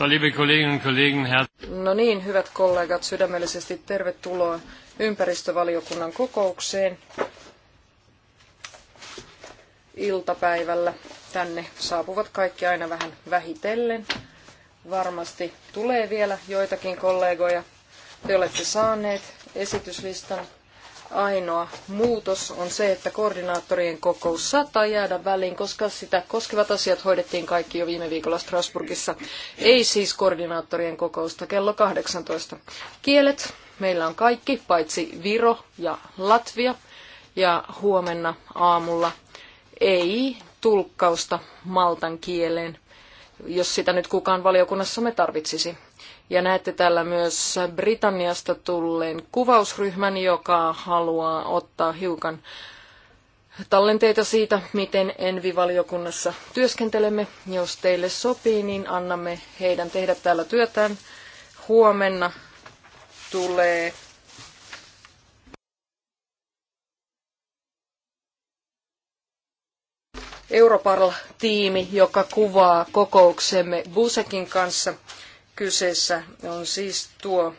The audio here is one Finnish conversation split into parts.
So, liebe Kolleginnen und Kollegen, no niin, hyvät kollegat, sydämellisesti tervetuloa ympäristövaliokunnan kokoukseen iltapäivällä. Tänne saapuvat kaikki aina vähän vähitellen. Varmasti tulee vielä joitakin kollegoja. Te olette saaneet esityslistan ainoa muutos on se, että koordinaattorien kokous saattaa jäädä väliin, koska sitä koskevat asiat hoidettiin kaikki jo viime viikolla Strasbourgissa. Ei siis koordinaattorien kokousta kello 18. Kielet meillä on kaikki, paitsi Viro ja Latvia. Ja huomenna aamulla ei tulkkausta maltan kieleen, jos sitä nyt kukaan valiokunnassamme tarvitsisi. Ja näette tällä myös Britanniasta tulleen kuvausryhmän, joka haluaa ottaa hiukan tallenteita siitä, miten Envi-valiokunnassa työskentelemme. Jos teille sopii, niin annamme heidän tehdä täällä työtään. Huomenna tulee Europarl-tiimi, joka kuvaa kokouksemme Busekin kanssa. Kyseessä on siis tuo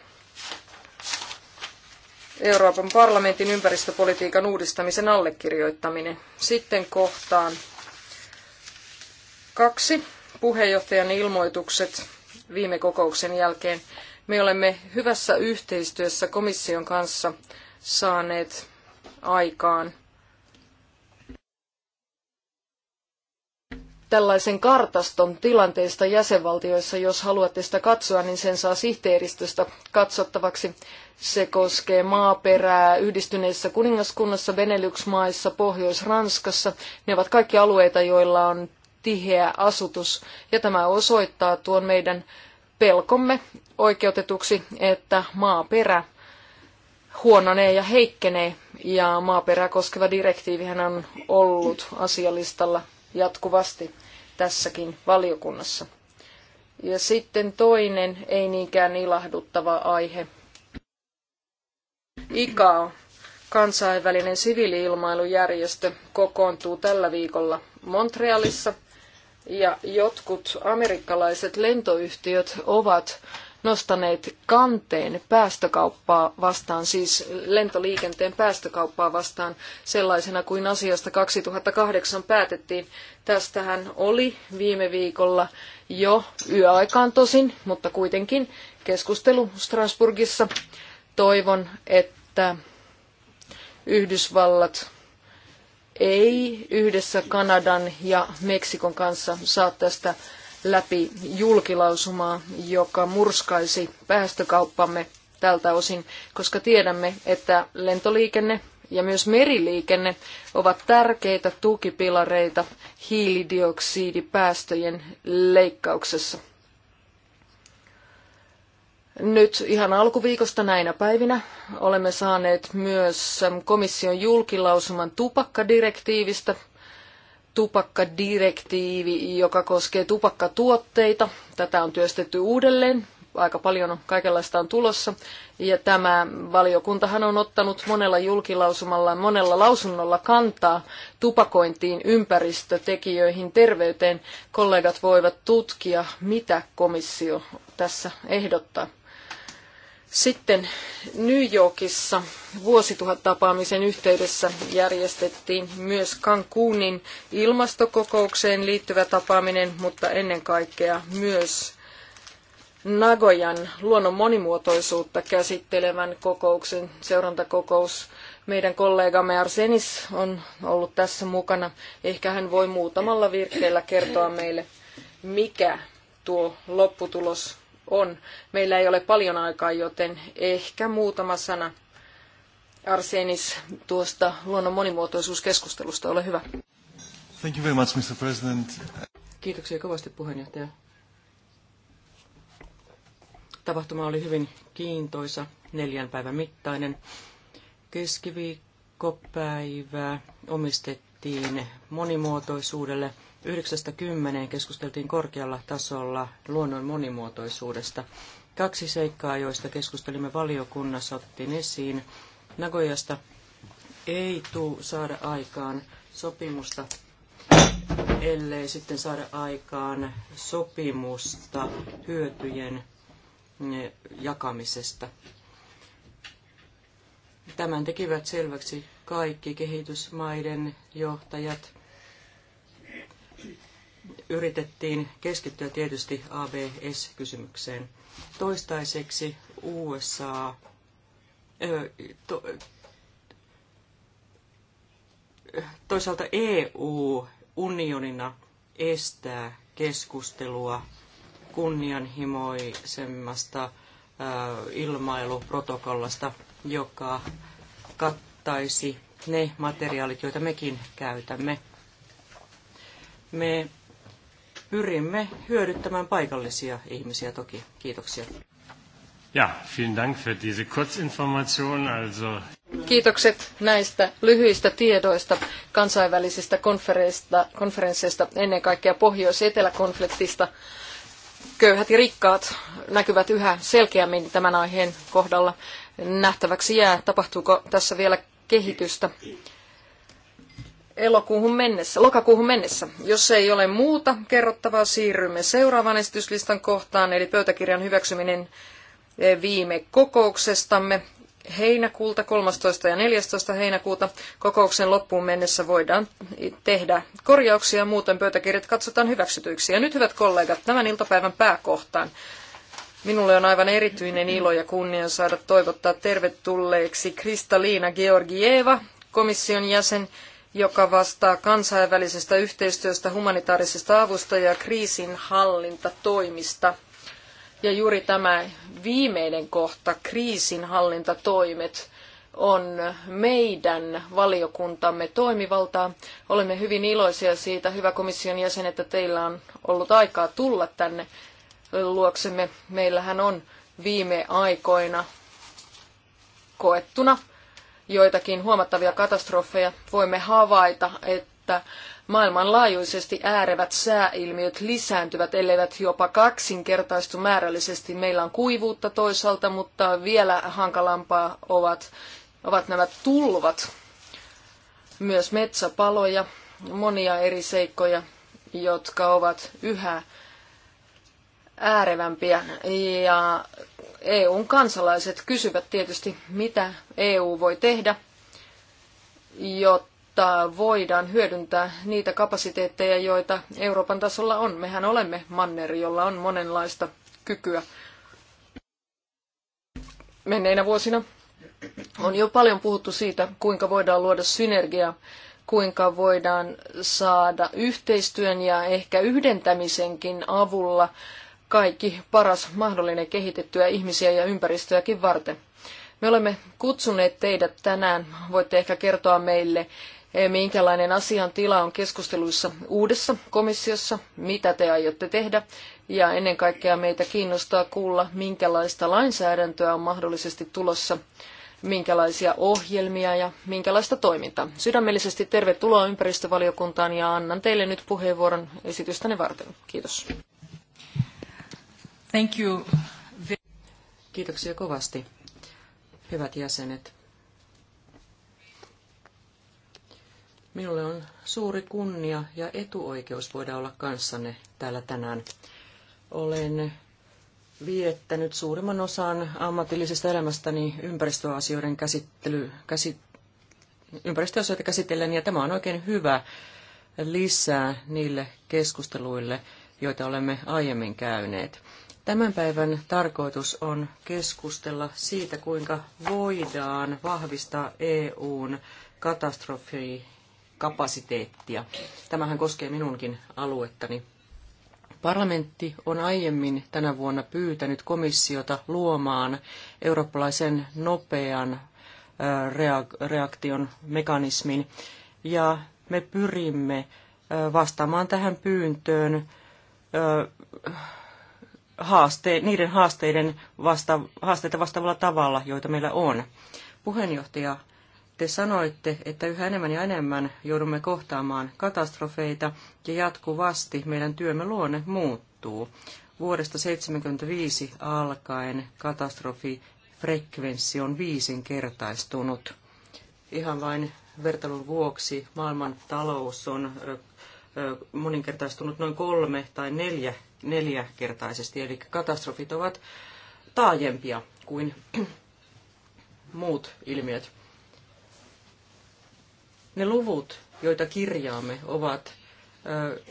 Euroopan parlamentin ympäristöpolitiikan uudistamisen allekirjoittaminen. Sitten kohtaan kaksi puheenjohtajan ilmoitukset viime kokouksen jälkeen. Me olemme hyvässä yhteistyössä komission kanssa saaneet aikaan tällaisen kartaston tilanteista jäsenvaltioissa. Jos haluatte sitä katsoa, niin sen saa sihteeristöstä katsottavaksi. Se koskee maaperää yhdistyneessä kuningaskunnassa, Benelux-maissa, Pohjois-Ranskassa. Ne ovat kaikki alueita, joilla on tiheä asutus. Ja tämä osoittaa tuon meidän pelkomme oikeutetuksi, että maaperä huononee ja heikkenee. Ja maaperää koskeva direktiivihän on ollut asialistalla jatkuvasti tässäkin valiokunnassa. Ja sitten toinen, ei niinkään ilahduttava aihe. ICAO, kansainvälinen siviiliilmailujärjestö, kokoontuu tällä viikolla Montrealissa. Ja jotkut amerikkalaiset lentoyhtiöt ovat nostaneet kanteen päästökauppaa vastaan, siis lentoliikenteen päästökauppaa vastaan sellaisena kuin asiasta 2008 päätettiin. Tästähän oli viime viikolla jo yöaikaan tosin, mutta kuitenkin keskustelu Strasbourgissa. Toivon, että Yhdysvallat ei yhdessä Kanadan ja Meksikon kanssa saa tästä läpi julkilausumaa, joka murskaisi päästökauppamme tältä osin, koska tiedämme, että lentoliikenne ja myös meriliikenne ovat tärkeitä tukipilareita hiilidioksidipäästöjen leikkauksessa. Nyt ihan alkuviikosta näinä päivinä olemme saaneet myös komission julkilausuman tupakkadirektiivistä, tupakkadirektiivi, joka koskee tupakkatuotteita. Tätä on työstetty uudelleen. Aika paljon kaikenlaista on tulossa. Ja tämä valiokuntahan on ottanut monella julkilausumalla, monella lausunnolla kantaa tupakointiin, ympäristötekijöihin, terveyteen. Kollegat voivat tutkia, mitä komissio tässä ehdottaa. Sitten New Yorkissa vuosituhattapaamisen yhteydessä järjestettiin myös Cancunin ilmastokokoukseen liittyvä tapaaminen, mutta ennen kaikkea myös Nagojan luonnon monimuotoisuutta käsittelevän kokouksen seurantakokous. Meidän kollegamme Arsenis on ollut tässä mukana. Ehkä hän voi muutamalla virkkeellä kertoa meille, mikä tuo lopputulos on. Meillä ei ole paljon aikaa, joten ehkä muutama sana. Arsenis tuosta luonnon monimuotoisuuskeskustelusta. Ole hyvä. Thank you very much, Mr. President. Kiitoksia kovasti puheenjohtaja. Tapahtuma oli hyvin kiintoisa, neljän päivän mittainen. Keskiviikkopäivä omistettiin monimuotoisuudelle – 9.10. keskusteltiin korkealla tasolla luonnon monimuotoisuudesta. Kaksi seikkaa, joista keskustelimme valiokunnassa, otettiin esiin. Nagojasta ei tule saada aikaan sopimusta, ellei sitten saada aikaan sopimusta hyötyjen mm, jakamisesta. Tämän tekivät selväksi kaikki kehitysmaiden johtajat yritettiin keskittyä tietysti ABS-kysymykseen. Toistaiseksi USA to, toisaalta EU unionina estää keskustelua kunnianhimoisemmasta ilmailuprotokollasta, joka kattaisi ne materiaalit, joita mekin käytämme. Me pyrimme hyödyttämään paikallisia ihmisiä toki. Kiitoksia. Ja, vielen Dank für diese Kurzinformation. Also... Kiitokset näistä lyhyistä tiedoista kansainvälisistä konferensseista, ennen kaikkea Pohjois-Etelä-konfliktista. Köyhät ja rikkaat näkyvät yhä selkeämmin tämän aiheen kohdalla. Nähtäväksi jää, tapahtuuko tässä vielä kehitystä elokuuhun mennessä, lokakuuhun mennessä. Jos ei ole muuta kerrottavaa, siirrymme seuraavan esityslistan kohtaan, eli pöytäkirjan hyväksyminen eh, viime kokouksestamme heinäkuulta 13. ja 14. heinäkuuta. Kokouksen loppuun mennessä voidaan tehdä korjauksia, muuten pöytäkirjat katsotaan hyväksytyiksi. Ja nyt, hyvät kollegat, tämän iltapäivän pääkohtaan. Minulle on aivan erityinen ilo ja kunnia saada toivottaa tervetulleeksi Kristaliina Georgieva, komission jäsen, joka vastaa kansainvälisestä yhteistyöstä, humanitaarisesta avusta ja kriisinhallintatoimista. Ja juuri tämä viimeinen kohta, kriisinhallintatoimet, on meidän valiokuntamme toimivaltaa. Olemme hyvin iloisia siitä, hyvä komission jäsen, että teillä on ollut aikaa tulla tänne luoksemme. Meillähän on viime aikoina koettuna joitakin huomattavia katastrofeja, voimme havaita, että maailmanlaajuisesti äärevät sääilmiöt lisääntyvät, elleivät jopa kaksinkertaistu määrällisesti. Meillä on kuivuutta toisaalta, mutta vielä hankalampaa ovat, ovat nämä tulvat, myös metsäpaloja, monia eri seikkoja, jotka ovat yhä äärevämpiä ja EUn kansalaiset kysyvät tietysti, mitä EU voi tehdä, jotta voidaan hyödyntää niitä kapasiteetteja, joita Euroopan tasolla on. Mehän olemme manneri, jolla on monenlaista kykyä. Menneinä vuosina on jo paljon puhuttu siitä, kuinka voidaan luoda synergiaa, kuinka voidaan saada yhteistyön ja ehkä yhdentämisenkin avulla kaikki paras mahdollinen kehitettyä ihmisiä ja ympäristöäkin varten. Me olemme kutsuneet teidät tänään. Voitte ehkä kertoa meille, eh, minkälainen asian tila on keskusteluissa uudessa komissiossa, mitä te aiotte tehdä ja ennen kaikkea meitä kiinnostaa kuulla, minkälaista lainsäädäntöä on mahdollisesti tulossa, minkälaisia ohjelmia ja minkälaista toimintaa. Sydämellisesti tervetuloa ympäristövaliokuntaan ja annan teille nyt puheenvuoron esitystänne varten. Kiitos. Thank you. Kiitoksia kovasti, hyvät jäsenet. Minulle on suuri kunnia ja etuoikeus voida olla kanssanne täällä tänään. Olen viettänyt suurimman osan ammatillisesta elämästäni ympäristöasioiden käsittely, käsit, ympäristöasioita käsitellen, ja tämä on oikein hyvä lisää niille keskusteluille, joita olemme aiemmin käyneet. Tämän päivän tarkoitus on keskustella siitä, kuinka voidaan vahvistaa EUn katastrofikapasiteettia. Tämähän koskee minunkin aluettani. Parlamentti on aiemmin tänä vuonna pyytänyt komissiota luomaan eurooppalaisen nopean reaktion mekanismin, ja me pyrimme vastaamaan tähän pyyntöön haaste, niiden haasteiden vasta, haasteita vastaavalla tavalla, joita meillä on. Puheenjohtaja, te sanoitte, että yhä enemmän ja enemmän joudumme kohtaamaan katastrofeita ja jatkuvasti meidän työmme luonne muuttuu. Vuodesta 1975 alkaen katastrofifrekvenssi on viisinkertaistunut. Ihan vain vertailun vuoksi maailman talous on moninkertaistunut noin kolme tai neljä neljäkertaisesti, eli katastrofit ovat taajempia kuin muut ilmiöt. Ne luvut, joita kirjaamme, ovat ö,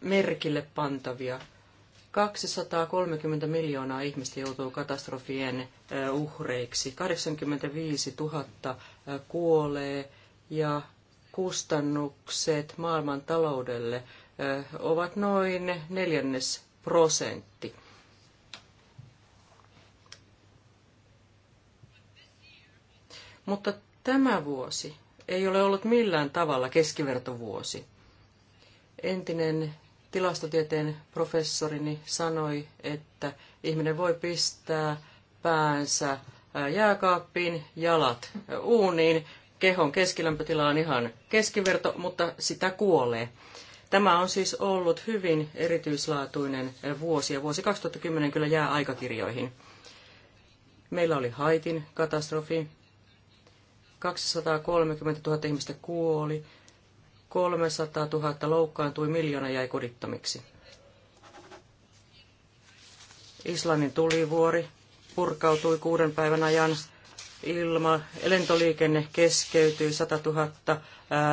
merkille pantavia. 230 miljoonaa ihmistä joutuu katastrofien ö, uhreiksi. 85 000 kuolee ja kustannukset maailman taloudelle ovat noin neljännes prosentti. Mutta tämä vuosi ei ole ollut millään tavalla keskivertovuosi. Entinen tilastotieteen professorini sanoi, että ihminen voi pistää päänsä jääkaappiin, jalat uuniin, kehon keskilämpötila on ihan keskiverto, mutta sitä kuolee. Tämä on siis ollut hyvin erityislaatuinen vuosi ja vuosi 2010 kyllä jää aikakirjoihin. Meillä oli Haitin katastrofi, 230 000 ihmistä kuoli, 300 000 loukkaantui, miljoona jäi kodittomiksi. Islannin tulivuori purkautui kuuden päivän ajan, ilma, lentoliikenne keskeytyi, 100 000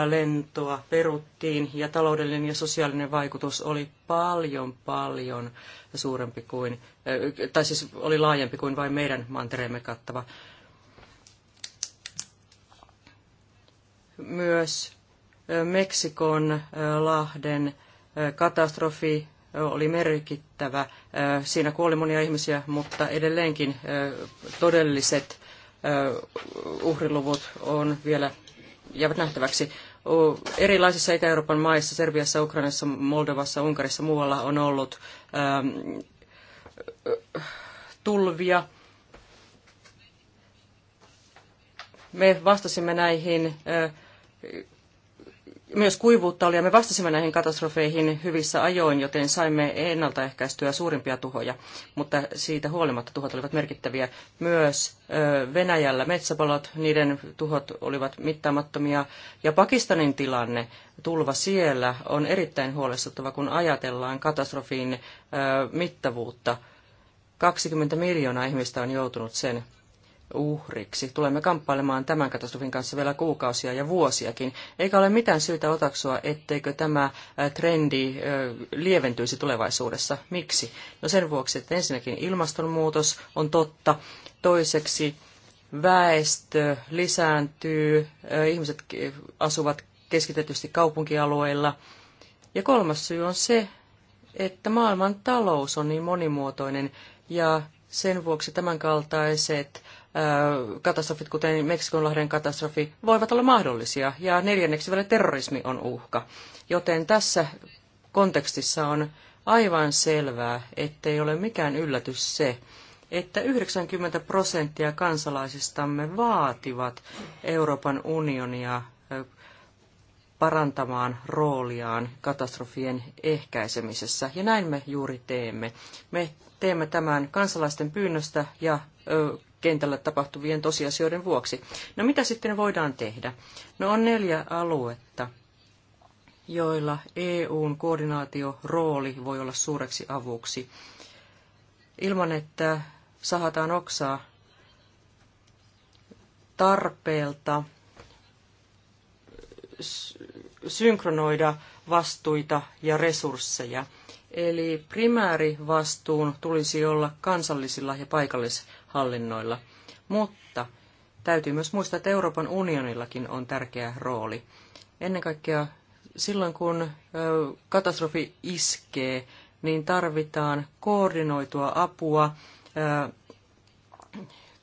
lentoa peruttiin ja taloudellinen ja sosiaalinen vaikutus oli paljon paljon suurempi kuin, tai siis oli laajempi kuin vain meidän mantereemme kattava. Myös Meksikon lahden katastrofi oli merkittävä. Siinä kuoli monia ihmisiä, mutta edelleenkin todelliset uhriluvut on vielä jäävät nähtäväksi. Erilaisissa Itä-Euroopan maissa, Serbiassa, Ukrainassa, Moldovassa, Unkarissa, muualla on ollut ähm, tulvia. Me vastasimme näihin myös kuivuutta oli ja me vastasimme näihin katastrofeihin hyvissä ajoin, joten saimme ennaltaehkäistyä suurimpia tuhoja, mutta siitä huolimatta tuhot olivat merkittäviä. Myös Venäjällä metsäpalot, niiden tuhot olivat mittaamattomia ja Pakistanin tilanne, tulva siellä on erittäin huolestuttava, kun ajatellaan katastrofin mittavuutta. 20 miljoonaa ihmistä on joutunut sen uhriksi. Tulemme kamppailemaan tämän katastrofin kanssa vielä kuukausia ja vuosiakin, eikä ole mitään syytä otaksua, etteikö tämä äh, trendi äh, lieventyisi tulevaisuudessa. Miksi? No sen vuoksi, että ensinnäkin ilmastonmuutos on totta, toiseksi väestö lisääntyy, äh, ihmiset asuvat keskitetysti kaupunkialueilla, ja kolmas syy on se, että maailman talous on niin monimuotoinen ja sen vuoksi tämänkaltaiset katastrofit, kuten Meksikonlahden katastrofi, voivat olla mahdollisia. Ja neljänneksi vielä terrorismi on uhka. Joten tässä kontekstissa on aivan selvää, ettei ole mikään yllätys se, että 90 prosenttia kansalaisistamme vaativat Euroopan unionia parantamaan rooliaan katastrofien ehkäisemisessä. Ja näin me juuri teemme. Me teemme tämän kansalaisten pyynnöstä ja ö, kentällä tapahtuvien tosiasioiden vuoksi. No mitä sitten voidaan tehdä? No on neljä aluetta, joilla EUn koordinaatiorooli voi olla suureksi avuksi. Ilman, että sahataan oksaa tarpeelta synkronoida vastuita ja resursseja – Eli primäärivastuun tulisi olla kansallisilla ja paikallishallinnoilla. Mutta täytyy myös muistaa, että Euroopan unionillakin on tärkeä rooli. Ennen kaikkea silloin, kun katastrofi iskee, niin tarvitaan koordinoitua apua,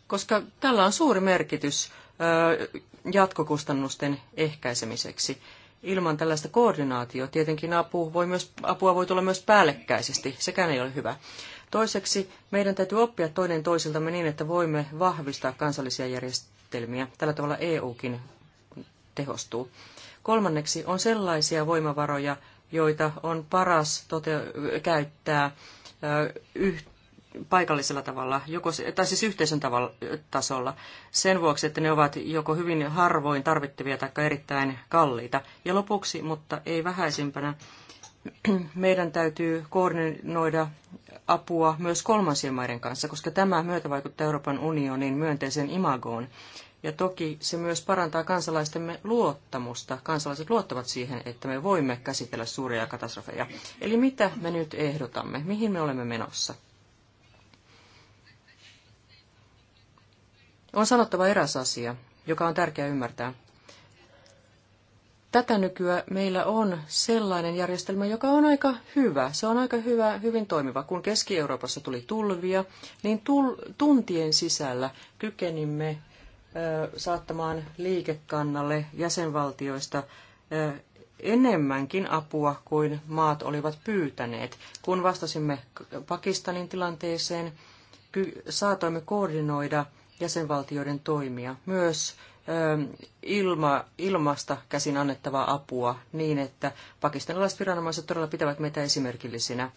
koska tällä on suuri merkitys jatkokustannusten ehkäisemiseksi. Ilman tällaista koordinaatiota tietenkin apu voi myös, apua voi tulla myös päällekkäisesti, sekään ei ole hyvä. Toiseksi meidän täytyy oppia toinen toisiltamme niin, että voimme vahvistaa kansallisia järjestelmiä. Tällä tavalla EUkin tehostuu. Kolmanneksi on sellaisia voimavaroja, joita on paras tote- käyttää yhteen paikallisella tavalla, joko, tai siis yhteisön tavalla, tasolla, sen vuoksi, että ne ovat joko hyvin harvoin tarvittavia tai erittäin kalliita. Ja lopuksi, mutta ei vähäisimpänä, meidän täytyy koordinoida apua myös kolmansien maiden kanssa, koska tämä vaikuttaa Euroopan unionin myönteiseen imagoon. Ja toki se myös parantaa kansalaistemme luottamusta. Kansalaiset luottavat siihen, että me voimme käsitellä suuria katastrofeja. Eli mitä me nyt ehdotamme? Mihin me olemme menossa? On sanottava eräs asia, joka on tärkeää ymmärtää. Tätä nykyä meillä on sellainen järjestelmä, joka on aika hyvä. Se on aika hyvä, hyvin toimiva. Kun Keski-Euroopassa tuli tulvia, niin tul- tuntien sisällä kykenimme saattamaan liikekannalle jäsenvaltioista enemmänkin apua kuin maat olivat pyytäneet. Kun vastasimme Pakistanin tilanteeseen, saatoimme koordinoida jäsenvaltioiden toimia, myös ähm, ilma, ilmasta käsin annettavaa apua niin, että pakistanilaiset viranomaiset todella pitävät meitä esimerkillisinä.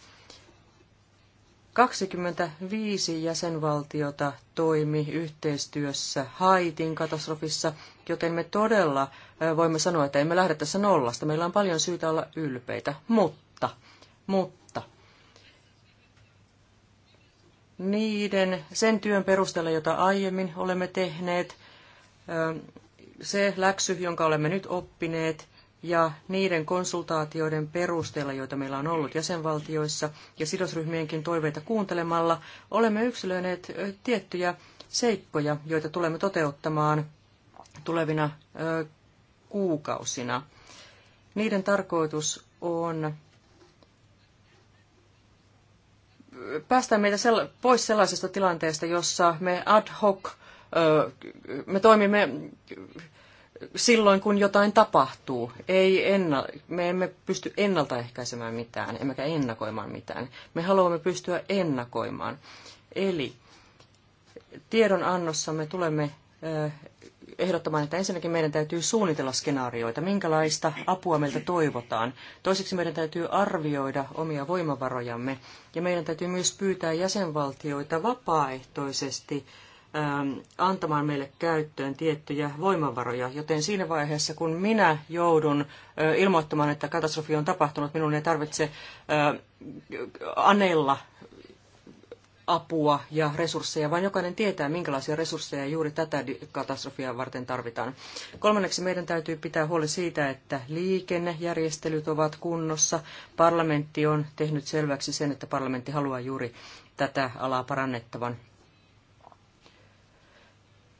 25 jäsenvaltiota toimi yhteistyössä Haitin katastrofissa, joten me todella äh, voimme sanoa, että emme lähde tässä nollasta. Meillä on paljon syytä olla ylpeitä, mutta, mutta niiden, sen työn perusteella, jota aiemmin olemme tehneet, se läksy, jonka olemme nyt oppineet, ja niiden konsultaatioiden perusteella, joita meillä on ollut jäsenvaltioissa, ja sidosryhmienkin toiveita kuuntelemalla, olemme yksilöineet tiettyjä seikkoja, joita tulemme toteuttamaan tulevina kuukausina. Niiden tarkoitus on päästään meitä pois sellaisesta tilanteesta, jossa me ad hoc, me toimimme silloin, kun jotain tapahtuu. Ei enna, me emme pysty ennaltaehkäisemään mitään, emmekä ennakoimaan mitään. Me haluamme pystyä ennakoimaan. Eli tiedonannossa me tulemme ehdottamaan, että ensinnäkin meidän täytyy suunnitella skenaarioita, minkälaista apua meiltä toivotaan. Toiseksi meidän täytyy arvioida omia voimavarojamme ja meidän täytyy myös pyytää jäsenvaltioita vapaaehtoisesti ähm, antamaan meille käyttöön tiettyjä voimavaroja, joten siinä vaiheessa, kun minä joudun äh, ilmoittamaan, että katastrofi on tapahtunut, minun ei tarvitse äh, anella apua ja resursseja, vaan jokainen tietää, minkälaisia resursseja juuri tätä katastrofia varten tarvitaan. Kolmanneksi meidän täytyy pitää huoli siitä, että liikennejärjestelyt ovat kunnossa. Parlamentti on tehnyt selväksi sen, että parlamentti haluaa juuri tätä alaa parannettavan.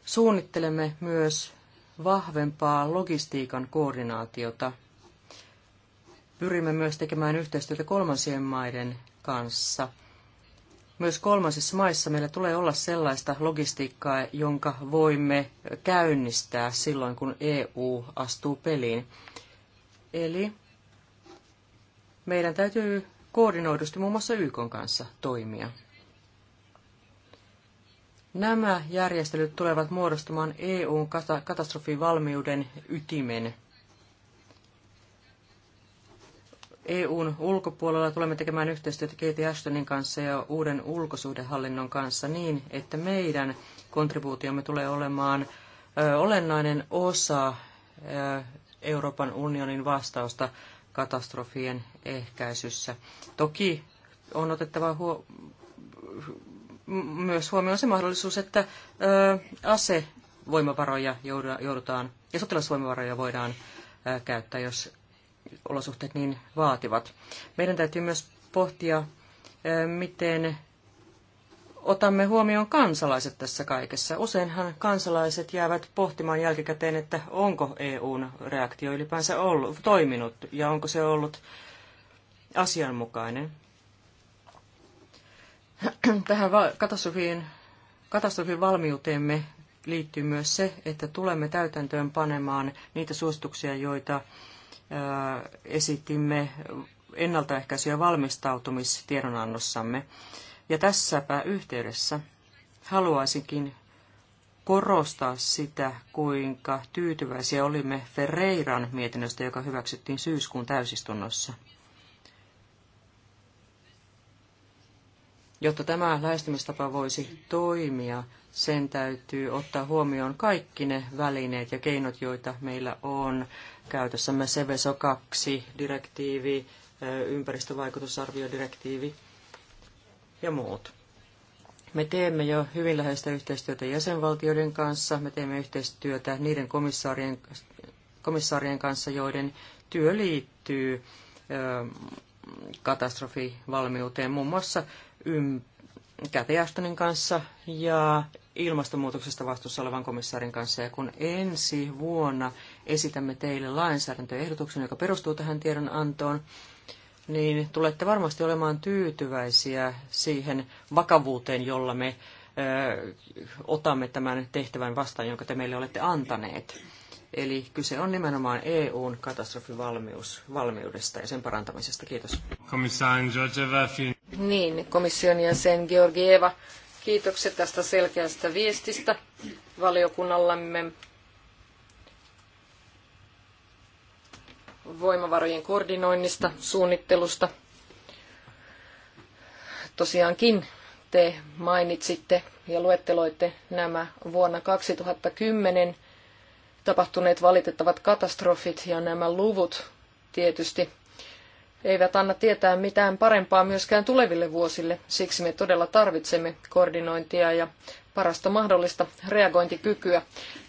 Suunnittelemme myös vahvempaa logistiikan koordinaatiota. Pyrimme myös tekemään yhteistyötä kolmansien maiden kanssa – myös kolmansissa maissa meillä tulee olla sellaista logistiikkaa, jonka voimme käynnistää silloin, kun EU astuu peliin. Eli meidän täytyy koordinoidusti muun muassa YK kanssa toimia. Nämä järjestelyt tulevat muodostamaan EUn katastrofivalmiuden ytimen – EUn ulkopuolella tulemme tekemään yhteistyötä Katie Ashtonin kanssa ja uuden ulkosuhdehallinnon kanssa niin, että meidän kontribuutiomme tulee olemaan olennainen osa Euroopan unionin vastausta katastrofien ehkäisyssä. Toki on otettava huo- myös huomioon se mahdollisuus, että ö, asevoimavaroja joudutaan ja sotilasvoimavaroja voidaan käyttää, jos olosuhteet niin vaativat. Meidän täytyy myös pohtia, miten otamme huomioon kansalaiset tässä kaikessa. Useinhan kansalaiset jäävät pohtimaan jälkikäteen, että onko EUn reaktio ylipäänsä ollut, toiminut ja onko se ollut asianmukainen. Tähän katastrofiin, katastrofin valmiuteemme liittyy myös se, että tulemme täytäntöön panemaan niitä suosituksia, joita esitimme ennaltaehkäisyä valmistautumistiedonannossamme. Ja tässäpä yhteydessä haluaisinkin korostaa sitä, kuinka tyytyväisiä olimme Ferreiran mietinnöstä, joka hyväksyttiin syyskuun täysistunnossa – Jotta tämä lähestymistapa voisi toimia, sen täytyy ottaa huomioon kaikki ne välineet ja keinot, joita meillä on käytössämme. Seveso 2, direktiivi, ympäristövaikutusarviodirektiivi ja muut. Me teemme jo hyvin läheistä yhteistyötä jäsenvaltioiden kanssa, me teemme yhteistyötä niiden komissaarien, komissaarien kanssa, joiden työ liittyy katastrofivalmiuteen, muun muassa ym, Kathy Ashtonin kanssa ja ilmastonmuutoksesta vastuussa olevan komissaarin kanssa. Ja kun ensi vuonna esitämme teille lainsäädäntöehdotuksen, joka perustuu tähän tiedonantoon, niin tulette varmasti olemaan tyytyväisiä siihen vakavuuteen, jolla me ö, otamme tämän tehtävän vastaan, jonka te meille olette antaneet. Eli kyse on nimenomaan EUn katastrofivalmiudesta ja sen parantamisesta. Kiitos. Komissaari Georgieva, niin, komission jäsen Georgieva, kiitokset tästä selkeästä viestistä valiokunnallamme. voimavarojen koordinoinnista, suunnittelusta. Tosiaankin te mainitsitte ja luetteloitte nämä vuonna 2010 tapahtuneet valitettavat katastrofit ja nämä luvut tietysti eivät anna tietää mitään parempaa myöskään tuleville vuosille. Siksi me todella tarvitsemme koordinointia ja parasta mahdollista reagointikykyä.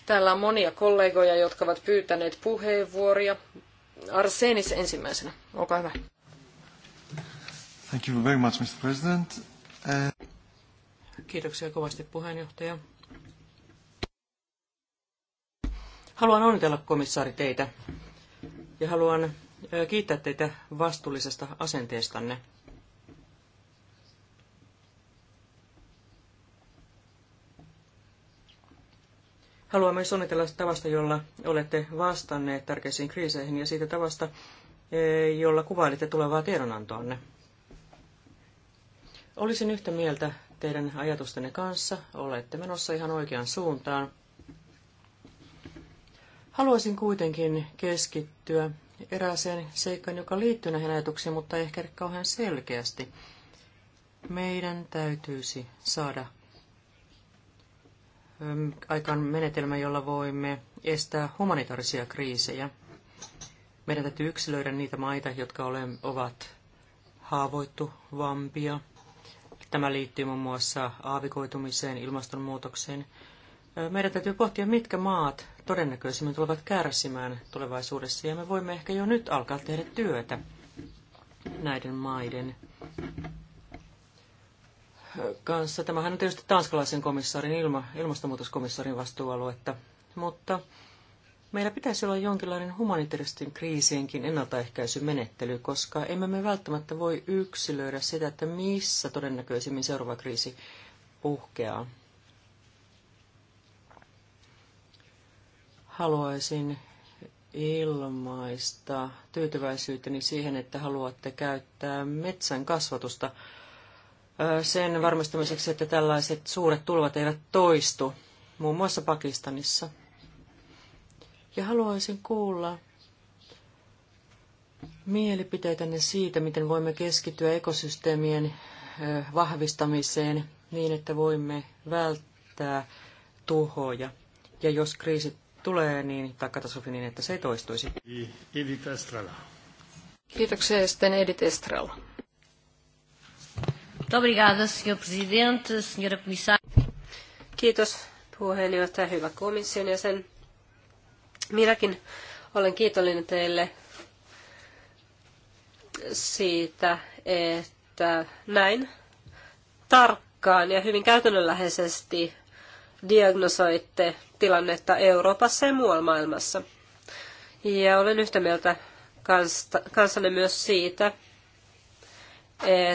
Täällä on monia kollegoja, jotka ovat pyytäneet puheenvuoria. Arsenis ensimmäisenä, olkaa hyvä. Thank you very much, Mr. President. Uh... Kiitoksia kovasti puheenjohtaja. Haluan onnitella komissaari teitä ja haluan kiittää teitä vastuullisesta asenteestanne. Haluan myös onnitella tavasta, jolla olette vastanneet tärkeisiin kriiseihin ja siitä tavasta, jolla kuvailitte tulevaa tiedonantoanne. Olisin yhtä mieltä teidän ajatustenne kanssa. Olette menossa ihan oikeaan suuntaan. Haluaisin kuitenkin keskittyä erääseen seikkaan, joka liittyy näihin ajatuksiin, mutta ei ehkä kauhean selkeästi. Meidän täytyisi saada ähm, aikaan menetelmä, jolla voimme estää humanitaarisia kriisejä. Meidän täytyy yksilöidä niitä maita, jotka ole, ovat haavoittuvampia. Tämä liittyy muun muassa aavikoitumiseen, ilmastonmuutokseen. Äh, meidän täytyy pohtia, mitkä maat todennäköisemmin tulevat kärsimään tulevaisuudessa, ja me voimme ehkä jo nyt alkaa tehdä työtä näiden maiden kanssa. Tämähän on tietysti tanskalaisen komissaarin, ilma, ilmastonmuutoskomissaarin vastuualuetta, mutta meillä pitäisi olla jonkinlainen humanitaristin kriisienkin ennaltaehkäisymenettely, koska emme me välttämättä voi yksilöidä sitä, että missä todennäköisimmin seuraava kriisi puhkeaa. Haluaisin ilmaista tyytyväisyyteni siihen, että haluatte käyttää metsän kasvatusta sen varmistamiseksi, että tällaiset suuret tulvat eivät toistu, muun muassa Pakistanissa. Ja haluaisin kuulla mielipiteitänne siitä, miten voimme keskittyä ekosysteemien vahvistamiseen niin, että voimme välttää tuhoja. Ja jos kriisit tulee, niin, tai katastrofi, niin että se ei toistuisi. Edith Estrella. Kiitoksia sitten Edith Estrella. Obrigada, senhor presidente, senhora comissária. Kiitos puheenjohtaja, hyvä komission jäsen. Minäkin olen kiitollinen teille siitä, että näin tarkkaan ja hyvin käytännönläheisesti diagnosoitte tilannetta Euroopassa ja muualla maailmassa. Ja olen yhtä mieltä kanssanne myös siitä,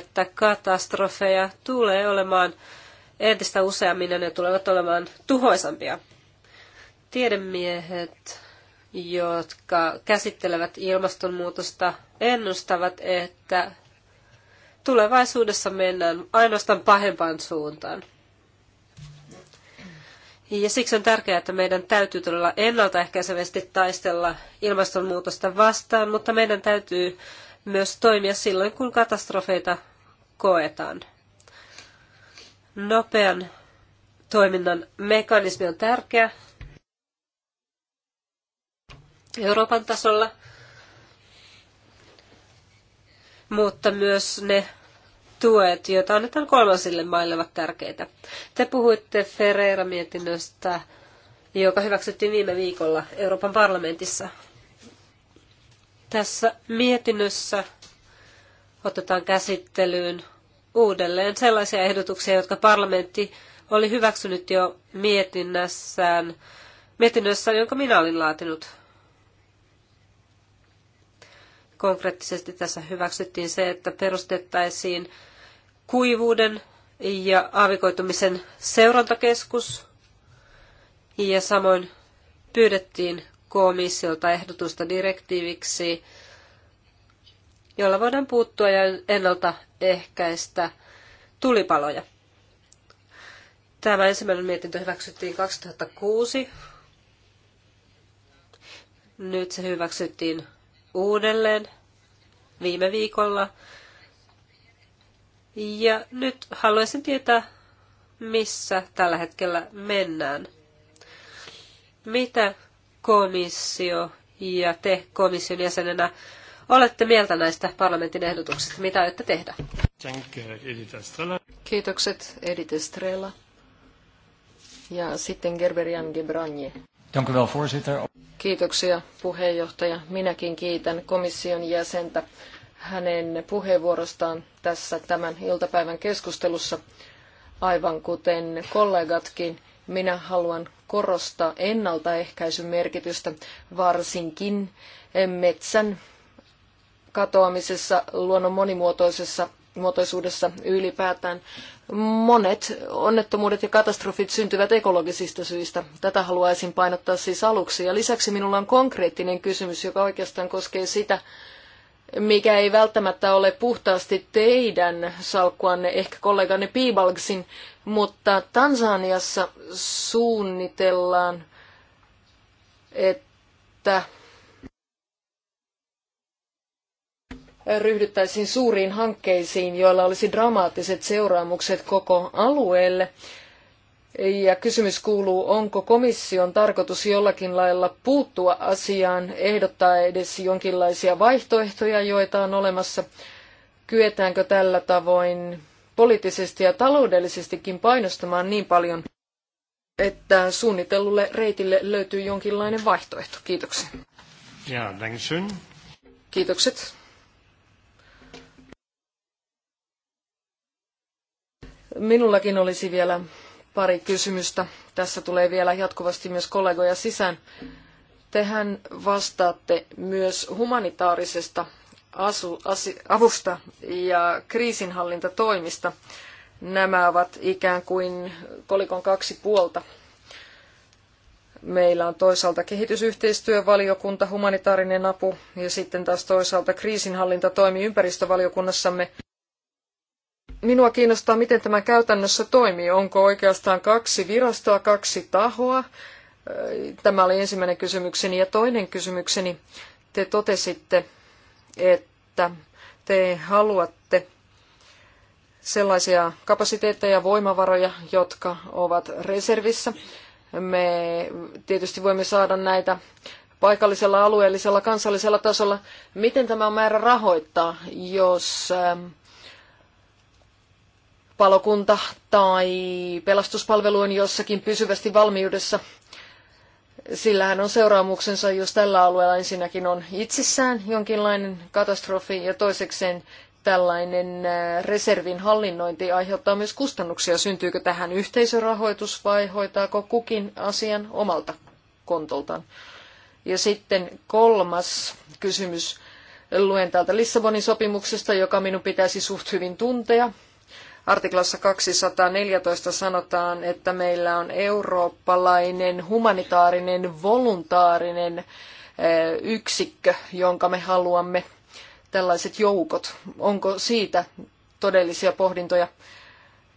että katastrofeja tulee olemaan entistä useammin ja ne tulevat olemaan tuhoisampia. Tiedemiehet, jotka käsittelevät ilmastonmuutosta, ennustavat, että tulevaisuudessa mennään ainoastaan pahempaan suuntaan. Ja siksi on tärkeää, että meidän täytyy todella ennaltaehkäisevästi taistella ilmastonmuutosta vastaan, mutta meidän täytyy myös toimia silloin, kun katastrofeita koetaan. Nopean toiminnan mekanismi on tärkeä Euroopan tasolla, mutta myös ne tuet, joita annetaan kolmansille maille, ovat tärkeitä. Te puhuitte Ferreira-mietinnöstä, joka hyväksyttiin viime viikolla Euroopan parlamentissa. Tässä mietinnössä otetaan käsittelyyn uudelleen sellaisia ehdotuksia, jotka parlamentti oli hyväksynyt jo mietinnässään, mietinnössä, jonka minä olin laatinut Konkreettisesti tässä hyväksyttiin se, että perustettaisiin kuivuuden ja aavikoitumisen seurantakeskus ja samoin pyydettiin komissiolta ehdotusta direktiiviksi, jolla voidaan puuttua ja ennaltaehkäistä tulipaloja. Tämä ensimmäinen mietintö hyväksyttiin 2006. Nyt se hyväksyttiin uudelleen viime viikolla. Ja nyt haluaisin tietää, missä tällä hetkellä mennään. Mitä komissio ja te komission jäsenenä olette mieltä näistä parlamentin ehdotuksista? Mitä aiotte tehdä? Kiitokset Edith Estrella. Ja sitten Gerberian Gebranje. Dank u wel, voorzitter. Kiitoksia puheenjohtaja. Minäkin kiitän komission jäsentä hänen puheenvuorostaan tässä tämän iltapäivän keskustelussa. Aivan kuten kollegatkin, minä haluan korostaa ennaltaehkäisyn merkitystä varsinkin metsän katoamisessa, luonnon monimuotoisessa monimuotoisuudessa ylipäätään. Monet onnettomuudet ja katastrofit syntyvät ekologisista syistä. Tätä haluaisin painottaa siis aluksi. Ja lisäksi minulla on konkreettinen kysymys, joka oikeastaan koskee sitä, mikä ei välttämättä ole puhtaasti teidän salkkuanne, ehkä kolleganne Piibalgsin, mutta Tansaniassa suunnitellaan, että ryhdyttäisiin suuriin hankkeisiin, joilla olisi dramaattiset seuraamukset koko alueelle. Ja kysymys kuuluu, onko komission tarkoitus jollakin lailla puuttua asiaan, ehdottaa edes jonkinlaisia vaihtoehtoja, joita on olemassa. Kyetäänkö tällä tavoin poliittisesti ja taloudellisestikin painostamaan niin paljon, että suunnitellulle reitille löytyy jonkinlainen vaihtoehto. Kiitoksia. Ja, Kiitokset. Minullakin olisi vielä pari kysymystä. Tässä tulee vielä jatkuvasti myös kollegoja sisään. Tehän vastaatte myös humanitaarisesta asu, asi, avusta ja kriisinhallintatoimista. Nämä ovat ikään kuin kolikon kaksi puolta. Meillä on toisaalta kehitysyhteistyövaliokunta, humanitaarinen apu ja sitten taas toisaalta kriisinhallintatoimi ympäristövaliokunnassamme. Minua kiinnostaa, miten tämä käytännössä toimii. Onko oikeastaan kaksi virastoa, kaksi tahoa? Tämä oli ensimmäinen kysymykseni. Ja toinen kysymykseni, te totesitte, että te haluatte sellaisia kapasiteetteja ja voimavaroja, jotka ovat reservissä. Me tietysti voimme saada näitä paikallisella, alueellisella, kansallisella tasolla. Miten tämä on määrä rahoittaa, jos ähm, palokunta tai pelastuspalvelu on jossakin pysyvästi valmiudessa. Sillähän on seuraamuksensa, jos tällä alueella ensinnäkin on itsessään jonkinlainen katastrofi ja toisekseen tällainen äh, reservin hallinnointi aiheuttaa myös kustannuksia. Syntyykö tähän yhteisörahoitus vai hoitaako kukin asian omalta kontoltaan? Ja sitten kolmas kysymys. Luen täältä Lissabonin sopimuksesta, joka minun pitäisi suht hyvin tuntea. Artiklassa 214 sanotaan, että meillä on eurooppalainen humanitaarinen voluntaarinen eh, yksikkö, jonka me haluamme, tällaiset joukot. Onko siitä todellisia pohdintoja?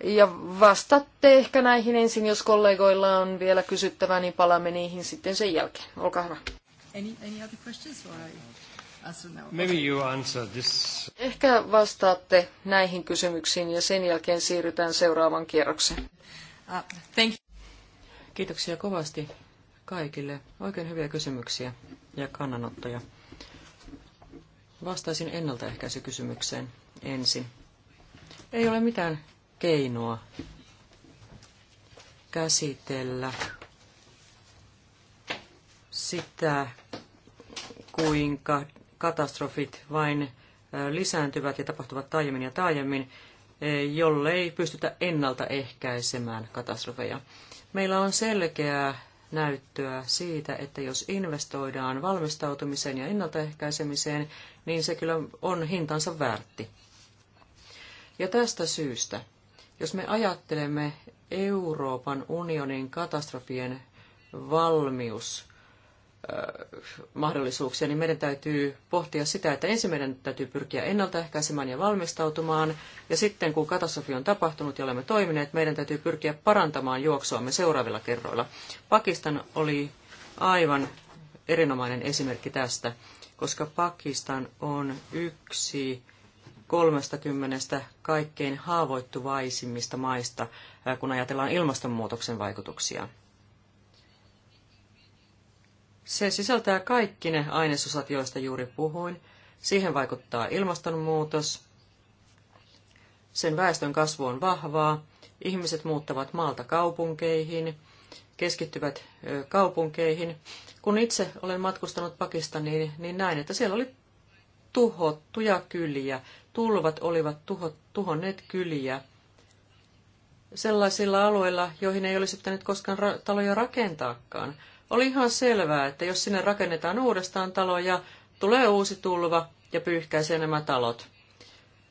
Ja vastatte ehkä näihin ensin, jos kollegoilla on vielä kysyttävää, niin palaamme niihin sitten sen jälkeen. Olkaa hyvä. Any, any other questions Maybe you answer this. Ehkä vastaatte näihin kysymyksiin ja sen jälkeen siirrytään seuraavan kierrokseen. Uh, thank you. Kiitoksia kovasti kaikille. Oikein hyviä kysymyksiä ja kannanottoja. Vastaisin ennaltaehkäisykysymykseen ensin. Ei ole mitään keinoa käsitellä sitä, kuinka katastrofit vain lisääntyvät ja tapahtuvat taajemmin ja taajemmin, jollei pystytä ennaltaehkäisemään katastrofeja. Meillä on selkeää näyttöä siitä, että jos investoidaan valmistautumiseen ja ennaltaehkäisemiseen, niin se kyllä on hintansa väärti. Ja tästä syystä, jos me ajattelemme Euroopan unionin katastrofien valmius mahdollisuuksia, niin meidän täytyy pohtia sitä, että ensin meidän täytyy pyrkiä ennaltaehkäisemään ja valmistautumaan, ja sitten kun katastrofi on tapahtunut ja olemme toimineet, meidän täytyy pyrkiä parantamaan juoksuamme seuraavilla kerroilla. Pakistan oli aivan erinomainen esimerkki tästä, koska Pakistan on yksi 30 kaikkein haavoittuvaisimmista maista, kun ajatellaan ilmastonmuutoksen vaikutuksia. Se sisältää kaikki ne ainesosat, joista juuri puhuin. Siihen vaikuttaa ilmastonmuutos. Sen väestön kasvu on vahvaa. Ihmiset muuttavat maalta kaupunkeihin, keskittyvät kaupunkeihin. Kun itse olen matkustanut Pakistaniin, niin näin, että siellä oli tuhottuja kyliä. Tulvat olivat tuho, tuhonneet kyliä sellaisilla alueilla, joihin ei olisi pitänyt koskaan ra- taloja rakentaakaan. Oli ihan selvää, että jos sinne rakennetaan uudestaan taloja, tulee uusi tulva ja pyyhkäisee nämä talot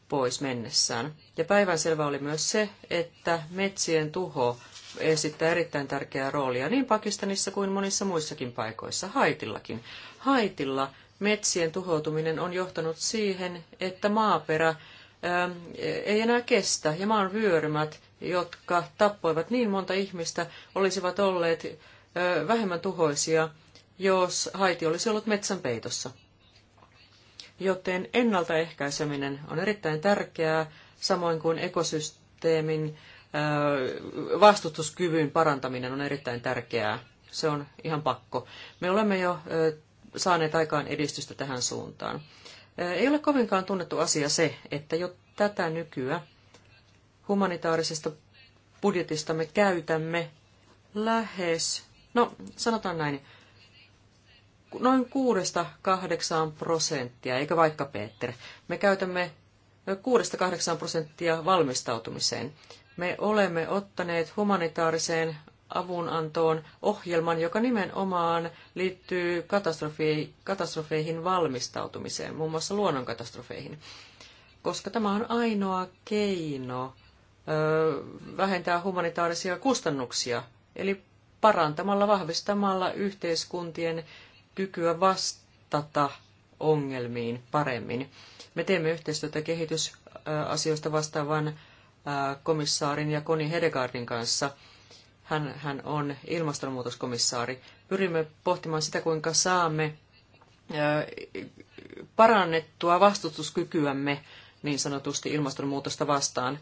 pois mennessään. Ja päivänselvä oli myös se, että metsien tuho esittää erittäin tärkeää roolia niin Pakistanissa kuin monissa muissakin paikoissa, Haitillakin. Haitilla metsien tuhoutuminen on johtanut siihen, että maaperä ää, ähm, ei enää kestä ja maan vyörymät, jotka tappoivat niin monta ihmistä, olisivat olleet vähemmän tuhoisia, jos Haiti olisi ollut metsän peitossa. Joten ennaltaehkäiseminen on erittäin tärkeää, samoin kuin ekosysteemin vastustuskyvyn parantaminen on erittäin tärkeää. Se on ihan pakko. Me olemme jo saaneet aikaan edistystä tähän suuntaan. Ei ole kovinkaan tunnettu asia se, että jo tätä nykyä humanitaarisesta budjetista me käytämme lähes No, sanotaan näin. Noin kuudesta kahdeksaan prosenttia, eikä vaikka Peter. Me käytämme kuudesta kahdeksaan prosenttia valmistautumiseen. Me olemme ottaneet humanitaariseen avunantoon ohjelman, joka nimenomaan liittyy katastrofi, katastrofeihin valmistautumiseen, muun muassa luonnonkatastrofeihin, koska tämä on ainoa keino ö, vähentää humanitaarisia kustannuksia, eli parantamalla, vahvistamalla yhteiskuntien kykyä vastata ongelmiin paremmin. Me teemme yhteistyötä kehitysasioista vastaavan äh, komissaarin ja Koni Hedegaardin kanssa. Hän, hän on ilmastonmuutoskomissaari. Pyrimme pohtimaan sitä, kuinka saamme äh, parannettua vastustuskykyämme niin sanotusti ilmastonmuutosta vastaan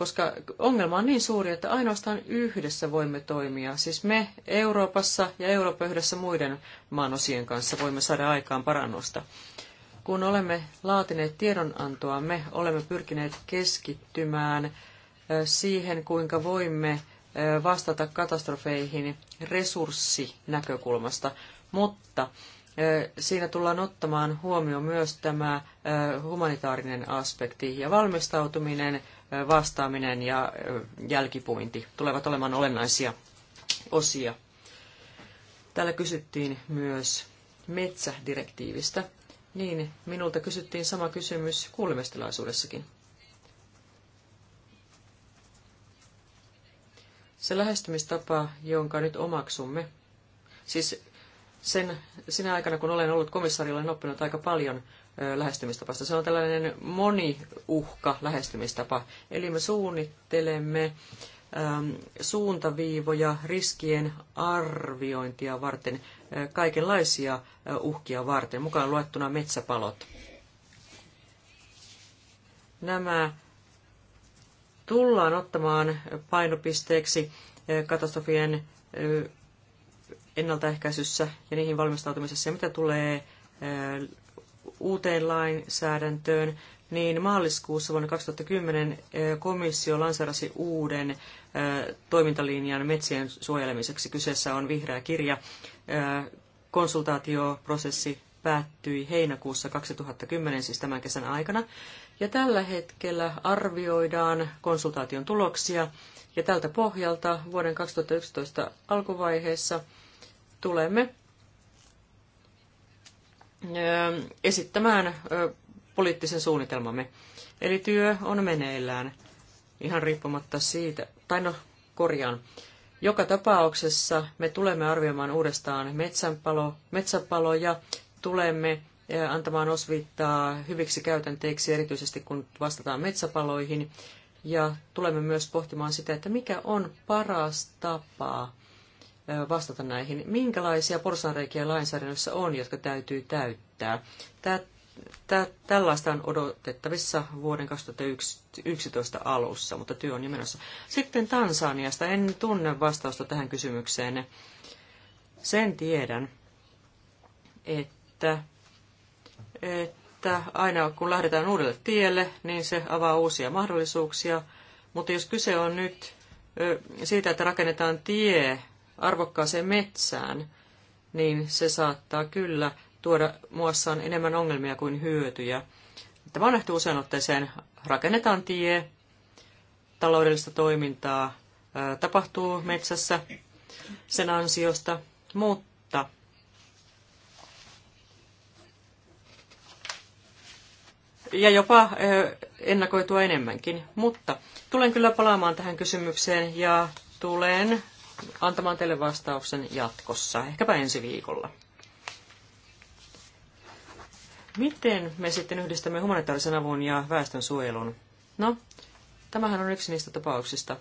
koska ongelma on niin suuri, että ainoastaan yhdessä voimme toimia. Siis me Euroopassa ja Eurooppa yhdessä muiden maanosien kanssa voimme saada aikaan parannusta. Kun olemme laatineet tiedonantoa, me olemme pyrkineet keskittymään siihen, kuinka voimme vastata katastrofeihin resurssinäkökulmasta, mutta Siinä tullaan ottamaan huomioon myös tämä humanitaarinen aspekti ja valmistautuminen, vastaaminen ja jälkipuinti tulevat olemaan olennaisia osia. Täällä kysyttiin myös metsädirektiivistä. Niin, minulta kysyttiin sama kysymys kuulemistilaisuudessakin. Se lähestymistapa, jonka nyt omaksumme, siis sen, sinä aikana, kun olen ollut komissaari, olen oppinut aika paljon lähestymistapasta. Se on tällainen moniuhka lähestymistapa. Eli me suunnittelemme suuntaviivoja riskien arviointia varten, kaikenlaisia uhkia varten, mukaan luettuna metsäpalot. Nämä tullaan ottamaan painopisteeksi katastrofien ennaltaehkäisyssä ja niihin valmistautumisessa. Ja mitä tulee äh, uuteen lainsäädäntöön, niin maaliskuussa vuonna 2010 äh, komissio lanseerasi uuden äh, toimintalinjan metsien suojelemiseksi. Kyseessä on vihreä kirja. Konsultaatioprosessi päättyi heinäkuussa 2010, siis tämän kesän aikana. Ja tällä hetkellä arvioidaan konsultaation tuloksia. Ja tältä pohjalta vuoden 2011 alkuvaiheessa – tulemme esittämään poliittisen suunnitelmamme. Eli työ on meneillään ihan riippumatta siitä, tai no korjaan. Joka tapauksessa me tulemme arvioimaan uudestaan metsänpalo, metsäpaloja, tulemme antamaan osviittaa hyviksi käytänteiksi, erityisesti kun vastataan metsäpaloihin, ja tulemme myös pohtimaan sitä, että mikä on paras tapa vastata näihin. Minkälaisia porsanreikiä lainsäädännössä on, jotka täytyy täyttää? Tää, tällaista on odotettavissa vuoden 2011 alussa, mutta työ on jo menossa. Sitten Tansaniasta. En tunne vastausta tähän kysymykseen. Sen tiedän, että, että aina kun lähdetään uudelle tielle, niin se avaa uusia mahdollisuuksia. Mutta jos kyse on nyt siitä, että rakennetaan tie arvokkaaseen metsään, niin se saattaa kyllä tuoda muassaan enemmän ongelmia kuin hyötyjä. Tämä on nähty usein otteeseen. Rakennetaan tie, taloudellista toimintaa tapahtuu metsässä sen ansiosta, mutta ja jopa ennakoitua enemmänkin. Mutta tulen kyllä palaamaan tähän kysymykseen ja tulen antamaan teille vastauksen jatkossa, ehkäpä ensi viikolla. Miten me sitten yhdistämme humanitaarisen avun ja väestön suojelun? No, tämähän on yksi niistä tapauksista.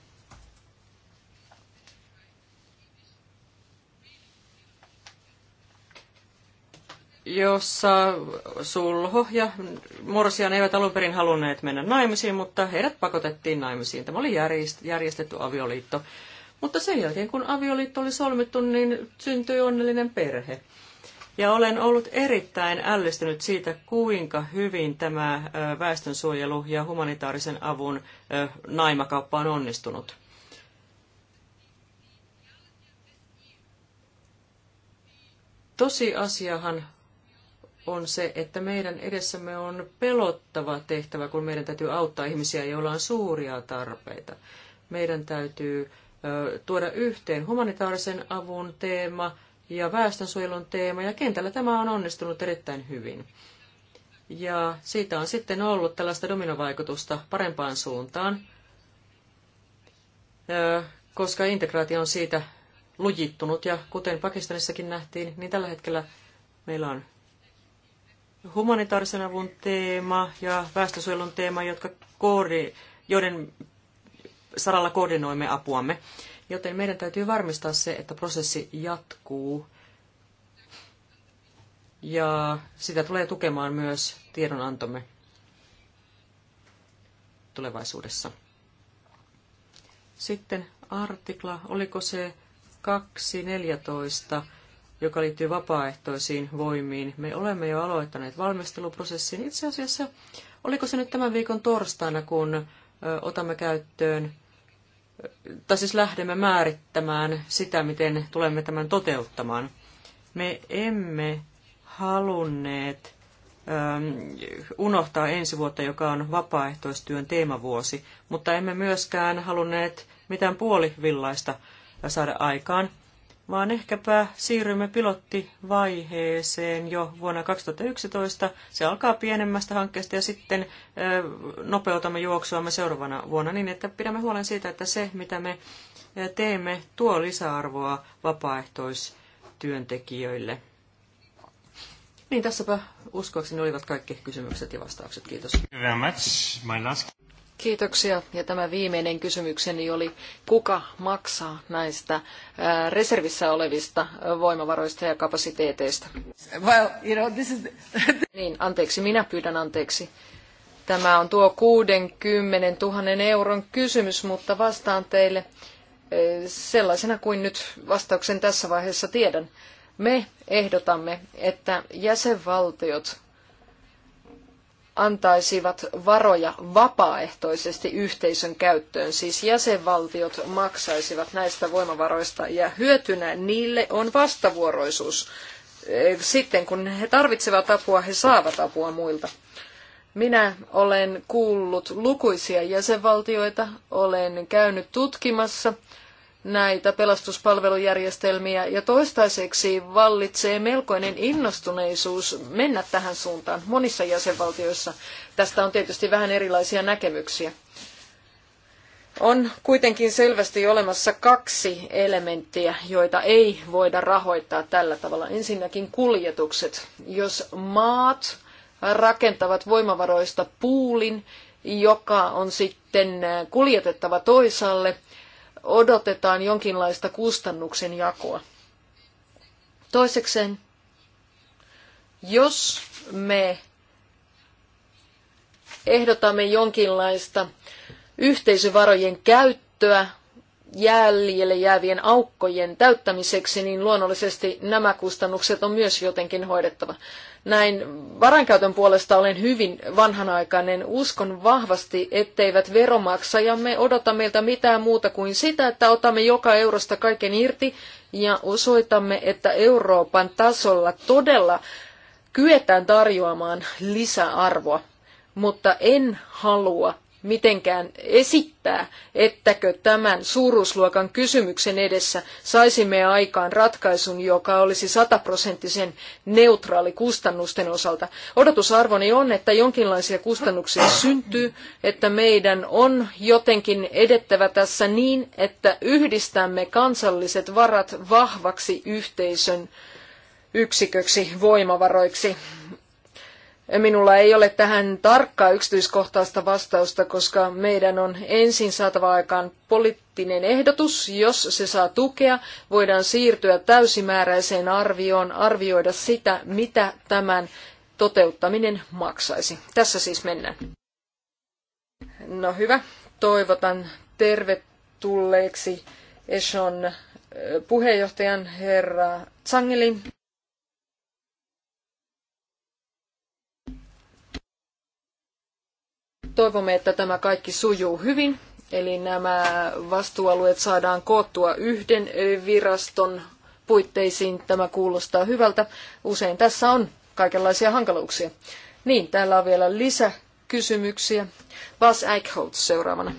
jossa Sulho ja Morsian eivät alun perin halunneet mennä naimisiin, mutta heidät pakotettiin naimisiin. Tämä oli järjestetty avioliitto. Mutta sen jälkeen, kun avioliitto oli solmittu, niin syntyi onnellinen perhe. Ja olen ollut erittäin ällistynyt siitä, kuinka hyvin tämä väestönsuojelu ja humanitaarisen avun naimakauppa on onnistunut. Tosiasiahan on se, että meidän edessämme on pelottava tehtävä, kun meidän täytyy auttaa ihmisiä, joilla on suuria tarpeita. Meidän täytyy tuoda yhteen humanitaarisen avun teema ja väestönsuojelun teema, ja kentällä tämä on onnistunut erittäin hyvin. Ja siitä on sitten ollut tällaista dominovaikutusta parempaan suuntaan, koska integraatio on siitä lujittunut, ja kuten Pakistanissakin nähtiin, niin tällä hetkellä meillä on humanitaarisen avun teema ja väestönsuojelun teema, jotka koori, joiden saralla koordinoimme apuamme. Joten meidän täytyy varmistaa se, että prosessi jatkuu ja sitä tulee tukemaan myös tiedonantomme tulevaisuudessa. Sitten artikla, oliko se 214, joka liittyy vapaaehtoisiin voimiin. Me olemme jo aloittaneet valmisteluprosessin. Itse asiassa, oliko se nyt tämän viikon torstaina, kun otamme käyttöön, tai siis lähdemme määrittämään sitä, miten tulemme tämän toteuttamaan. Me emme halunneet unohtaa ensi vuotta, joka on vapaaehtoistyön teemavuosi, mutta emme myöskään halunneet mitään puolivillaista saada aikaan vaan ehkäpä siirrymme pilottivaiheeseen jo vuonna 2011. Se alkaa pienemmästä hankkeesta ja sitten nopeutamme juoksuamme seuraavana vuonna niin, että pidämme huolen siitä, että se, mitä me teemme, tuo lisäarvoa vapaaehtoistyöntekijöille. Niin tässäpä uskoakseni olivat kaikki kysymykset ja vastaukset. Kiitos. Kiitoksia. Ja tämä viimeinen kysymykseni oli, kuka maksaa näistä äh, reservissä olevista äh, voimavaroista ja kapasiteeteista? Well, you know, this is... niin, anteeksi, minä pyydän anteeksi. Tämä on tuo 60 000 euron kysymys, mutta vastaan teille äh, sellaisena kuin nyt vastauksen tässä vaiheessa tiedän. Me ehdotamme, että jäsenvaltiot antaisivat varoja vapaaehtoisesti yhteisön käyttöön, siis jäsenvaltiot maksaisivat näistä voimavaroista ja hyötynä niille on vastavuoroisuus. Eh, sitten kun he tarvitsevat apua, he saavat apua muilta. Minä olen kuullut lukuisia jäsenvaltioita, olen käynyt tutkimassa näitä pelastuspalvelujärjestelmiä ja toistaiseksi vallitsee melkoinen innostuneisuus mennä tähän suuntaan monissa jäsenvaltioissa. Tästä on tietysti vähän erilaisia näkemyksiä. On kuitenkin selvästi olemassa kaksi elementtiä, joita ei voida rahoittaa tällä tavalla. Ensinnäkin kuljetukset. Jos maat rakentavat voimavaroista puulin, joka on sitten kuljetettava toisaalle – odotetaan jonkinlaista kustannuksen jakoa. Toisekseen, jos me ehdotamme jonkinlaista yhteisövarojen käyttöä, jäljelle jäävien aukkojen täyttämiseksi, niin luonnollisesti nämä kustannukset on myös jotenkin hoidettava. Näin varankäytön puolesta olen hyvin vanhanaikainen. Uskon vahvasti, etteivät veromaksajamme odota meiltä mitään muuta kuin sitä, että otamme joka eurosta kaiken irti ja osoitamme, että Euroopan tasolla todella kyetään tarjoamaan lisäarvoa. Mutta en halua mitenkään esittää, ettäkö tämän suuruusluokan kysymyksen edessä saisimme aikaan ratkaisun, joka olisi sataprosenttisen neutraali kustannusten osalta. Odotusarvoni on, että jonkinlaisia kustannuksia syntyy, että meidän on jotenkin edettävä tässä niin, että yhdistämme kansalliset varat vahvaksi yhteisön yksiköksi voimavaroiksi. Minulla ei ole tähän tarkkaa yksityiskohtaista vastausta, koska meidän on ensin saatava aikaan poliittinen ehdotus. Jos se saa tukea, voidaan siirtyä täysimääräiseen arvioon, arvioida sitä, mitä tämän toteuttaminen maksaisi. Tässä siis mennään. No hyvä, toivotan tervetulleeksi Eshon eh, puheenjohtajan herra Zangelin. Toivomme, että tämä kaikki sujuu hyvin, eli nämä vastuualueet saadaan koottua yhden viraston puitteisiin. Tämä kuulostaa hyvältä. Usein tässä on kaikenlaisia hankaluuksia. Niin, täällä on vielä lisäkysymyksiä. Bas Eichholt seuraavana.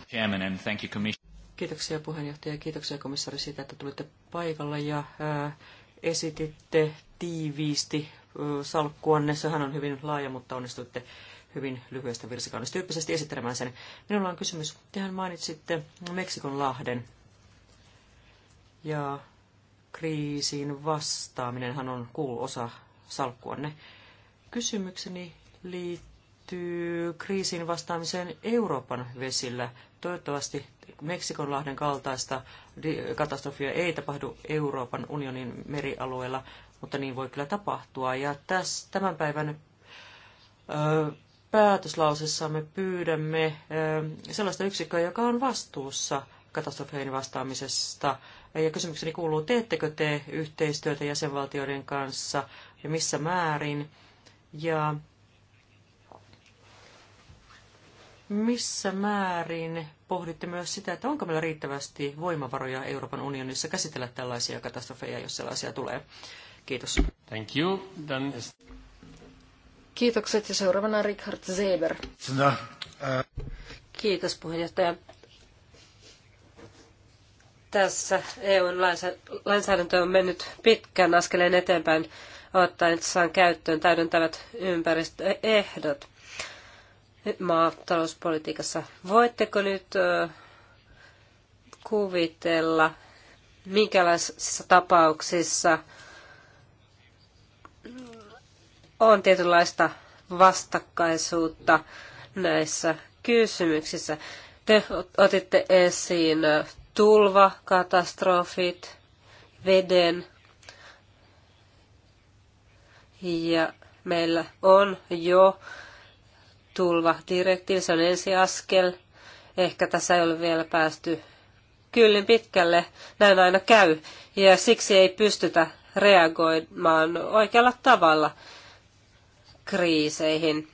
Kiitoksia puheenjohtaja ja kiitoksia komissaari siitä, että tulitte paikalle ja esititte tiiviisti salkkuanne. Sehän on hyvin laaja, mutta onnistuitte hyvin lyhyestä virsikaunista tyyppisesti esittelemään sen. Minulla on kysymys. Tehän mainitsitte Meksikon lahden. Ja kriisiin vastaaminenhan on kuulu osa salkkuanne. Kysymykseni liittyy kriisiin vastaamiseen Euroopan vesillä. Toivottavasti Meksikonlahden kaltaista katastrofia ei tapahdu Euroopan unionin merialueella, mutta niin voi kyllä tapahtua. Ja tässä, tämän päivän päätöslausessamme pyydämme sellaista yksikköä, joka on vastuussa katastrofeihin vastaamisesta. Ja kysymykseni kuuluu, teettekö te yhteistyötä jäsenvaltioiden kanssa ja missä määrin? Ja missä määrin pohditte myös sitä, että onko meillä riittävästi voimavaroja Euroopan unionissa käsitellä tällaisia katastrofeja, jos sellaisia tulee? Kiitos. Thank you. Then Kiitokset ja seuraavana Richard Zeber. Äh, Kiitos puheenjohtaja. Tässä EUn lainsäädäntö on mennyt pitkän askeleen eteenpäin ottaessaan käyttöön täydentävät ympäristöehdot maatalouspolitiikassa. Voitteko nyt kuvitella, minkälaisissa tapauksissa – on tietynlaista vastakkaisuutta näissä kysymyksissä. Te otitte esiin tulvakatastrofit, veden ja meillä on jo tulvadirektiivi, se on ensiaskel. Ehkä tässä ei ole vielä päästy kyllin pitkälle, näin aina käy, ja siksi ei pystytä reagoimaan oikealla tavalla kriiseihin.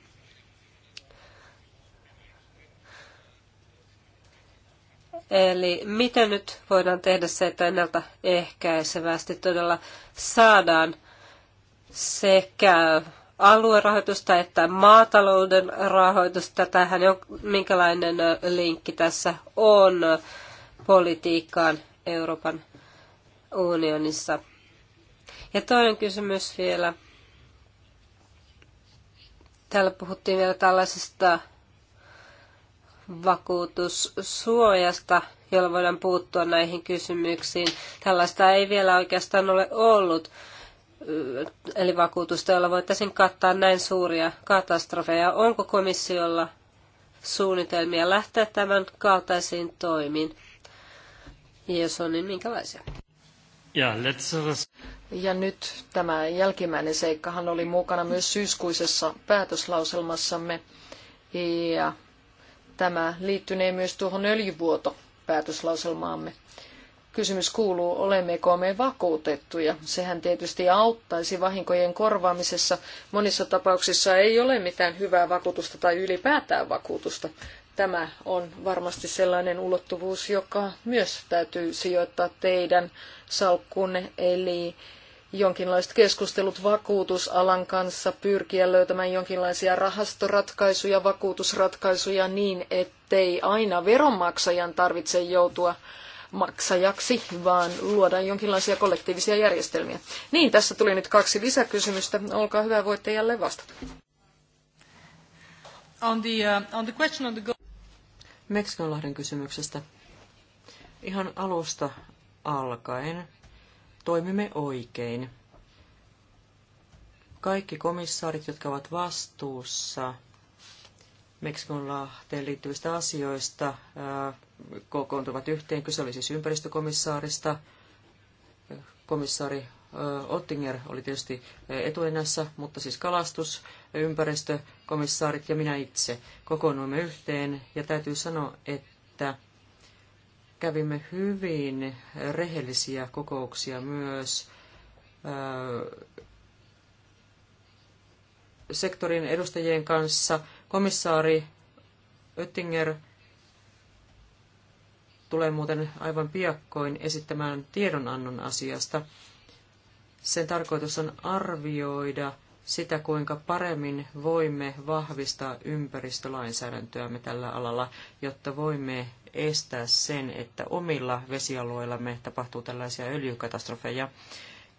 Eli miten nyt voidaan tehdä se, että ehkäisevästi todella saadaan sekä aluerahoitusta että maatalouden rahoitusta. Tähän jo minkälainen linkki tässä on politiikkaan Euroopan unionissa. Ja toinen kysymys vielä. Täällä puhuttiin vielä tällaisesta vakuutussuojasta, jolla voidaan puuttua näihin kysymyksiin. Tällaista ei vielä oikeastaan ole ollut. Eli vakuutusta, jolla voitaisiin kattaa näin suuria katastrofeja. Onko komissiolla suunnitelmia lähteä tämän kaltaisiin toimiin? Ja jos on, niin minkälaisia? Ja, ja nyt tämä jälkimmäinen seikkahan oli mukana myös syyskuisessa päätöslauselmassamme. Ja tämä liittynee myös tuohon öljyvuoto-päätöslauselmaamme. Kysymys kuuluu, olemmeko me vakuutettuja? Sehän tietysti auttaisi vahinkojen korvaamisessa. Monissa tapauksissa ei ole mitään hyvää vakuutusta tai ylipäätään vakuutusta. Tämä on varmasti sellainen ulottuvuus, joka myös täytyy sijoittaa teidän salkkunne, eli jonkinlaiset keskustelut vakuutusalan kanssa, pyrkiä löytämään jonkinlaisia rahastoratkaisuja, vakuutusratkaisuja niin, ettei aina veronmaksajan tarvitse joutua maksajaksi, vaan luodaan jonkinlaisia kollektiivisia järjestelmiä. Niin, tässä tuli nyt kaksi lisäkysymystä. Olkaa hyvä, voitte jälleen vastata. On the, uh, on the question on the... Meksikonlahden kysymyksestä. Ihan alusta alkaen toimimme oikein. Kaikki komissaarit, jotka ovat vastuussa Meksikon lahteen liittyvistä asioista, kokoontuvat yhteen. Kyse oli siis ympäristökomissaarista. Komissaari Ottinger oli tietysti etuenässä, mutta siis kalastus, ympäristökomissaarit ja minä itse kokoonnuimme yhteen. Ja täytyy sanoa, että kävimme hyvin rehellisiä kokouksia myös sektorin edustajien kanssa. Komissaari Oettinger tulee muuten aivan piakkoin esittämään tiedonannon asiasta. Sen tarkoitus on arvioida – sitä, kuinka paremmin voimme vahvistaa ympäristölainsäädäntöämme tällä alalla, jotta voimme estää sen, että omilla vesialueillamme tapahtuu tällaisia öljykatastrofeja.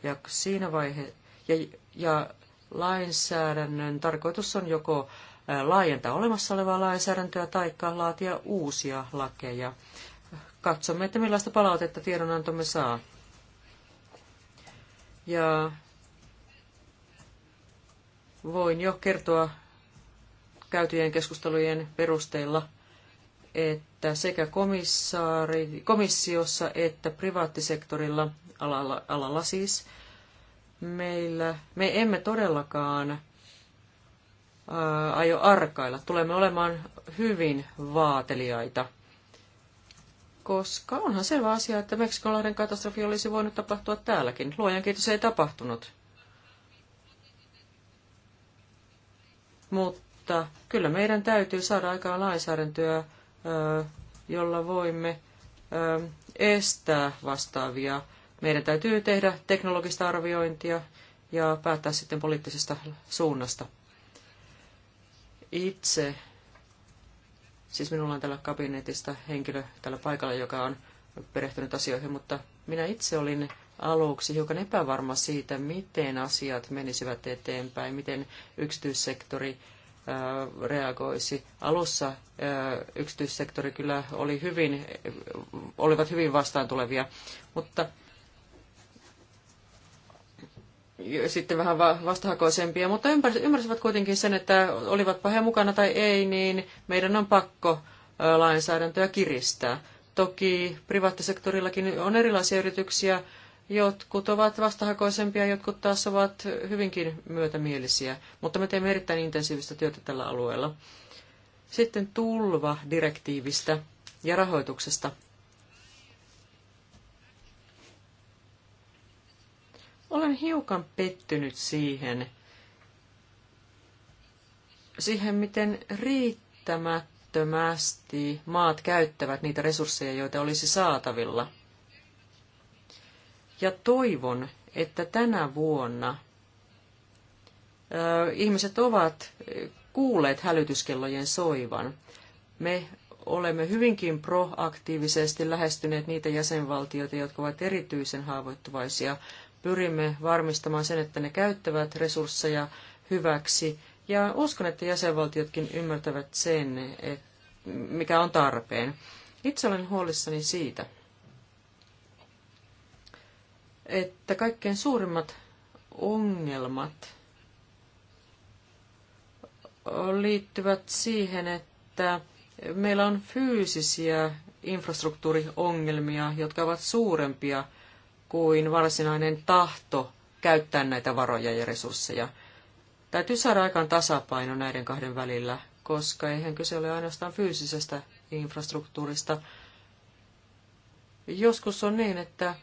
Ja siinä vaihe, ja, ja lainsäädännön tarkoitus on joko laajentaa olemassa olevaa lainsäädäntöä tai laatia uusia lakeja. Katsomme, että millaista palautetta tiedonantomme saa. Ja Voin jo kertoa käytyjen keskustelujen perusteella, että sekä komissaari, komissiossa että privaattisektorilla, alalla, alalla siis, meillä, me emme todellakaan ää, aio arkailla. Tulemme olemaan hyvin vaateliaita, koska onhan selvä asia, että Meksikonlahden katastrofi olisi voinut tapahtua täälläkin. Luojan kiitos ei tapahtunut. mutta kyllä meidän täytyy saada aikaan lainsäädäntöä, jolla voimme estää vastaavia. Meidän täytyy tehdä teknologista arviointia ja päättää sitten poliittisesta suunnasta. Itse, siis minulla on täällä kabinetista henkilö täällä paikalla, joka on perehtynyt asioihin, mutta minä itse olin aluksi hiukan epävarma siitä, miten asiat menisivät eteenpäin, miten yksityissektori reagoisi. Alussa yksityissektori kyllä oli hyvin, olivat hyvin tulevia, mutta sitten vähän vastahakoisempia, mutta ymmärsivät kuitenkin sen, että olivatpa he mukana tai ei, niin meidän on pakko lainsäädäntöä kiristää. Toki privaattisektorillakin on erilaisia yrityksiä, Jotkut ovat vastahakoisempia, jotkut taas ovat hyvinkin myötämielisiä, mutta me teemme erittäin intensiivistä työtä tällä alueella. Sitten tulva-direktiivistä ja rahoituksesta. Olen hiukan pettynyt siihen, siihen miten riittämättömästi maat käyttävät niitä resursseja, joita olisi saatavilla – ja toivon, että tänä vuonna ö, ihmiset ovat kuulleet hälytyskellojen soivan. Me olemme hyvinkin proaktiivisesti lähestyneet niitä jäsenvaltioita, jotka ovat erityisen haavoittuvaisia. Pyrimme varmistamaan sen, että ne käyttävät resursseja hyväksi. Ja uskon, että jäsenvaltiotkin ymmärtävät sen, mikä on tarpeen. Itse olen huolissani siitä, että kaikkein suurimmat ongelmat liittyvät siihen, että meillä on fyysisiä infrastruktuuriongelmia, jotka ovat suurempia kuin varsinainen tahto käyttää näitä varoja ja resursseja. Täytyy saada aikaan tasapaino näiden kahden välillä, koska eihän kyse ole ainoastaan fyysisestä infrastruktuurista. Joskus on niin, että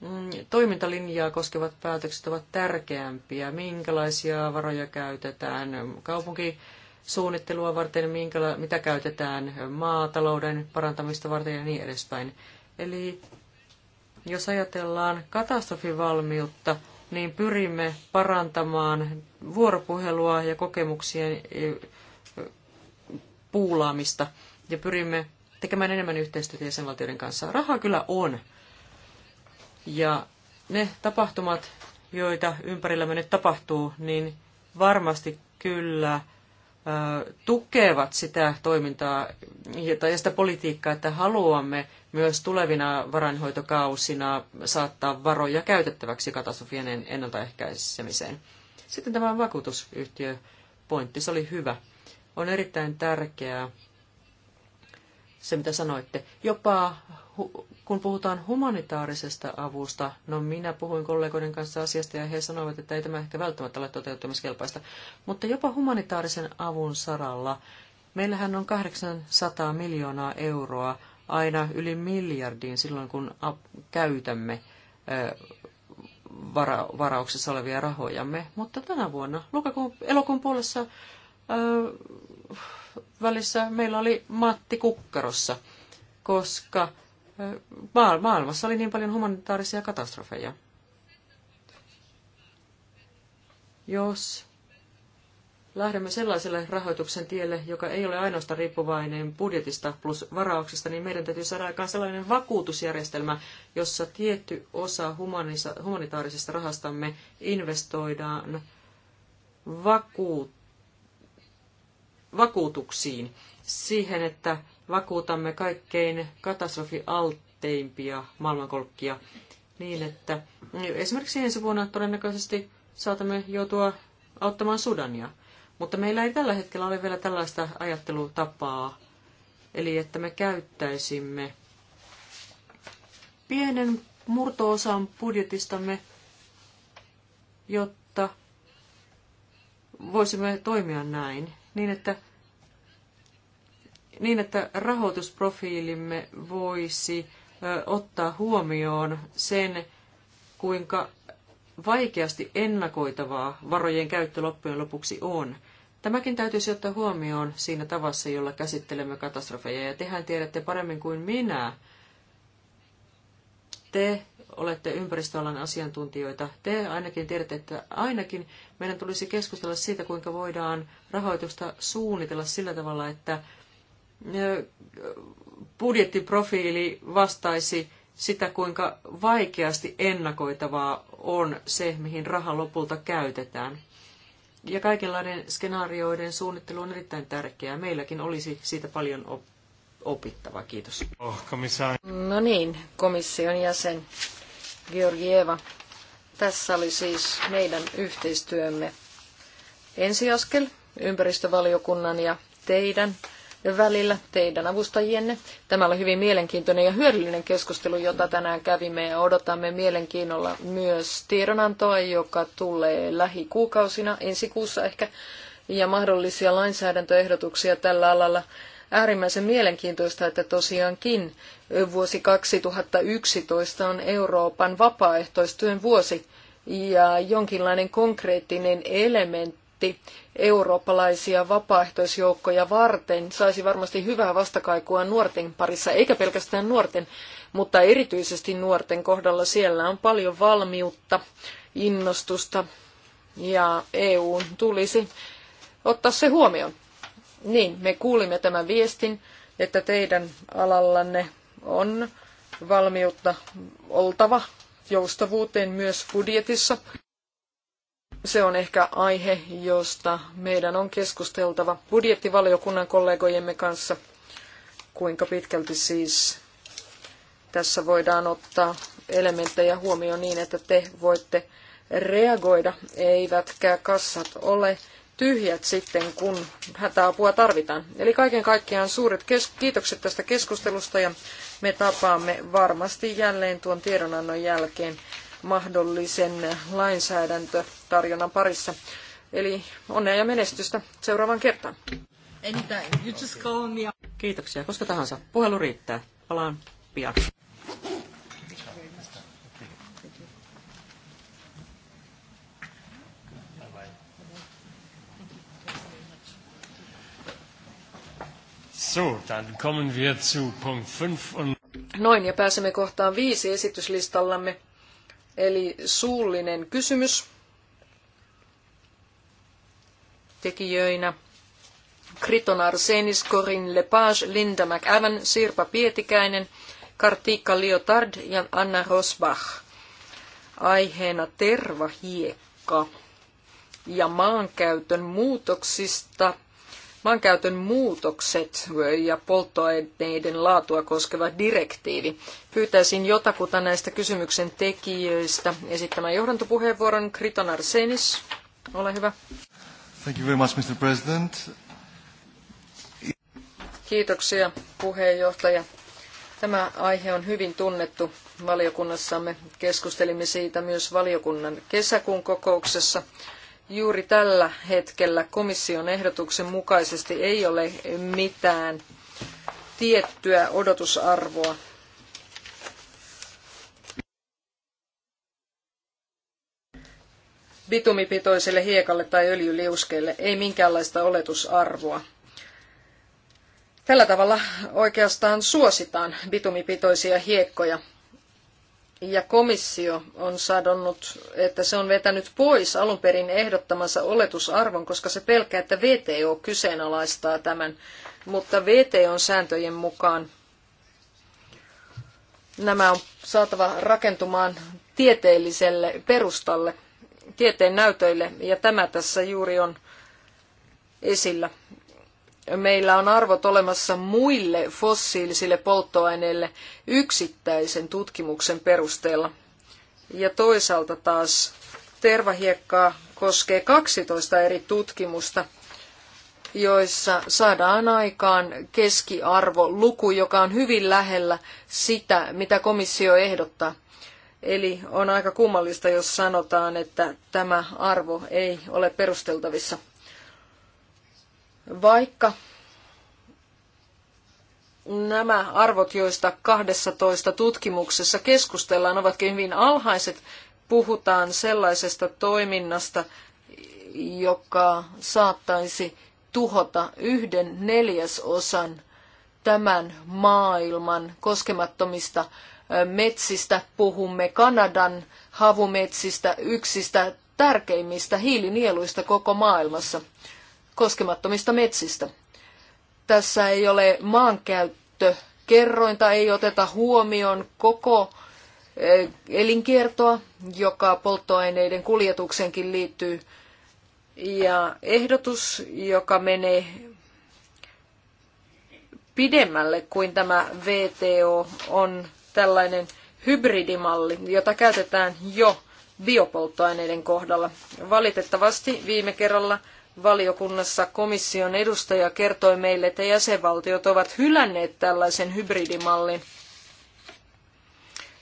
Mm, toimintalinjaa koskevat päätökset ovat tärkeämpiä. Minkälaisia varoja käytetään kaupunkisuunnittelua varten, minkäla- mitä käytetään maatalouden parantamista varten ja niin edespäin. Eli jos ajatellaan katastrofivalmiutta, niin pyrimme parantamaan vuoropuhelua ja kokemuksien e, e, puulaamista ja pyrimme tekemään enemmän yhteistyötä jäsenvaltioiden kanssa. Rahaa kyllä on, ja ne tapahtumat, joita ympärillämme nyt tapahtuu, niin varmasti kyllä tukevat sitä toimintaa ja sitä politiikkaa, että haluamme myös tulevina varainhoitokausina saattaa varoja käytettäväksi katastrofien ennaltaehkäisemiseen. Sitten tämä vakuutusyhtiö pointti, se oli hyvä. On erittäin tärkeää se, mitä sanoitte. Jopa kun puhutaan humanitaarisesta avusta, no minä puhuin kollegoiden kanssa asiasta ja he sanoivat, että ei tämä ehkä välttämättä ole toteuttamiskelpaista, mutta jopa humanitaarisen avun saralla meillähän on 800 miljoonaa euroa aina yli miljardiin silloin, kun käytämme varauksessa olevia rahojamme, mutta tänä vuonna lokakuun, elokuun puolessa välissä meillä oli Matti Kukkarossa, koska maailmassa oli niin paljon humanitaarisia katastrofeja. Jos lähdemme sellaiselle rahoituksen tielle, joka ei ole ainoastaan riippuvainen budjetista plus varauksista, niin meidän täytyy saada aikaan sellainen vakuutusjärjestelmä, jossa tietty osa humanitaarisesta rahastamme investoidaan vakuut- vakuutuksiin siihen, että vakuutamme kaikkein katastrofialtteimpia maailmankolkkia niin, että esimerkiksi ensi vuonna todennäköisesti saatamme joutua auttamaan Sudania. Mutta meillä ei tällä hetkellä ole vielä tällaista ajattelutapaa, eli että me käyttäisimme pienen murtoosan budjetistamme, jotta voisimme toimia näin, niin että niin, että rahoitusprofiilimme voisi ottaa huomioon sen, kuinka vaikeasti ennakoitavaa varojen käyttö loppujen lopuksi on. Tämäkin täytyisi ottaa huomioon siinä tavassa, jolla käsittelemme katastrofeja, ja tehän tiedätte paremmin kuin minä. Te olette ympäristöalan asiantuntijoita. Te ainakin tiedätte, että ainakin meidän tulisi keskustella siitä, kuinka voidaan rahoitusta suunnitella sillä tavalla, että budjettiprofiili vastaisi sitä, kuinka vaikeasti ennakoitavaa on se, mihin raha lopulta käytetään. Ja kaikenlainen skenaarioiden suunnittelu on erittäin tärkeää. Meilläkin olisi siitä paljon opittavaa Kiitos. Oh, no niin, komission jäsen Georgieva. Tässä oli siis meidän yhteistyömme ensiaskel ympäristövaliokunnan ja teidän välillä teidän avustajienne. Tämä oli hyvin mielenkiintoinen ja hyödyllinen keskustelu, jota tänään kävimme ja odotamme mielenkiinnolla myös tiedonantoa, joka tulee lähikuukausina, ensi kuussa ehkä, ja mahdollisia lainsäädäntöehdotuksia tällä alalla äärimmäisen mielenkiintoista, että tosiaankin vuosi 2011 on Euroopan vapaaehtoistyön vuosi ja jonkinlainen konkreettinen elementti mandaatti eurooppalaisia vapaaehtoisjoukkoja varten saisi varmasti hyvää vastakaikua nuorten parissa, eikä pelkästään nuorten, mutta erityisesti nuorten kohdalla siellä on paljon valmiutta, innostusta ja EU tulisi ottaa se huomioon. Niin, me kuulimme tämän viestin, että teidän alallanne on valmiutta oltava joustavuuteen myös budjetissa se on ehkä aihe, josta meidän on keskusteltava budjettivaliokunnan kollegojemme kanssa, kuinka pitkälti siis tässä voidaan ottaa elementtejä huomioon niin, että te voitte reagoida, eivätkä kassat ole tyhjät sitten, kun hätäapua tarvitaan. Eli kaiken kaikkiaan suuret kiitokset tästä keskustelusta ja me tapaamme varmasti jälleen tuon tiedonannon jälkeen mahdollisen lainsäädäntötarjonnan parissa. Eli onnea ja menestystä seuraavan kertaan. Kiitoksia. Koska tahansa. Puhelu riittää. Palaan pian. So, dann kommen wir zu Punkt 5 und Noin, ja pääsemme kohtaan viisi esityslistallamme. Eli suullinen kysymys tekijöinä. Kriton Arsenis, Corin Lepage, Linda McAvan, Sirpa Pietikäinen, Kartiikka Liotard ja Anna Rosbach. Aiheena tervahiekka ja maankäytön muutoksista maankäytön muutokset ja polttoaineiden laatua koskeva direktiivi. Pyytäisin jotakuta näistä kysymyksen tekijöistä esittämään johdantopuheenvuoron. Kriton Arsenis, ole hyvä. Thank you very much, Mr. President. Kiitoksia, puheenjohtaja. Tämä aihe on hyvin tunnettu valiokunnassamme. Keskustelimme siitä myös valiokunnan kesäkuun kokouksessa juuri tällä hetkellä komission ehdotuksen mukaisesti ei ole mitään tiettyä odotusarvoa. bitumipitoiselle hiekalle tai öljyliuskeelle, ei minkäänlaista oletusarvoa. Tällä tavalla oikeastaan suositaan bitumipitoisia hiekkoja ja komissio on sadonnut, että se on vetänyt pois alun perin ehdottamansa oletusarvon, koska se pelkää, että VTO kyseenalaistaa tämän. Mutta VTOn sääntöjen mukaan nämä on saatava rakentumaan tieteelliselle perustalle, tieteen näytöille, ja tämä tässä juuri on esillä meillä on arvot olemassa muille fossiilisille polttoaineille yksittäisen tutkimuksen perusteella. Ja toisaalta taas tervahiekkaa koskee 12 eri tutkimusta, joissa saadaan aikaan keskiarvo luku, joka on hyvin lähellä sitä, mitä komissio ehdottaa. Eli on aika kummallista, jos sanotaan, että tämä arvo ei ole perusteltavissa. Vaikka nämä arvot, joista 12 tutkimuksessa keskustellaan, ovatkin hyvin alhaiset, puhutaan sellaisesta toiminnasta, joka saattaisi tuhota yhden neljäsosan tämän maailman koskemattomista metsistä. Puhumme Kanadan havumetsistä, yksistä tärkeimmistä hiilinieluista koko maailmassa koskemattomista metsistä. Tässä ei ole maankäyttö kerrointa ei oteta huomioon koko eh, elinkiertoa, joka polttoaineiden kuljetukseenkin liittyy. Ja ehdotus, joka menee pidemmälle kuin tämä VTO, on tällainen hybridimalli, jota käytetään jo biopolttoaineiden kohdalla. Valitettavasti viime kerralla valiokunnassa komission edustaja kertoi meille, että jäsenvaltiot ovat hylänneet tällaisen hybridimallin.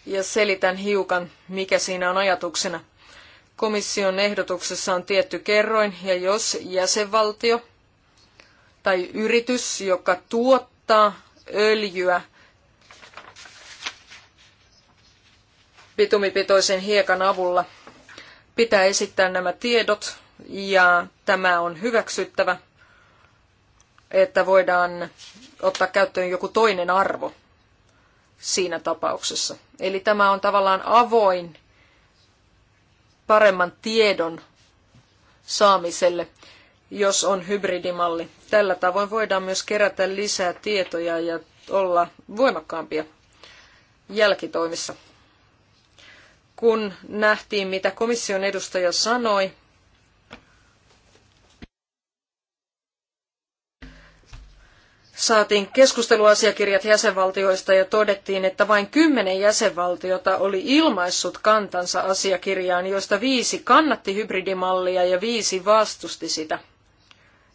Ja selitän hiukan, mikä siinä on ajatuksena. Komission ehdotuksessa on tietty kerroin, ja jos jäsenvaltio tai yritys, joka tuottaa öljyä bitumipitoisen hiekan avulla, pitää esittää nämä tiedot ja tämä on hyväksyttävä, että voidaan ottaa käyttöön joku toinen arvo siinä tapauksessa. Eli tämä on tavallaan avoin paremman tiedon saamiselle, jos on hybridimalli. Tällä tavoin voidaan myös kerätä lisää tietoja ja olla voimakkaampia jälkitoimissa. Kun nähtiin, mitä komission edustaja sanoi, saatiin keskusteluasiakirjat jäsenvaltioista ja todettiin, että vain kymmenen jäsenvaltiota oli ilmaissut kantansa asiakirjaan, joista viisi kannatti hybridimallia ja viisi vastusti sitä.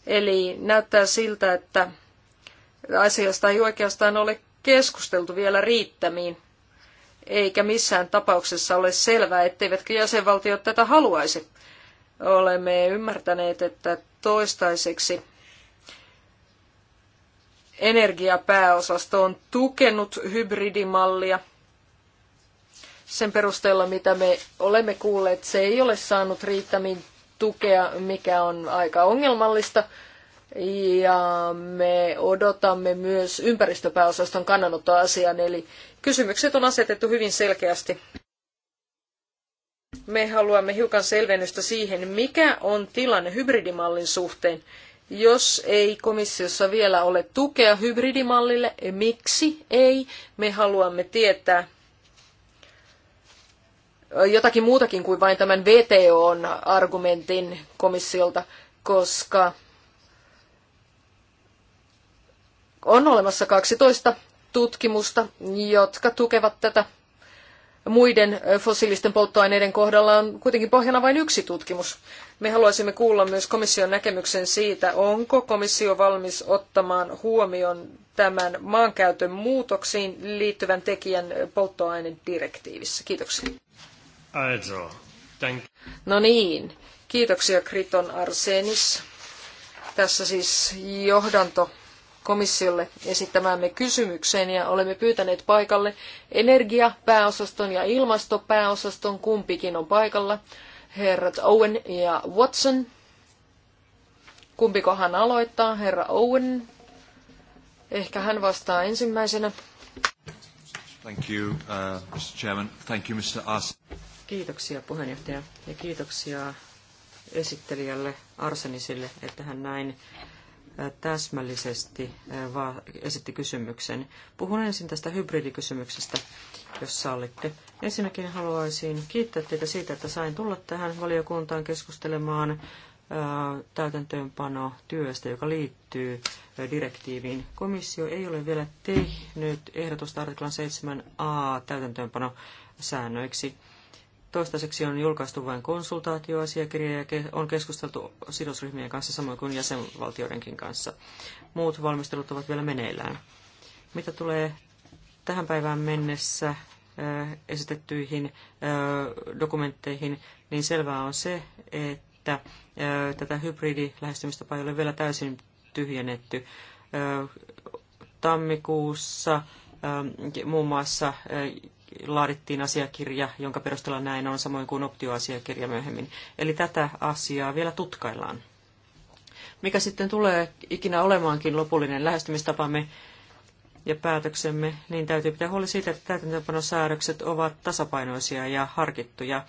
Eli näyttää siltä, että asiasta ei oikeastaan ole keskusteltu vielä riittämiin, eikä missään tapauksessa ole selvää, etteivätkö jäsenvaltiot tätä haluaisi. Olemme ymmärtäneet, että toistaiseksi energiapääosasto on tukenut hybridimallia sen perusteella, mitä me olemme kuulleet. Se ei ole saanut riittämin tukea, mikä on aika ongelmallista. Ja me odotamme myös ympäristöpääosaston kannanottoa asiaan, eli kysymykset on asetettu hyvin selkeästi. Me haluamme hiukan selvennystä siihen, mikä on tilanne hybridimallin suhteen jos ei komissiossa vielä ole tukea hybridimallille, miksi ei? Me haluamme tietää jotakin muutakin kuin vain tämän VTOn argumentin komissiolta, koska on olemassa 12 tutkimusta, jotka tukevat tätä muiden fossiilisten polttoaineiden kohdalla on kuitenkin pohjana vain yksi tutkimus. Me haluaisimme kuulla myös komission näkemyksen siitä, onko komissio valmis ottamaan huomioon tämän maankäytön muutoksiin liittyvän tekijän polttoainedirektiivissä. Kiitoksia. Also, No niin, kiitoksia Kriton Arsenis. Tässä siis johdanto komissiolle esittämäämme kysymykseen ja olemme pyytäneet paikalle energiapääosaston ja ilmastopääosaston, kumpikin on paikalla, herrat Owen ja Watson. Kumpikohan aloittaa, herra Owen? Ehkä hän vastaa ensimmäisenä. Thank you, uh, Mr. Chairman. Thank you, Mr. As. Kiitoksia puheenjohtaja ja kiitoksia esittelijälle Arsenisille, että hän näin täsmällisesti esitti kysymyksen. Puhun ensin tästä hybridikysymyksestä, jos sallitte. Ensinnäkin haluaisin kiittää teitä siitä, että sain tulla tähän valiokuntaan keskustelemaan täytäntöönpano työstä, joka liittyy direktiiviin. Komissio ei ole vielä tehnyt ehdotusta artiklan 7a täytäntöönpano säännöiksi. Toistaiseksi on julkaistu vain konsultaatioasiakirja ja on keskusteltu sidosryhmien kanssa samoin kuin jäsenvaltioidenkin kanssa. Muut valmistelut ovat vielä meneillään. Mitä tulee tähän päivään mennessä äh, esitettyihin äh, dokumentteihin, niin selvää on se, että äh, tätä hybridilähestymistapaa ei ole vielä täysin tyhjennetty. Tammikuussa ähm, muun muassa laadittiin asiakirja, jonka perusteella näin on, samoin kuin optioasiakirja myöhemmin. Eli tätä asiaa vielä tutkaillaan. Mikä sitten tulee ikinä olemaankin lopullinen lähestymistapamme ja päätöksemme, niin täytyy pitää huoli siitä, että täytäntöönpanosäädökset ovat tasapainoisia ja harkittuja.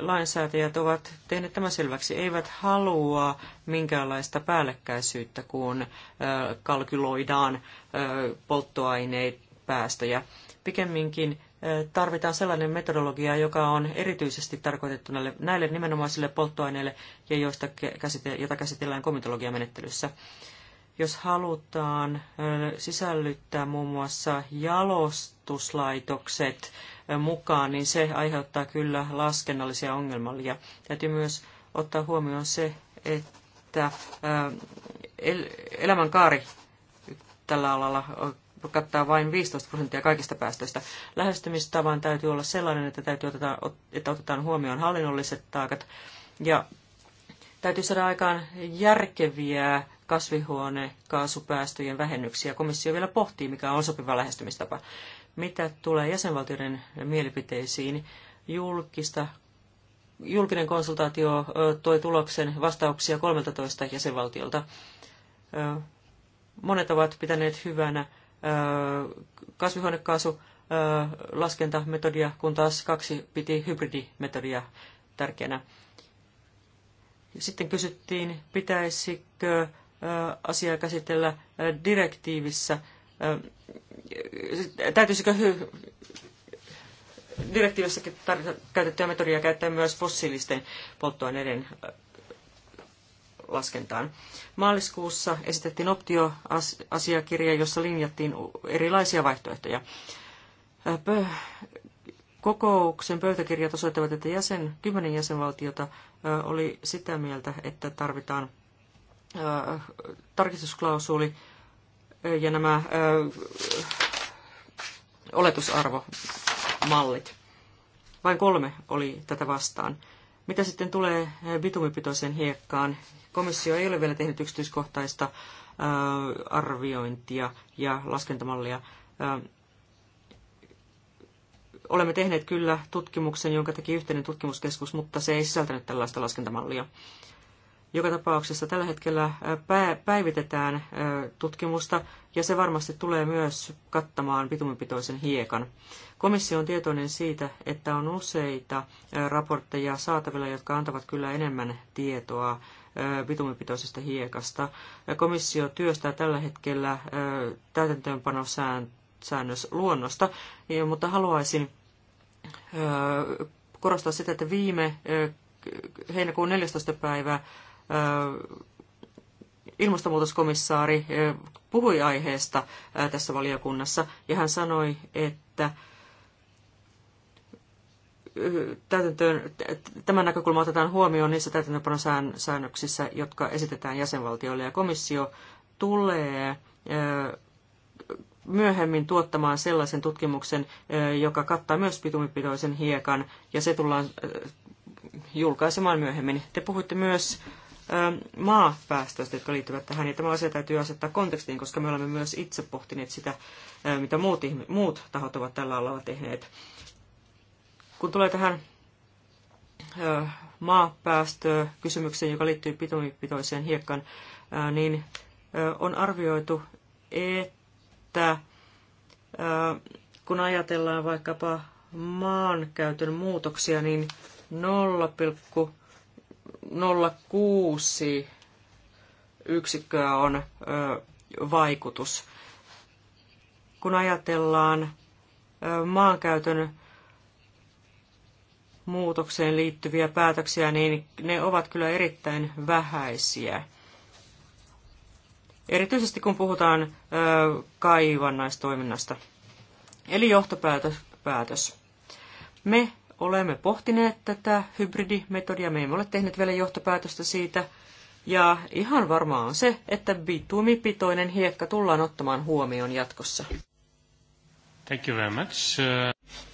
Lainsäätäjät ovat tehneet tämän selväksi, eivät halua minkäänlaista päällekkäisyyttä, kun kalkyloidaan polttoaineet päästöjä pikemminkin tarvitaan sellainen metodologia, joka on erityisesti tarkoitettu näille, näille nimenomaisille polttoaineille ja joista käsite, jota käsitellään komitologiamenettelyssä. Jos halutaan sisällyttää muun muassa jalostuslaitokset mukaan, niin se aiheuttaa kyllä laskennallisia ongelmia. Täytyy myös ottaa huomioon se, että elämänkaari tällä alalla kattaa vain 15 prosenttia kaikista päästöistä. Lähestymistavan täytyy olla sellainen, että, täytyy oteta, että otetaan huomioon hallinnolliset taakat ja täytyy saada aikaan järkeviä kasvihuonekaasupäästöjen vähennyksiä. Komissio vielä pohtii, mikä on sopiva lähestymistapa. Mitä tulee jäsenvaltioiden mielipiteisiin, julkista julkinen konsultaatio toi tuloksen vastauksia 13 jäsenvaltiolta. Monet ovat pitäneet hyvänä kasvihuonekaasulaskentametodia, kun taas kaksi piti hybridimetodia tärkeänä. Sitten kysyttiin, pitäisikö asiaa käsitellä direktiivissä. Täytyisikö direktiivissä käytettyä metodia käyttää myös fossiilisten polttoaineiden laskentaan. Maaliskuussa esitettiin optioasiakirja, jossa linjattiin erilaisia vaihtoehtoja. Kokouksen pöytäkirjat osoittavat, että jäsen, kymmenen jäsenvaltiota oli sitä mieltä, että tarvitaan tarkistusklausuli ja nämä oletusarvomallit. Vain kolme oli tätä vastaan. Mitä sitten tulee eh, bitumipitoiseen hiekkaan? Komissio ei ole vielä tehnyt yksityiskohtaista eh, arviointia ja laskentamallia. Eh, olemme tehneet kyllä tutkimuksen, jonka teki yhteinen tutkimuskeskus, mutta se ei sisältänyt tällaista laskentamallia. Joka tapauksessa tällä hetkellä äh, päivitetään äh, tutkimusta ja se varmasti tulee myös kattamaan bitumipitoisen hiekan. Komissio on tietoinen siitä, että on useita äh, raportteja saatavilla, jotka antavat kyllä enemmän tietoa bitumipitoisesta hiekasta. Komissio työstää tällä hetkellä täytäntöönpanosäännös luonnosta, mutta haluaisin korostaa sitä, että viime heinäkuun 14. päivä ilmastonmuutoskomissaari puhui aiheesta tässä valiokunnassa ja hän sanoi, että tämän näkökulma otetaan huomioon niissä täytäntöönpanosäännöksissä, jotka esitetään jäsenvaltioille ja komissio tulee myöhemmin tuottamaan sellaisen tutkimuksen, joka kattaa myös bitumipitoisen hiekan, ja se tullaan julkaisemaan myöhemmin. Te puhuitte myös Ähm, maapäästöistä, jotka liittyvät tähän. Ja tämä asia täytyy asettaa kontekstiin, koska me olemme myös itse pohtineet sitä, äh, mitä muut, muut tahot ovat tällä alalla tehneet. Kun tulee tähän äh, maapäästökysymykseen, joka liittyy pitumipitoiseen hiekkaan, äh, niin on arvioitu, että kun ajatellaan vaikkapa maankäytön muutoksia, niin 0,5 0,6 yksikköä on vaikutus. Kun ajatellaan maankäytön muutokseen liittyviä päätöksiä, niin ne ovat kyllä erittäin vähäisiä. Erityisesti kun puhutaan ö, kaivannaistoiminnasta. Eli johtopäätös. Päätös. Me olemme pohtineet tätä hybridimetodia, me emme ole tehneet vielä johtopäätöstä siitä, ja ihan varmaa on se, että bitumipitoinen hiekka tullaan ottamaan huomioon jatkossa. Thank you very much.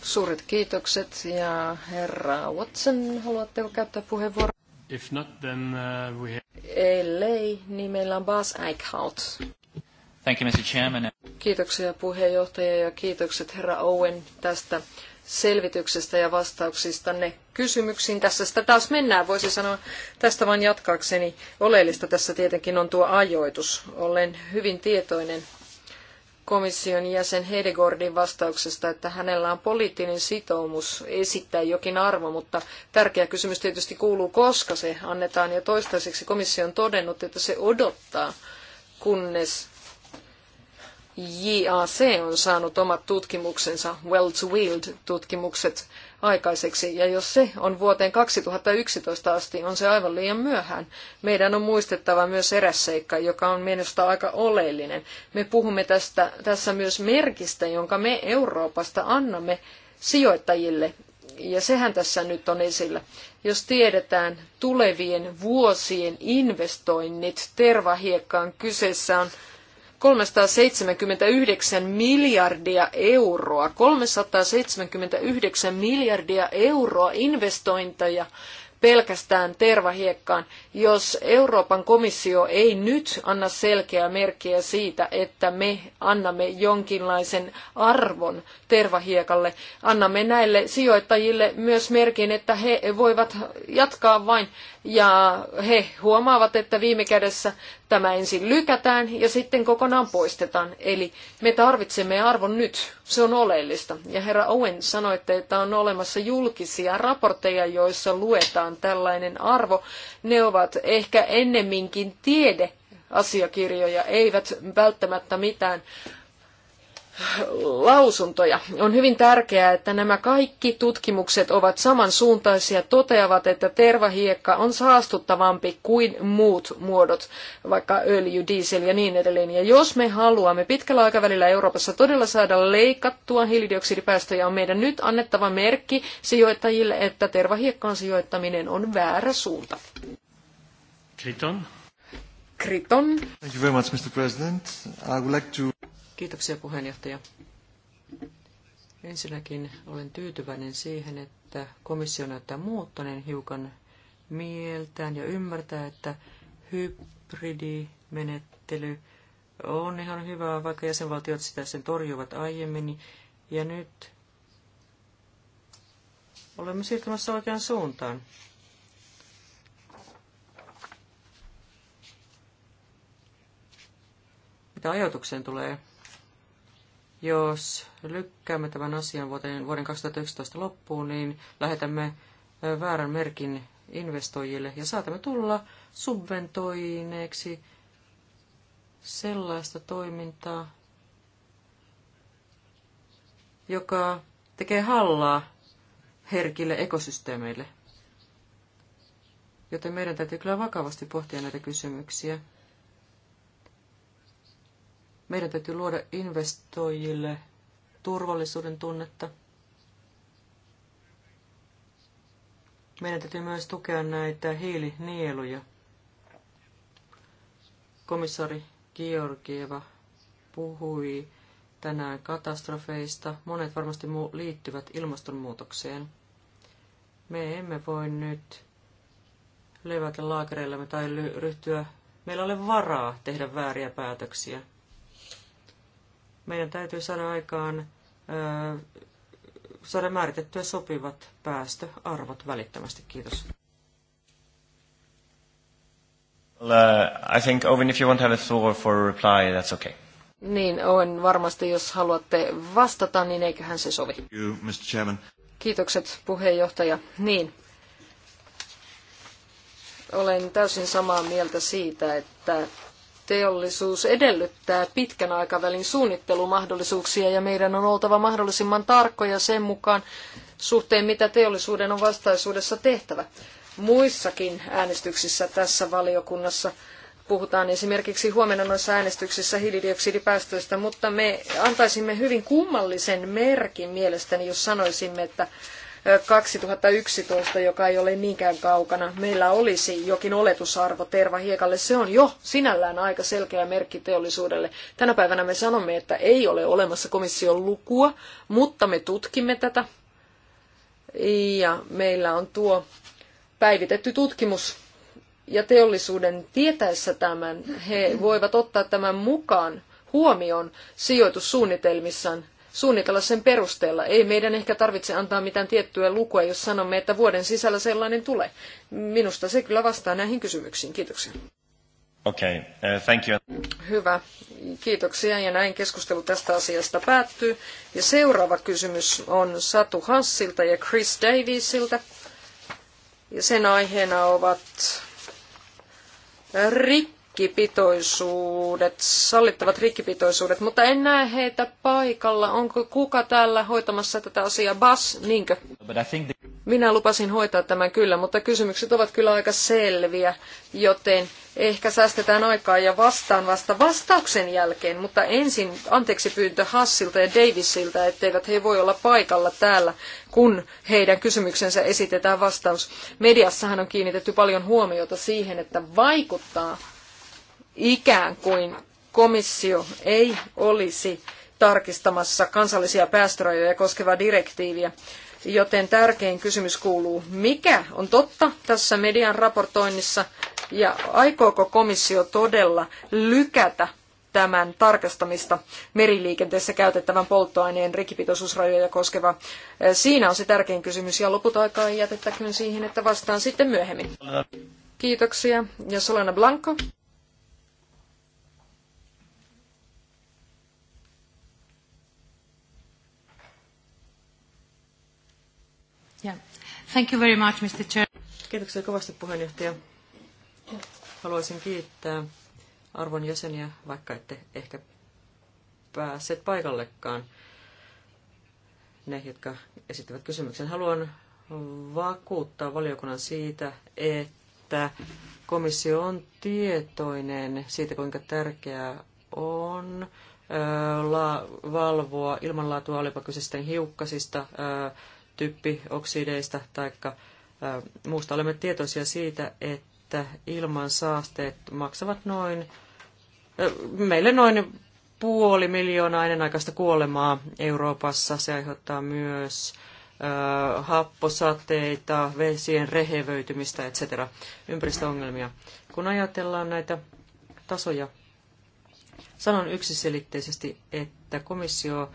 Suuret kiitokset ja herra Watson, haluatteko käyttää puheenvuoron? If not, then uh, we have... Ellei, niin meillä on Bas Eichhout. Thank you, Mr. Chairman. Kiitoksia puheenjohtaja ja kiitokset herra Owen tästä selvityksestä ja vastauksistanne kysymyksiin. Tässä sitä taas mennään, voisi sanoa tästä vain jatkaakseni. Oleellista tässä tietenkin on tuo ajoitus. Olen hyvin tietoinen komission jäsen Hedegordin vastauksesta, että hänellä on poliittinen sitoumus esittää jokin arvo, mutta tärkeä kysymys tietysti kuuluu, koska se annetaan. Ja toistaiseksi komissio on todennut, että se odottaa, kunnes JAC on saanut omat tutkimuksensa, Well to Wield tutkimukset aikaiseksi, ja jos se on vuoteen 2011 asti, on se aivan liian myöhään. Meidän on muistettava myös eräs seikka, joka on minusta aika oleellinen. Me puhumme tästä, tässä myös merkistä, jonka me Euroopasta annamme sijoittajille, ja sehän tässä nyt on esillä. Jos tiedetään tulevien vuosien investoinnit tervahiekkaan, kyseessä on 379 miljardia euroa, 379 miljardia euroa investointeja pelkästään tervahiekkaan, jos Euroopan komissio ei nyt anna selkeää merkkiä siitä, että me annamme jonkinlaisen arvon tervahiekalle, annamme näille sijoittajille myös merkin, että he voivat jatkaa vain ja he huomaavat, että viime kädessä Tämä ensin lykätään ja sitten kokonaan poistetaan. Eli me tarvitsemme arvon nyt. Se on oleellista. Ja herra Owen sanoi, että on olemassa julkisia raportteja, joissa luetaan tällainen arvo. Ne ovat ehkä ennemminkin tiede asiakirjoja, eivät välttämättä mitään lausuntoja. On hyvin tärkeää, että nämä kaikki tutkimukset ovat samansuuntaisia, toteavat, että tervahiekka on saastuttavampi kuin muut muodot, vaikka öljy, diesel ja niin edelleen. Ja jos me haluamme pitkällä aikavälillä Euroopassa todella saada leikattua hiilidioksidipäästöjä, on meidän nyt annettava merkki sijoittajille, että tervahiekkaan sijoittaminen on väärä suunta. Kriton. Kriton. Thank you very much, Mr. President. I would like to Kiitoksia puheenjohtaja. Ensinnäkin olen tyytyväinen siihen, että komissio näyttää muuttaneen hiukan mieltään ja ymmärtää, että hybridimenettely on ihan hyvä, vaikka jäsenvaltiot sitä sen torjuvat aiemmin. Ja nyt olemme siirtymässä oikeaan suuntaan. Mitä ajatukseen tulee, jos lykkäämme tämän asian vuoteen, vuoden 2011 loppuun, niin lähetämme väärän merkin investoijille ja saatamme tulla subventoineeksi sellaista toimintaa, joka tekee hallaa herkille ekosysteemeille. Joten meidän täytyy kyllä vakavasti pohtia näitä kysymyksiä. Meidän täytyy luoda investoijille turvallisuuden tunnetta. Meidän täytyy myös tukea näitä hiilinieluja. Komissaari Georgieva puhui tänään katastrofeista. Monet varmasti liittyvät ilmastonmuutokseen. Me emme voi nyt levätä laakereillamme tai ryhtyä. Meillä ei ole varaa tehdä vääriä päätöksiä. Meidän täytyy saada aikaan, saada määritettyä sopivat päästöarvot välittömästi. Kiitos. Well, uh, I think, Owen, if you want to have a thought for a reply, that's okay. Niin, Owen, varmasti jos haluatte vastata, niin eiköhän se sovi. You, Mr. Chairman. Kiitokset, puheenjohtaja. Niin, olen täysin samaa mieltä siitä, että teollisuus edellyttää pitkän aikavälin suunnittelumahdollisuuksia ja meidän on oltava mahdollisimman tarkkoja sen mukaan suhteen, mitä teollisuuden on vastaisuudessa tehtävä. Muissakin äänestyksissä tässä valiokunnassa puhutaan esimerkiksi huomenna noissa äänestyksissä hiilidioksidipäästöistä, mutta me antaisimme hyvin kummallisen merkin mielestäni, jos sanoisimme, että 2011, joka ei ole niinkään kaukana, meillä olisi jokin oletusarvo tervahiekalle. Se on jo sinällään aika selkeä merkki teollisuudelle. Tänä päivänä me sanomme, että ei ole olemassa komission lukua, mutta me tutkimme tätä. Ja meillä on tuo päivitetty tutkimus ja teollisuuden tietäessä tämän, he voivat ottaa tämän mukaan huomioon sijoitussuunnitelmissaan suunnitella sen perusteella. Ei meidän ehkä tarvitse antaa mitään tiettyä lukua, jos sanomme, että vuoden sisällä sellainen tulee. Minusta se kyllä vastaa näihin kysymyksiin. Kiitoksia. Okay, uh, thank you. Hyvä, kiitoksia ja näin keskustelu tästä asiasta päättyy. Ja seuraava kysymys on Satu Hassilta ja Chris Davisilta. Ja sen aiheena ovat rikki rikkipitoisuudet, sallittavat rikkipitoisuudet, mutta en näe heitä paikalla. Onko kuka täällä hoitamassa tätä asiaa? Bas, niinkö? Minä lupasin hoitaa tämän kyllä, mutta kysymykset ovat kyllä aika selviä, joten ehkä säästetään aikaa ja vastaan vasta vastauksen jälkeen, mutta ensin anteeksi pyyntö Hassilta ja Davisilta, etteivät he voi olla paikalla täällä, kun heidän kysymyksensä esitetään vastaus. Mediassahan on kiinnitetty paljon huomiota siihen, että vaikuttaa ikään kuin komissio ei olisi tarkistamassa kansallisia päästörajoja koskevaa direktiiviä. Joten tärkein kysymys kuuluu, mikä on totta tässä median raportoinnissa ja aikooko komissio todella lykätä tämän tarkastamista meriliikenteessä käytettävän polttoaineen rikipitoisuusrajoja koskeva. Siinä on se tärkein kysymys ja loput aikaa ei jätettäköön siihen, että vastaan sitten myöhemmin. Kiitoksia. Ja Solana Blanco. Thank you very much, Mr. Chair. Kiitoksia kovasti puheenjohtaja. Haluaisin kiittää arvon jäseniä, vaikka ette ehkä päässeet paikallekaan. Ne, jotka esittävät kysymyksen, haluan vakuuttaa valiokunnan siitä, että komissio on tietoinen siitä, kuinka tärkeää on valvoa ilmanlaatua, olipa kyse sitten hiukkasista, typpioksideista tai muusta. Olemme tietoisia siitä, että ilman saasteet maksavat noin, meille noin puoli miljoonaa ennenaikaista kuolemaa Euroopassa. Se aiheuttaa myös happosateita, vesien rehevöitymistä, etc. ympäristöongelmia. Kun ajatellaan näitä tasoja, sanon yksiselitteisesti, että komissio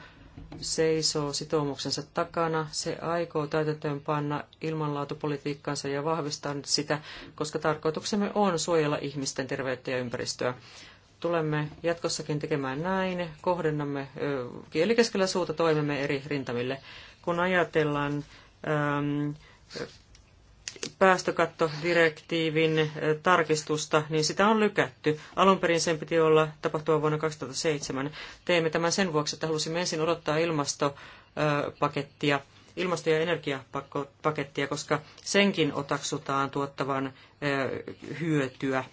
seisoo sitoumuksensa takana. Se aikoo täytäntöön panna ilmanlaatupolitiikkansa ja vahvistaa sitä, koska tarkoituksemme on suojella ihmisten terveyttä ja ympäristöä. Tulemme jatkossakin tekemään näin, kohdennamme kielikeskellä suuta toimemme eri rintamille. Kun ajatellaan päästökattodirektiivin eh, tarkistusta, niin sitä on lykätty. Alun perin sen piti olla tapahtua vuonna 2007. Teimme tämän sen vuoksi, että halusimme ensin odottaa ilmastopakettia, eh, ilmasto- ja energiapakettia, koska senkin otaksutaan tuottavan eh, hyötyä.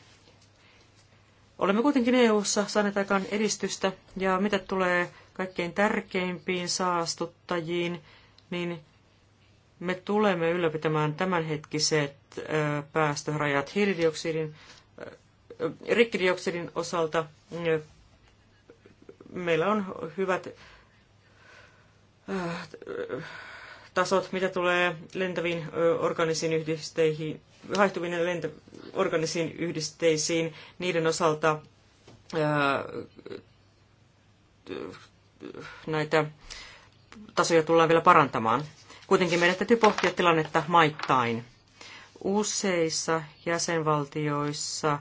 Olemme kuitenkin EU-ssa saaneet aikaan edistystä, ja mitä tulee kaikkein tärkeimpiin saastuttajiin, niin me tulemme ylläpitämään tämänhetkiset päästörajat hiilidioksidin, rikkidioksidin osalta. Meillä on hyvät tasot, mitä tulee lentäviin organisiin yhdisteihin, haihtuviin lentä, organisiin yhdisteisiin, niiden osalta näitä tasoja tullaan vielä parantamaan. Kuitenkin meidän täytyy pohtia tilannetta maittain. Useissa jäsenvaltioissa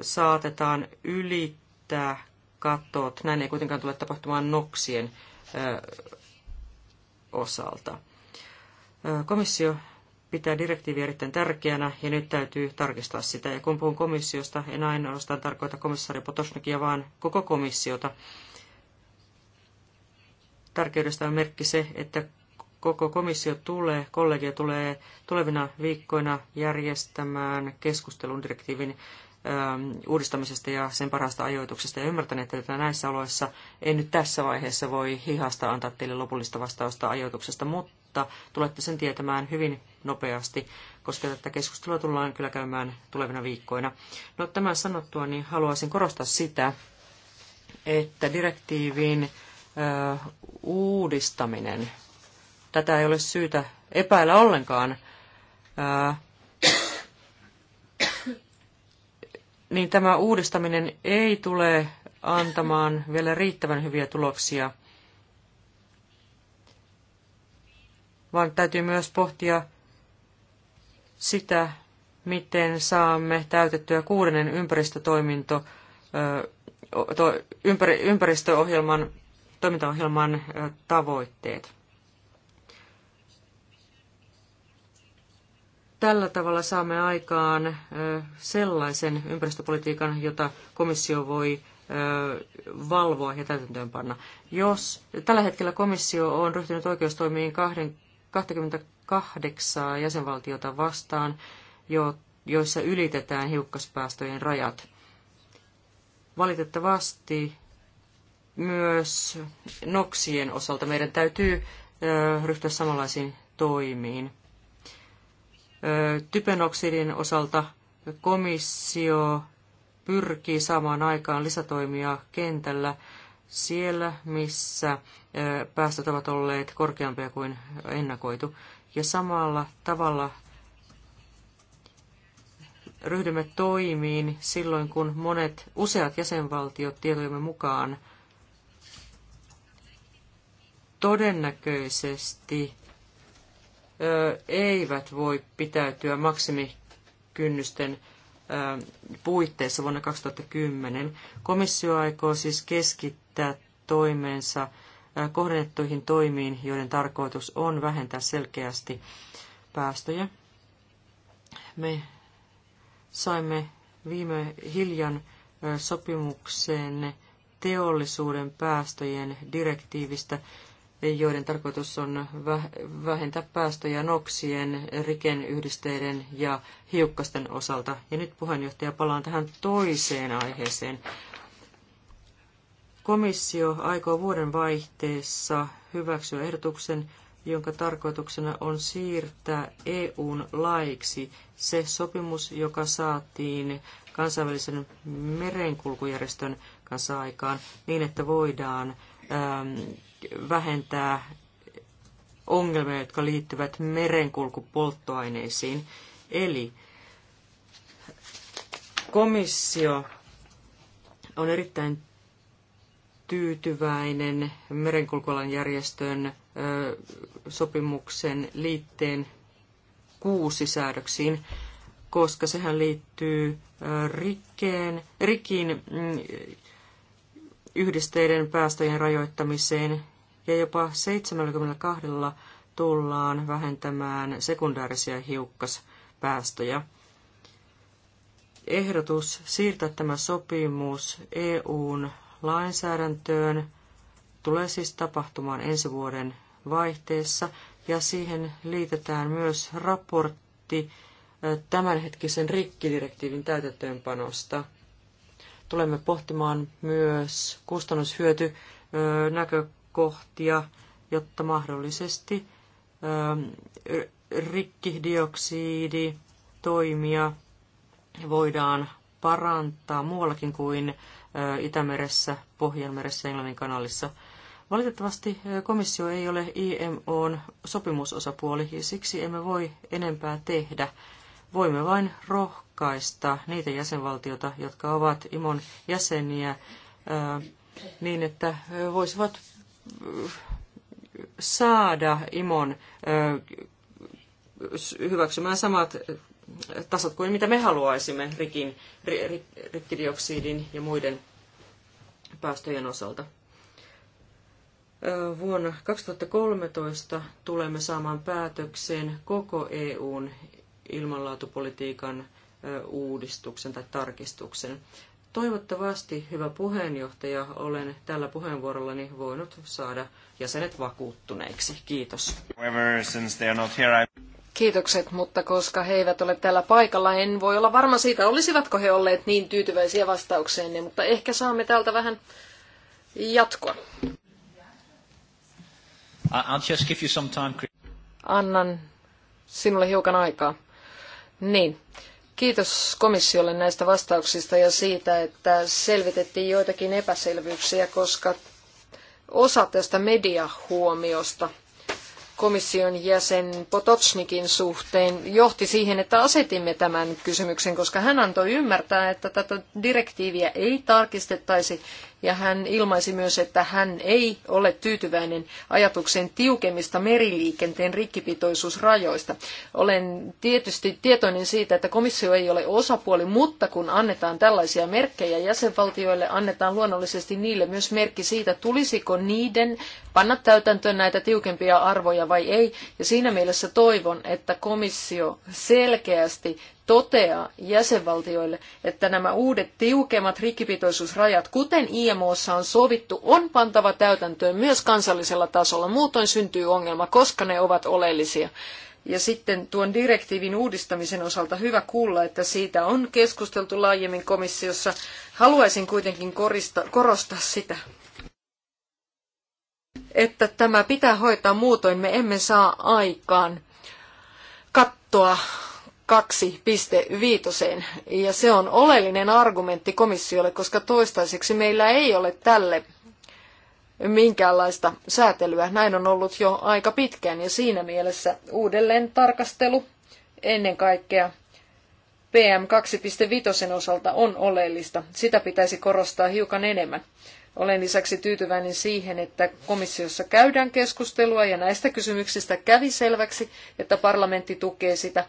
saatetaan ylittää katot. Näin ei kuitenkaan tule tapahtumaan noksien osalta. Komissio pitää direktiiviä erittäin tärkeänä ja nyt täytyy tarkistaa sitä. Ja kun puhun komissiosta, en ainoastaan tarkoita komissaari Potosnikia, vaan koko komissiota. Tärkeydestä on merkki se, että koko komissio tulee, kollegio tulee tulevina viikkoina järjestämään keskustelun direktiivin ähm, uudistamisesta ja sen parhaasta ajoituksesta. Ja ymmärtän, että näissä oloissa en nyt tässä vaiheessa voi hihasta antaa teille lopullista vastausta ajoituksesta, mutta tulette sen tietämään hyvin nopeasti, koska tätä keskustelua tullaan kyllä käymään tulevina viikkoina. No tämän sanottua, niin haluaisin korostaa sitä, että direktiivin uudistaminen Tätä ei ole syytä epäillä ollenkaan. Ää, niin tämä uudistaminen ei tule antamaan vielä riittävän hyviä tuloksia, vaan täytyy myös pohtia sitä, miten saamme täytettyä kuudennen ympäristötoiminto, ympäristöohjelman, toimintaohjelman tavoitteet. Tällä tavalla saamme aikaan sellaisen ympäristöpolitiikan, jota komissio voi valvoa ja täytäntöönpanna. Jos tällä hetkellä komissio on ryhtynyt oikeustoimiin 28 jäsenvaltiota vastaan, joissa ylitetään hiukkaspäästöjen rajat. Valitettavasti myös noksien osalta meidän täytyy ryhtyä samanlaisiin toimiin. Typenoksidin osalta komissio pyrkii saamaan aikaan lisätoimia kentällä siellä, missä päästöt ovat olleet korkeampia kuin ennakoitu. Ja samalla tavalla ryhdymme toimiin silloin, kun monet useat jäsenvaltiot tietojemme mukaan todennäköisesti eivät voi pitäytyä maksimikynnysten puitteissa vuonna 2010. Komissio aikoo siis keskittää toimeensa kohdennettuihin toimiin, joiden tarkoitus on vähentää selkeästi päästöjä. Me saimme viime hiljan sopimukseen teollisuuden päästöjen direktiivistä, joiden tarkoitus on vähentää päästöjä noksien, rikenyhdisteiden ja hiukkasten osalta. Ja nyt puheenjohtaja palaan tähän toiseen aiheeseen. Komissio aikoo vuoden vaihteessa hyväksyä ehdotuksen, jonka tarkoituksena on siirtää EUn laiksi se sopimus, joka saatiin kansainvälisen merenkulkujärjestön kanssa aikaan niin, että voidaan ähm, vähentää ongelmia, jotka liittyvät merenkulkupolttoaineisiin. Eli komissio on erittäin tyytyväinen merenkulkualan järjestön sopimuksen liitteen kuusi säädöksiin, koska sehän liittyy rikkeen, rikin mm, yhdisteiden päästöjen rajoittamiseen ja jopa 72 tullaan vähentämään sekundaarisia hiukkaspäästöjä. Ehdotus siirtää tämä sopimus EUn lainsäädäntöön tulee siis tapahtumaan ensi vuoden vaihteessa ja siihen liitetään myös raportti tämänhetkisen rikkidirektiivin täytäntöönpanosta. Tulemme pohtimaan myös kustannushyöty näkö kohtia, jotta mahdollisesti ähm, rikkidioksidi toimia voidaan parantaa muuallakin kuin äh, Itämeressä, Pohjanmeressä ja Englannin kanalissa. Valitettavasti äh, komissio ei ole IMOn sopimusosapuoli ja siksi emme voi enempää tehdä. Voimme vain rohkaista niitä jäsenvaltioita, jotka ovat IMOn jäseniä, äh, niin että voisivat saada Imon hyväksymään samat tasot kuin mitä me haluaisimme rikin, rikkidioksidin ja muiden päästöjen osalta. Vuonna 2013 tulemme saamaan päätökseen koko EUn ilmanlaatupolitiikan uudistuksen tai tarkistuksen. Toivottavasti, hyvä puheenjohtaja, olen tällä puheenvuorollani voinut saada jäsenet vakuuttuneiksi. Kiitos. Kiitokset, mutta koska he eivät ole täällä paikalla, en voi olla varma siitä, olisivatko he olleet niin tyytyväisiä vastaukseen, mutta ehkä saamme täältä vähän jatkoa. I'll just give you some time. Annan sinulle hiukan aikaa. Niin, Kiitos komissiolle näistä vastauksista ja siitä, että selvitettiin joitakin epäselvyyksiä, koska osa tästä mediahuomiosta komission jäsen Potocnikin suhteen johti siihen, että asetimme tämän kysymyksen, koska hän antoi ymmärtää, että tätä direktiiviä ei tarkistettaisi ja hän ilmaisi myös, että hän ei ole tyytyväinen ajatuksen tiukemmista meriliikenteen rikkipitoisuusrajoista. Olen tietysti tietoinen siitä, että komissio ei ole osapuoli, mutta kun annetaan tällaisia merkkejä jäsenvaltioille, annetaan luonnollisesti niille myös merkki siitä, tulisiko niiden panna täytäntöön näitä tiukempia arvoja vai ei. Ja siinä mielessä toivon, että komissio selkeästi toteaa jäsenvaltioille, että nämä uudet tiukemmat rikkipitoisuusrajat, kuten IMOssa on sovittu, on pantava täytäntöön myös kansallisella tasolla. Muutoin syntyy ongelma, koska ne ovat oleellisia. Ja sitten tuon direktiivin uudistamisen osalta hyvä kuulla, että siitä on keskusteltu laajemmin komissiossa. Haluaisin kuitenkin korista, korostaa sitä, että tämä pitää hoitaa muutoin. Me emme saa aikaan kattoa 2.5. Ja se on oleellinen argumentti komissiolle, koska toistaiseksi meillä ei ole tälle minkäänlaista säätelyä. Näin on ollut jo aika pitkään ja siinä mielessä uudelleen tarkastelu ennen kaikkea PM2.5 osalta on oleellista. Sitä pitäisi korostaa hiukan enemmän. Olen lisäksi tyytyväinen siihen, että komissiossa käydään keskustelua ja näistä kysymyksistä kävi selväksi, että parlamentti tukee sitä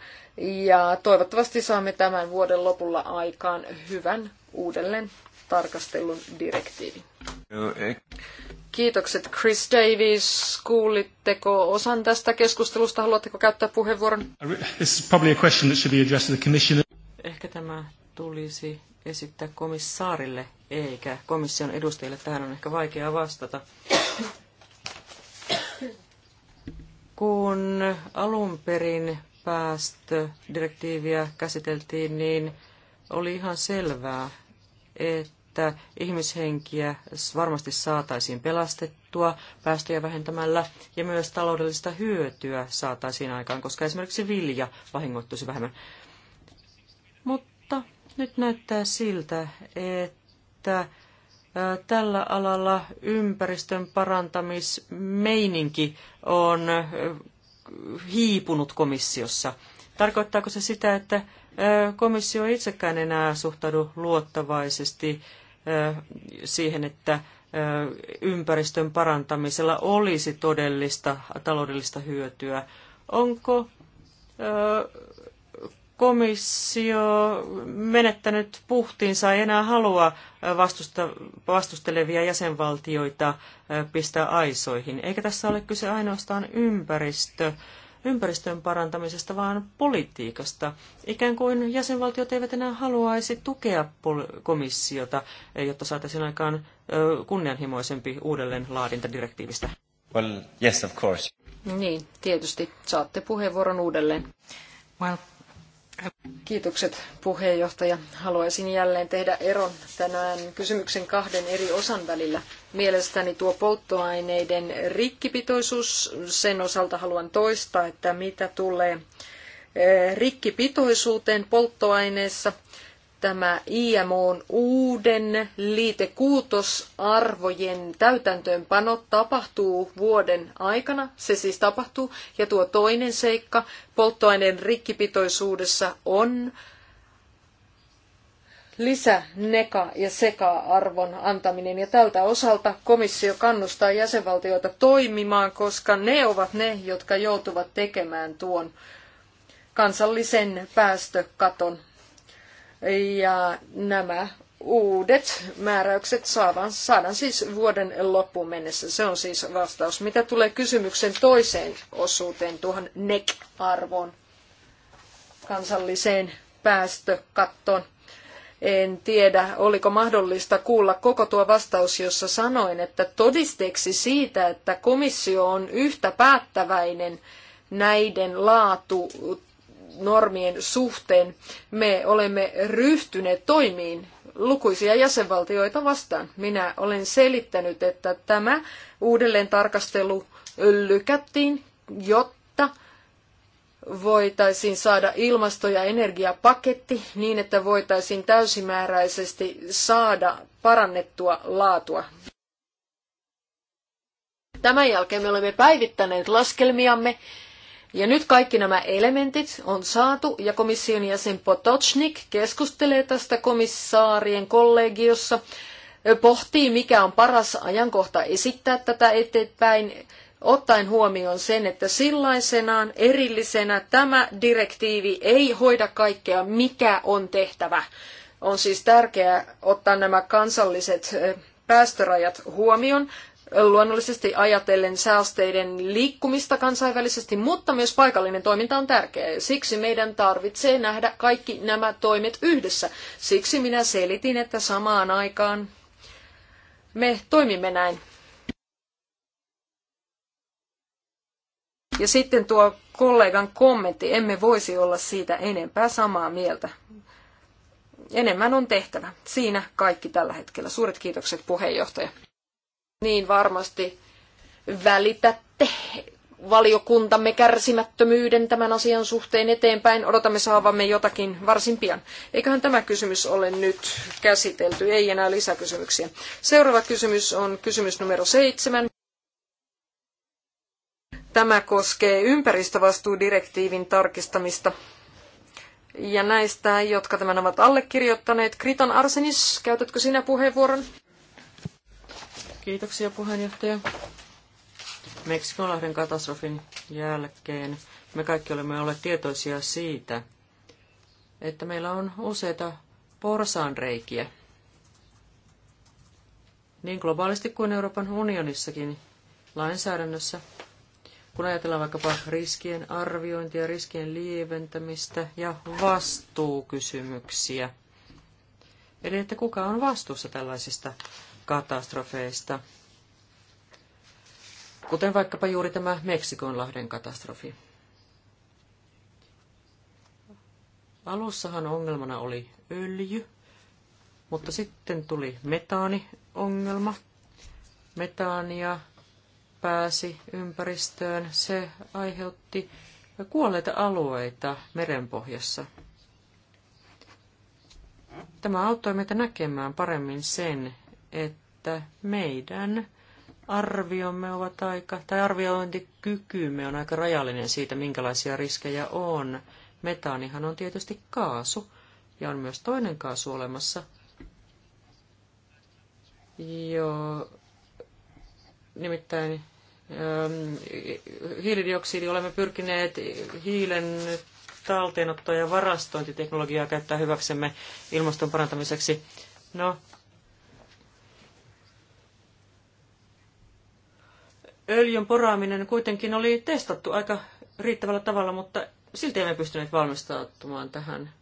ja toivottavasti saamme tämän vuoden lopulla aikaan hyvän uudelleen tarkastellun direktiivin. Kiitokset Chris Davies. Kuulitteko osan tästä keskustelusta? Haluatteko käyttää puheenvuoron? Ehkä tämä tulisi esittää komissaarille eikä komission edustajille. Tähän on ehkä vaikeaa vastata. Kun alun perin päästödirektiiviä käsiteltiin, niin oli ihan selvää, että ihmishenkiä varmasti saataisiin pelastettua päästöjä vähentämällä ja myös taloudellista hyötyä saataisiin aikaan, koska esimerkiksi vilja vahingoittuisi vähemmän. Nyt näyttää siltä, että äh, tällä alalla ympäristön parantamismeininki on äh, hiipunut komissiossa. Tarkoittaako se sitä, että äh, komissio ei itsekään enää suhtaudu luottavaisesti siihen, että ympäristön parantamisella olisi todellista taloudellista hyötyä? Onko komissio menettänyt puhtiinsa, ei enää halua vastusta, vastustelevia jäsenvaltioita pistää aisoihin. Eikä tässä ole kyse ainoastaan ympäristö, ympäristön parantamisesta, vaan politiikasta. Ikään kuin jäsenvaltiot eivät enää haluaisi tukea komissiota, jotta saataisiin aikaan kunnianhimoisempi uudelleenlaadinta direktiivistä. Well, yes, of course. Niin, tietysti. Saatte puheenvuoron uudelleen. Well, Kiitokset puheenjohtaja. Haluaisin jälleen tehdä eron tänään kysymyksen kahden eri osan välillä. Mielestäni tuo polttoaineiden rikkipitoisuus, sen osalta haluan toistaa, että mitä tulee eh, rikkipitoisuuteen polttoaineessa – tämä IMOn uuden liite kuutosarvojen täytäntöönpano tapahtuu vuoden aikana. Se siis tapahtuu. Ja tuo toinen seikka polttoaineen rikkipitoisuudessa on lisä neka- ja seka-arvon antaminen. Ja tältä osalta komissio kannustaa jäsenvaltioita toimimaan, koska ne ovat ne, jotka joutuvat tekemään tuon kansallisen päästökaton ja nämä uudet määräykset saavan, saadaan siis vuoden loppuun mennessä. Se on siis vastaus. Mitä tulee kysymyksen toiseen osuuteen, tuohon NEC-arvoon, kansalliseen päästökattoon, en tiedä, oliko mahdollista kuulla koko tuo vastaus, jossa sanoin, että todisteeksi siitä, että komissio on yhtä päättäväinen näiden laatu normien suhteen me olemme ryhtyneet toimiin lukuisia jäsenvaltioita vastaan. Minä olen selittänyt, että tämä uudelleen tarkastelu lykättiin, jotta voitaisiin saada ilmasto- ja energiapaketti niin, että voitaisiin täysimääräisesti saada parannettua laatua. Tämän jälkeen me olemme päivittäneet laskelmiamme ja nyt kaikki nämä elementit on saatu ja komission jäsen Potocnik keskustelee tästä komissaarien kollegiossa, pohtii mikä on paras ajankohta esittää tätä eteenpäin, ottaen huomioon sen, että sellaisenaan erillisenä tämä direktiivi ei hoida kaikkea, mikä on tehtävä. On siis tärkeää ottaa nämä kansalliset päästörajat huomioon, luonnollisesti ajatellen säästeiden liikkumista kansainvälisesti, mutta myös paikallinen toiminta on tärkeää. Siksi meidän tarvitsee nähdä kaikki nämä toimet yhdessä. Siksi minä selitin, että samaan aikaan me toimimme näin. Ja sitten tuo kollegan kommentti, emme voisi olla siitä enempää samaa mieltä. Enemmän on tehtävä. Siinä kaikki tällä hetkellä. Suuret kiitokset puheenjohtaja niin varmasti välitätte valiokuntamme kärsimättömyyden tämän asian suhteen eteenpäin. Odotamme saavamme jotakin varsin pian. Eiköhän tämä kysymys ole nyt käsitelty. Ei enää lisäkysymyksiä. Seuraava kysymys on kysymys numero seitsemän. Tämä koskee ympäristövastuudirektiivin tarkistamista. Ja näistä, jotka tämän ovat allekirjoittaneet, Kriton Arsenis, käytätkö sinä puheenvuoron? Kiitoksia puheenjohtaja. Meksikonlahden katastrofin jälkeen me kaikki olemme olleet tietoisia siitä, että meillä on useita porsaanreikiä. Niin globaalisti kuin Euroopan unionissakin lainsäädännössä, kun ajatellaan vaikkapa riskien arviointia, riskien lieventämistä ja vastuukysymyksiä. Eli että kuka on vastuussa tällaisista katastrofeista, kuten vaikkapa juuri tämä Meksikonlahden katastrofi. Alussahan ongelmana oli öljy, mutta sitten tuli metaaniongelma. Metaania pääsi ympäristöön. Se aiheutti kuolleita alueita merenpohjassa. Tämä auttoi meitä näkemään paremmin sen, että meidän arviomme ovat aika, tai arviointikykymme on aika rajallinen siitä, minkälaisia riskejä on. Metaanihan on tietysti kaasu, ja on myös toinen kaasu olemassa, jo, nimittäin ähm, hiilidioksidi olemme pyrkineet hiilen talteenotto- ja varastointiteknologiaa käyttää hyväksemme ilmaston parantamiseksi. No, öljyn poraaminen kuitenkin oli testattu aika riittävällä tavalla, mutta silti emme pystyneet valmistautumaan tähän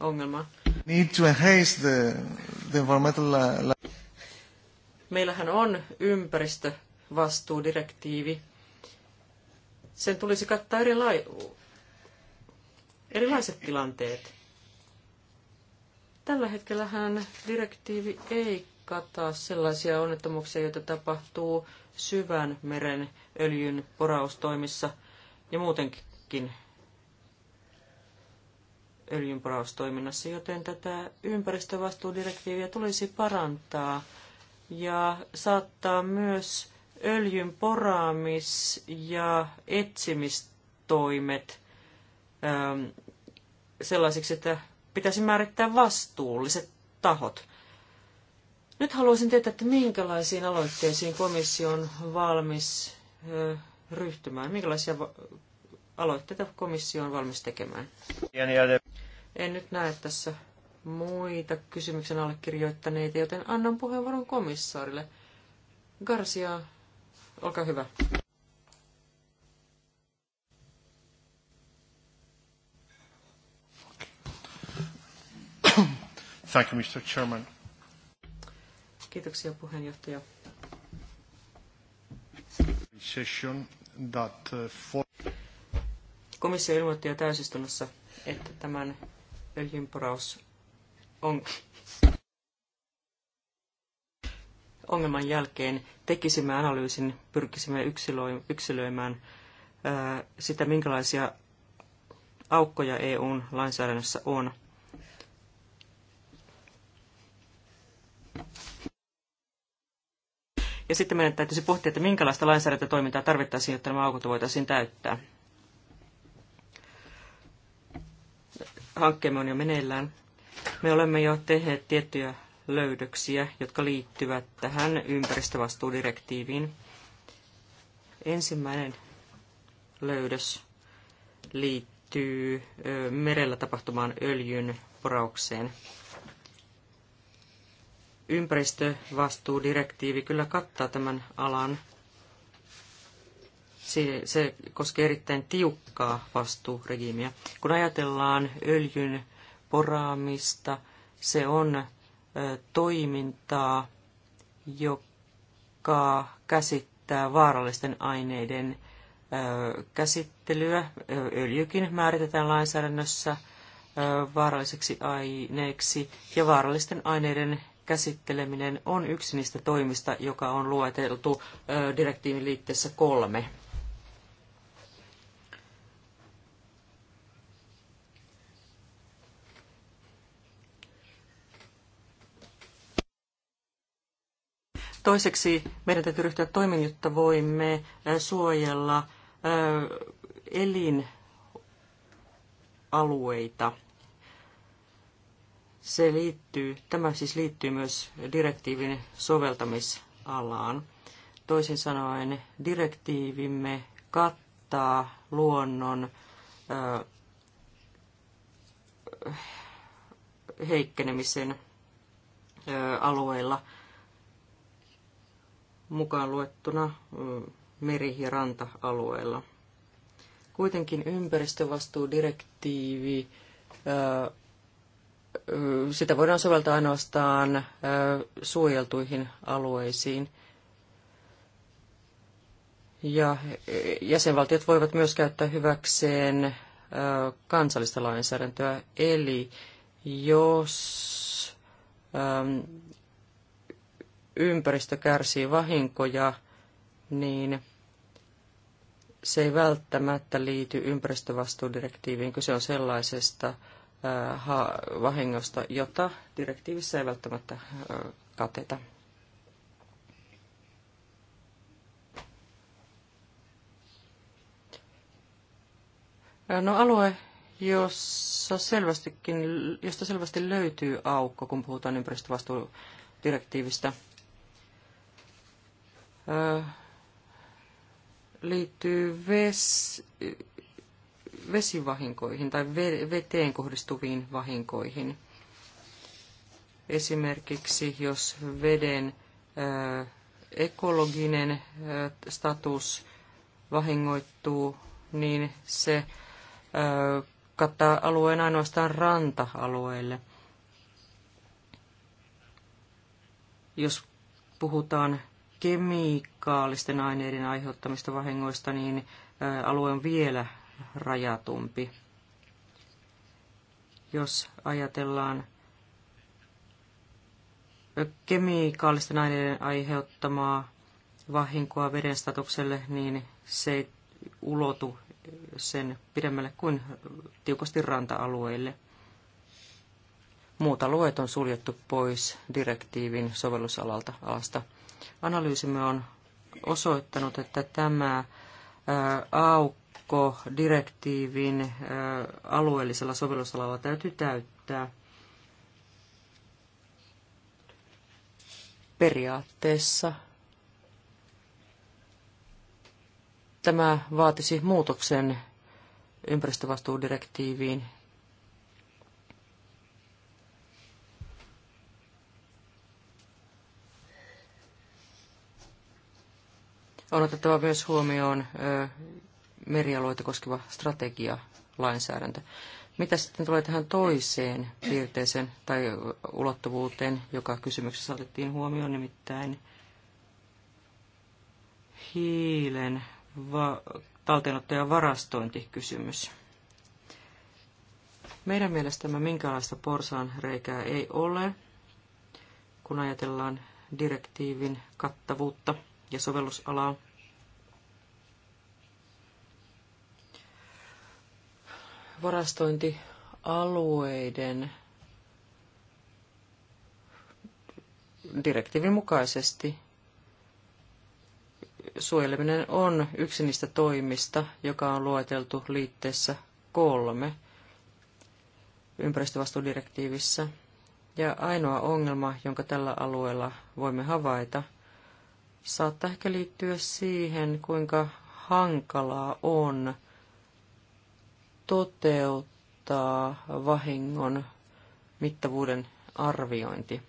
ongelmaan. Need to enhance the, the environmental... Uh, Meillähän on ympäristövastuudirektiivi. Sen tulisi kattaa erila- erilaiset tilanteet. Tällä hetkellähän direktiivi ei kattaa sellaisia onnettomuuksia, joita tapahtuu syvän meren öljyn poraustoimissa ja muutenkin öljynporaustoiminnassa, joten tätä ympäristövastuudirektiiviä tulisi parantaa ja saattaa myös öljyn poraamis- ja etsimistoimet ähm, sellaisiksi, että pitäisi määrittää vastuulliset tahot – nyt haluaisin tietää, että minkälaisiin aloitteisiin komissio on valmis ryhtymään. Minkälaisia aloitteita komissio on valmis tekemään? En nyt näe tässä muita kysymyksen allekirjoittaneita, joten annan puheenvuoron komissaarille. Garcia, olkaa hyvä. Thank you, Mr. Chairman. Kiitoksia puheenjohtaja. Uh, Komissio ilmoitti jo täysistunnossa, että tämän öljynporaus on ongelman jälkeen tekisimme analyysin, pyrkisimme yksilöimään sitä, minkälaisia aukkoja EUn lainsäädännössä on – Ja sitten meidän täytyisi pohtia, että minkälaista lainsäädäntötoimintaa tarvittaisiin, jotta nämä aukot voitaisiin täyttää. Hankkeemme on jo meneillään. Me olemme jo tehneet tiettyjä löydöksiä, jotka liittyvät tähän ympäristövastuudirektiiviin. Ensimmäinen löydös liittyy merellä tapahtumaan öljyn poraukseen ympäristövastuudirektiivi kyllä kattaa tämän alan. Se, se koskee erittäin tiukkaa vastuuregiimiä. Kun ajatellaan öljyn poraamista, se on toimintaa, joka käsittää vaarallisten aineiden käsittelyä. Öljykin määritetään lainsäädännössä vaaralliseksi aineeksi ja vaarallisten aineiden käsitteleminen on yksi niistä toimista, joka on lueteltu direktiivin liitteessä kolme. Toiseksi meidän täytyy ryhtyä toimiin, jotta voimme suojella elinalueita – se liittyy, tämä siis liittyy myös direktiivin soveltamisalaan. Toisin sanoen direktiivimme kattaa luonnon ö, heikkenemisen ö, alueilla mukaan luettuna meri- ja ranta-alueilla. Kuitenkin ympäristövastuudirektiivi ö, sitä voidaan soveltaa ainoastaan suojeltuihin alueisiin. Ja e, jäsenvaltiot voivat myös käyttää hyväkseen kansallista lainsäädäntöä, eli jos ympäristö kärsii vahinkoja, niin se ei välttämättä liity ympäristövastuudirektiiviin, kyse on sellaisesta vahingosta, jota direktiivissä ei välttämättä kateta. No alue, jossa selvästikin, josta selvästi löytyy aukko, kun puhutaan ympäristövastuudirektiivistä, liittyy ves, vesivahinkoihin tai veteen kohdistuviin vahinkoihin. Esimerkiksi jos veden ö, ekologinen ö, status vahingoittuu, niin se ö, kattaa alueen ainoastaan ranta-alueelle. Jos puhutaan kemikaalisten aineiden aiheuttamista vahingoista, niin alue on vielä rajatumpi. Jos ajatellaan kemikaalisten aineiden aiheuttamaa vahinkoa veden statukselle, niin se ei ulotu sen pidemmälle kuin tiukasti ranta-alueille. Muut alueet on suljettu pois direktiivin sovellusalalta alasta. Analyysimme on osoittanut, että tämä aukko direktiivin alueellisella sovellusalalla täytyy täyttää. Periaatteessa tämä vaatisi muutoksen ympäristövastuudirektiiviin. On otettava myös huomioon merialueita koskeva strategia, lainsäädäntö. Mitä sitten tulee tähän toiseen piirteeseen tai ulottuvuuteen, joka kysymyksessä otettiin huomioon, nimittäin hiilen va- talteenotto- ja varastointikysymys. Meidän mielestämme minkäänlaista porsaan reikää ei ole, kun ajatellaan direktiivin kattavuutta ja sovellusalaa. varastointialueiden direktiivin mukaisesti suojeleminen on yksi niistä toimista, joka on lueteltu liitteessä kolme ympäristövastuudirektiivissä. Ja ainoa ongelma, jonka tällä alueella voimme havaita, saattaa ehkä liittyä siihen, kuinka hankalaa on toteuttaa vahingon mittavuuden arviointi.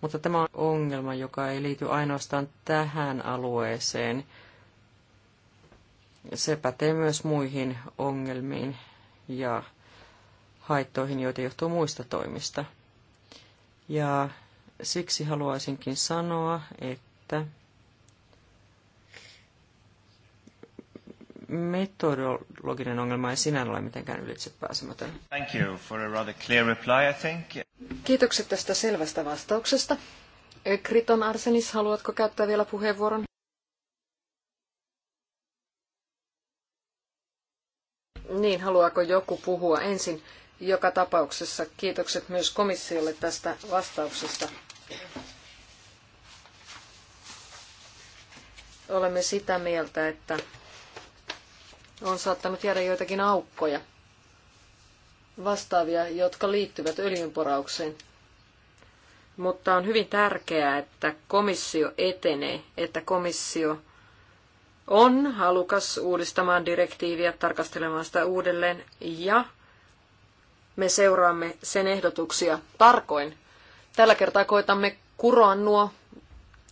Mutta tämä on ongelma, joka ei liity ainoastaan tähän alueeseen. Se pätee myös muihin ongelmiin ja haittoihin, joita johtuu muista toimista. Ja siksi haluaisinkin sanoa, että metodologinen ongelma ei sinänsä ole mitenkään ylitse pääsemätön. Thank you for a rather clear reply, I think. Kiitokset tästä selvästä vastauksesta. E, Kriton Arsenis, haluatko käyttää vielä puheenvuoron? Niin, haluaako joku puhua ensin? Joka tapauksessa kiitokset myös komissiolle tästä vastauksesta. Olemme sitä mieltä, että on saattanut jäädä joitakin aukkoja, vastaavia, jotka liittyvät öljynporaukseen. Mutta on hyvin tärkeää, että komissio etenee, että komissio on halukas uudistamaan direktiiviä, tarkastelemaan sitä uudelleen ja me seuraamme sen ehdotuksia tarkoin. Tällä kertaa koitamme kuroa nuo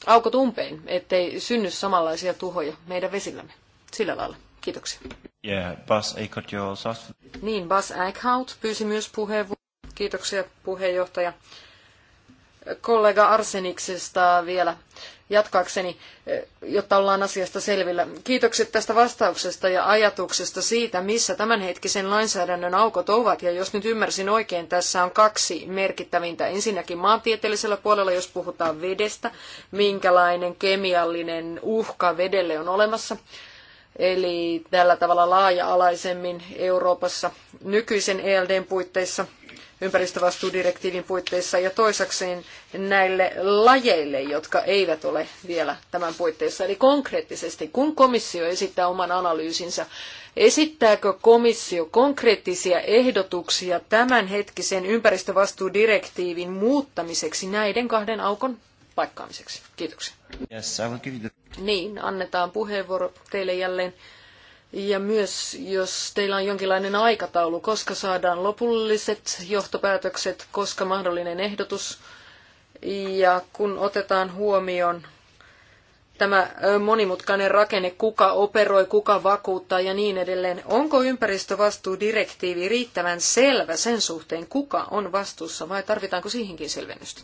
aukot umpeen, ettei synny samanlaisia tuhoja meidän vesillämme. Sillä lailla. Kiitoksia. Yeah, Bas Eichhout, Niin, Bas Eichhout pyysi myös puheenvuoron. Kiitoksia puheenjohtaja. Kollega Arseniksesta vielä jatkaakseni, jotta ollaan asiasta selvillä. Kiitokset tästä vastauksesta ja ajatuksesta siitä, missä tämänhetkisen lainsäädännön aukot ovat. Ja jos nyt ymmärsin oikein, tässä on kaksi merkittävintä. Ensinnäkin maantieteellisellä puolella, jos puhutaan vedestä, minkälainen kemiallinen uhka vedelle on olemassa eli tällä tavalla laaja-alaisemmin Euroopassa nykyisen ELDn puitteissa, ympäristövastuudirektiivin puitteissa ja toisakseen näille lajeille, jotka eivät ole vielä tämän puitteissa. Eli konkreettisesti, kun komissio esittää oman analyysinsä, esittääkö komissio konkreettisia ehdotuksia tämänhetkisen ympäristövastuudirektiivin muuttamiseksi näiden kahden aukon paikkaamiseksi. Kiitoksia. Yes, Niin, annetaan puheenvuoro teille jälleen. Ja myös, jos teillä on jonkinlainen aikataulu, koska saadaan lopulliset johtopäätökset, koska mahdollinen ehdotus, ja kun otetaan huomioon tämä monimutkainen rakenne, kuka operoi, kuka vakuuttaa ja niin edelleen. Onko ympäristövastuudirektiivi riittävän selvä sen suhteen, kuka on vastuussa vai tarvitaanko siihenkin selvennystä?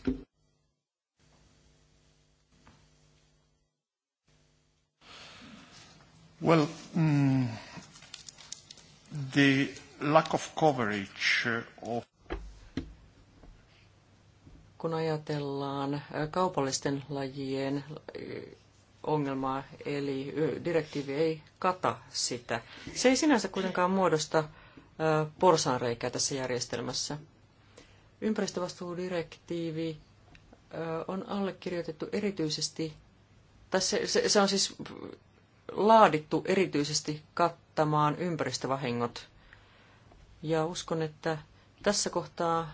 Well, mm, the lack of coverage uh, of kun ajatellaan äh, kaupallisten lajien äh, ongelmaa, eli direktiivi ei kata sitä. Se ei sinänsä kuitenkaan muodosta äh, porsaanreikää tässä järjestelmässä. Ympäristövastuudirektiivi on allekirjoitettu erityisesti, tai se, se, se on siis laadittu erityisesti kattamaan ympäristövahingot. Ja uskon, että tässä kohtaa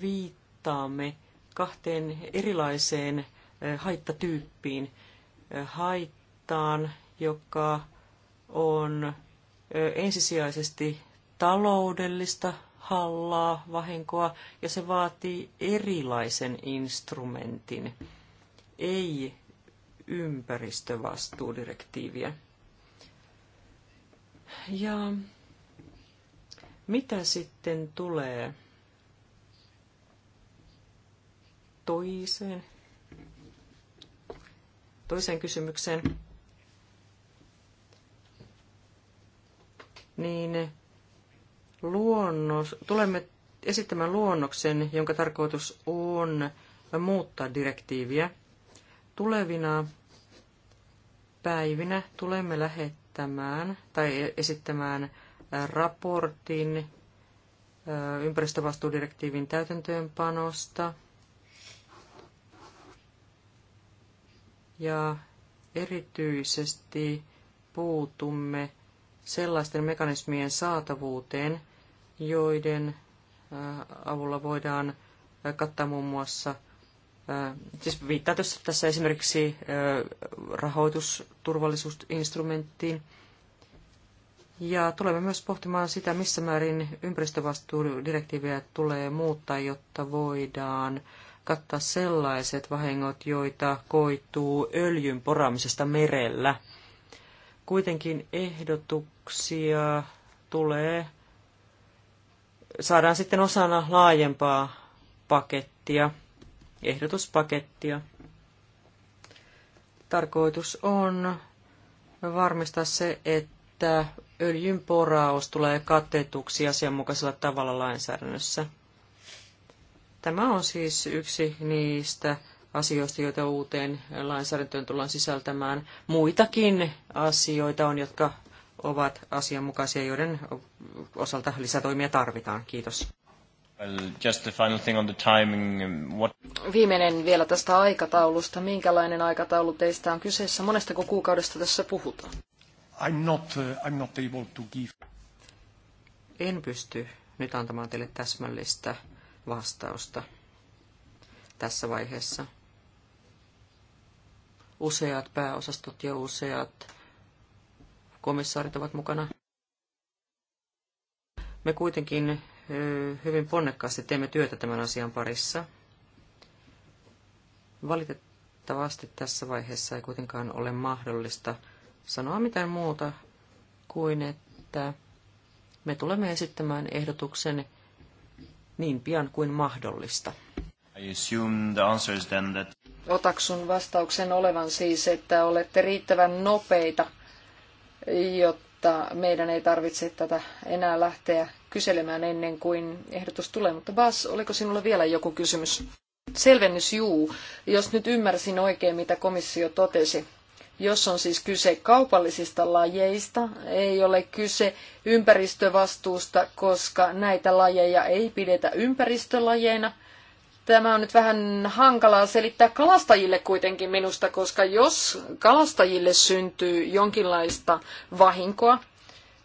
viittaamme kahteen erilaiseen haittatyyppiin. Haittaan, joka on ensisijaisesti taloudellista hallaa, vahinkoa, ja se vaatii erilaisen instrumentin. Ei ympäristövastuudirektiiviä. Ja mitä sitten tulee toiseen, toiseen kysymykseen, niin luonnos, tulemme esittämään luonnoksen, jonka tarkoitus on muuttaa direktiiviä – Tulevina päivinä tulemme lähettämään tai esittämään raportin ympäristövastuudirektiivin täytäntöönpanosta. Ja erityisesti puutumme sellaisten mekanismien saatavuuteen, joiden avulla voidaan kattaa muun muassa – siis viittaa tässä esimerkiksi rahoitusturvallisuusinstrumenttiin. Ja tulemme myös pohtimaan sitä, missä määrin ympäristövastuudirektiiviä tulee muuttaa, jotta voidaan kattaa sellaiset vahingot, joita koituu öljyn poraamisesta merellä. Kuitenkin ehdotuksia tulee, saadaan sitten osana laajempaa pakettia ehdotuspakettia. Tarkoitus on varmistaa se, että öljyn poraus tulee katetuksi asianmukaisella tavalla lainsäädännössä. Tämä on siis yksi niistä asioista, joita uuteen lainsäädäntöön tullaan sisältämään. Muitakin asioita on, jotka ovat asianmukaisia, joiden osalta lisätoimia tarvitaan. Kiitos. Just the final thing on the timing. Um, what... Viimeinen vielä tästä aikataulusta. Minkälainen aikataulu teistä on kyseessä? Monestako kuukaudesta tässä puhutaan? I'm not, uh, I'm not able to give. En pysty nyt antamaan teille täsmällistä vastausta tässä vaiheessa. Useat pääosastot ja useat komissaarit ovat mukana. Me kuitenkin Mm, hyvin ponnekkaasti teemme työtä tämän asian parissa. Valitettavasti tässä vaiheessa ei kuitenkaan ole mahdollista sanoa mitään muuta kuin, että me tulemme esittämään ehdotuksen niin pian kuin mahdollista. Otaksun vastauksen olevan siis, että olette riittävän nopeita, jotta mutta meidän ei tarvitse tätä enää lähteä kyselemään ennen kuin ehdotus tulee. Mutta Bas, oliko sinulla vielä joku kysymys? Selvennys juu, jos nyt ymmärsin oikein, mitä komissio totesi. Jos on siis kyse kaupallisista lajeista, ei ole kyse ympäristövastuusta, koska näitä lajeja ei pidetä ympäristölajeina – Tämä on nyt vähän hankalaa selittää kalastajille kuitenkin minusta, koska jos kalastajille syntyy jonkinlaista vahinkoa,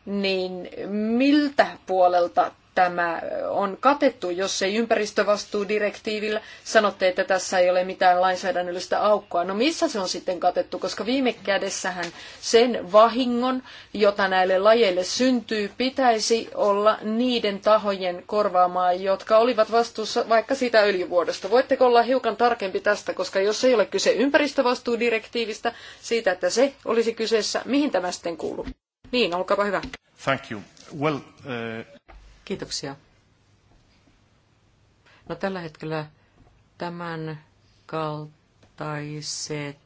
niin miltä puolelta tämä on katettu, jos ei ympäristövastuudirektiivillä. Sanotte, että tässä ei ole mitään lainsäädännöllistä aukkoa. No missä se on sitten katettu, koska viime kädessähän sen vahingon, jota näille lajeille syntyy, pitäisi olla niiden tahojen korvaamaa, jotka olivat vastuussa vaikka siitä öljyvuodosta. Voitteko olla hiukan tarkempi tästä, koska jos ei ole kyse ympäristövastuudirektiivistä, siitä, että se olisi kyseessä, mihin tämä sitten kuuluu? Niin, olkaapa hyvä. Thank you. Well, uh... Kiitoksia. No tällä hetkellä tämän kaltaiset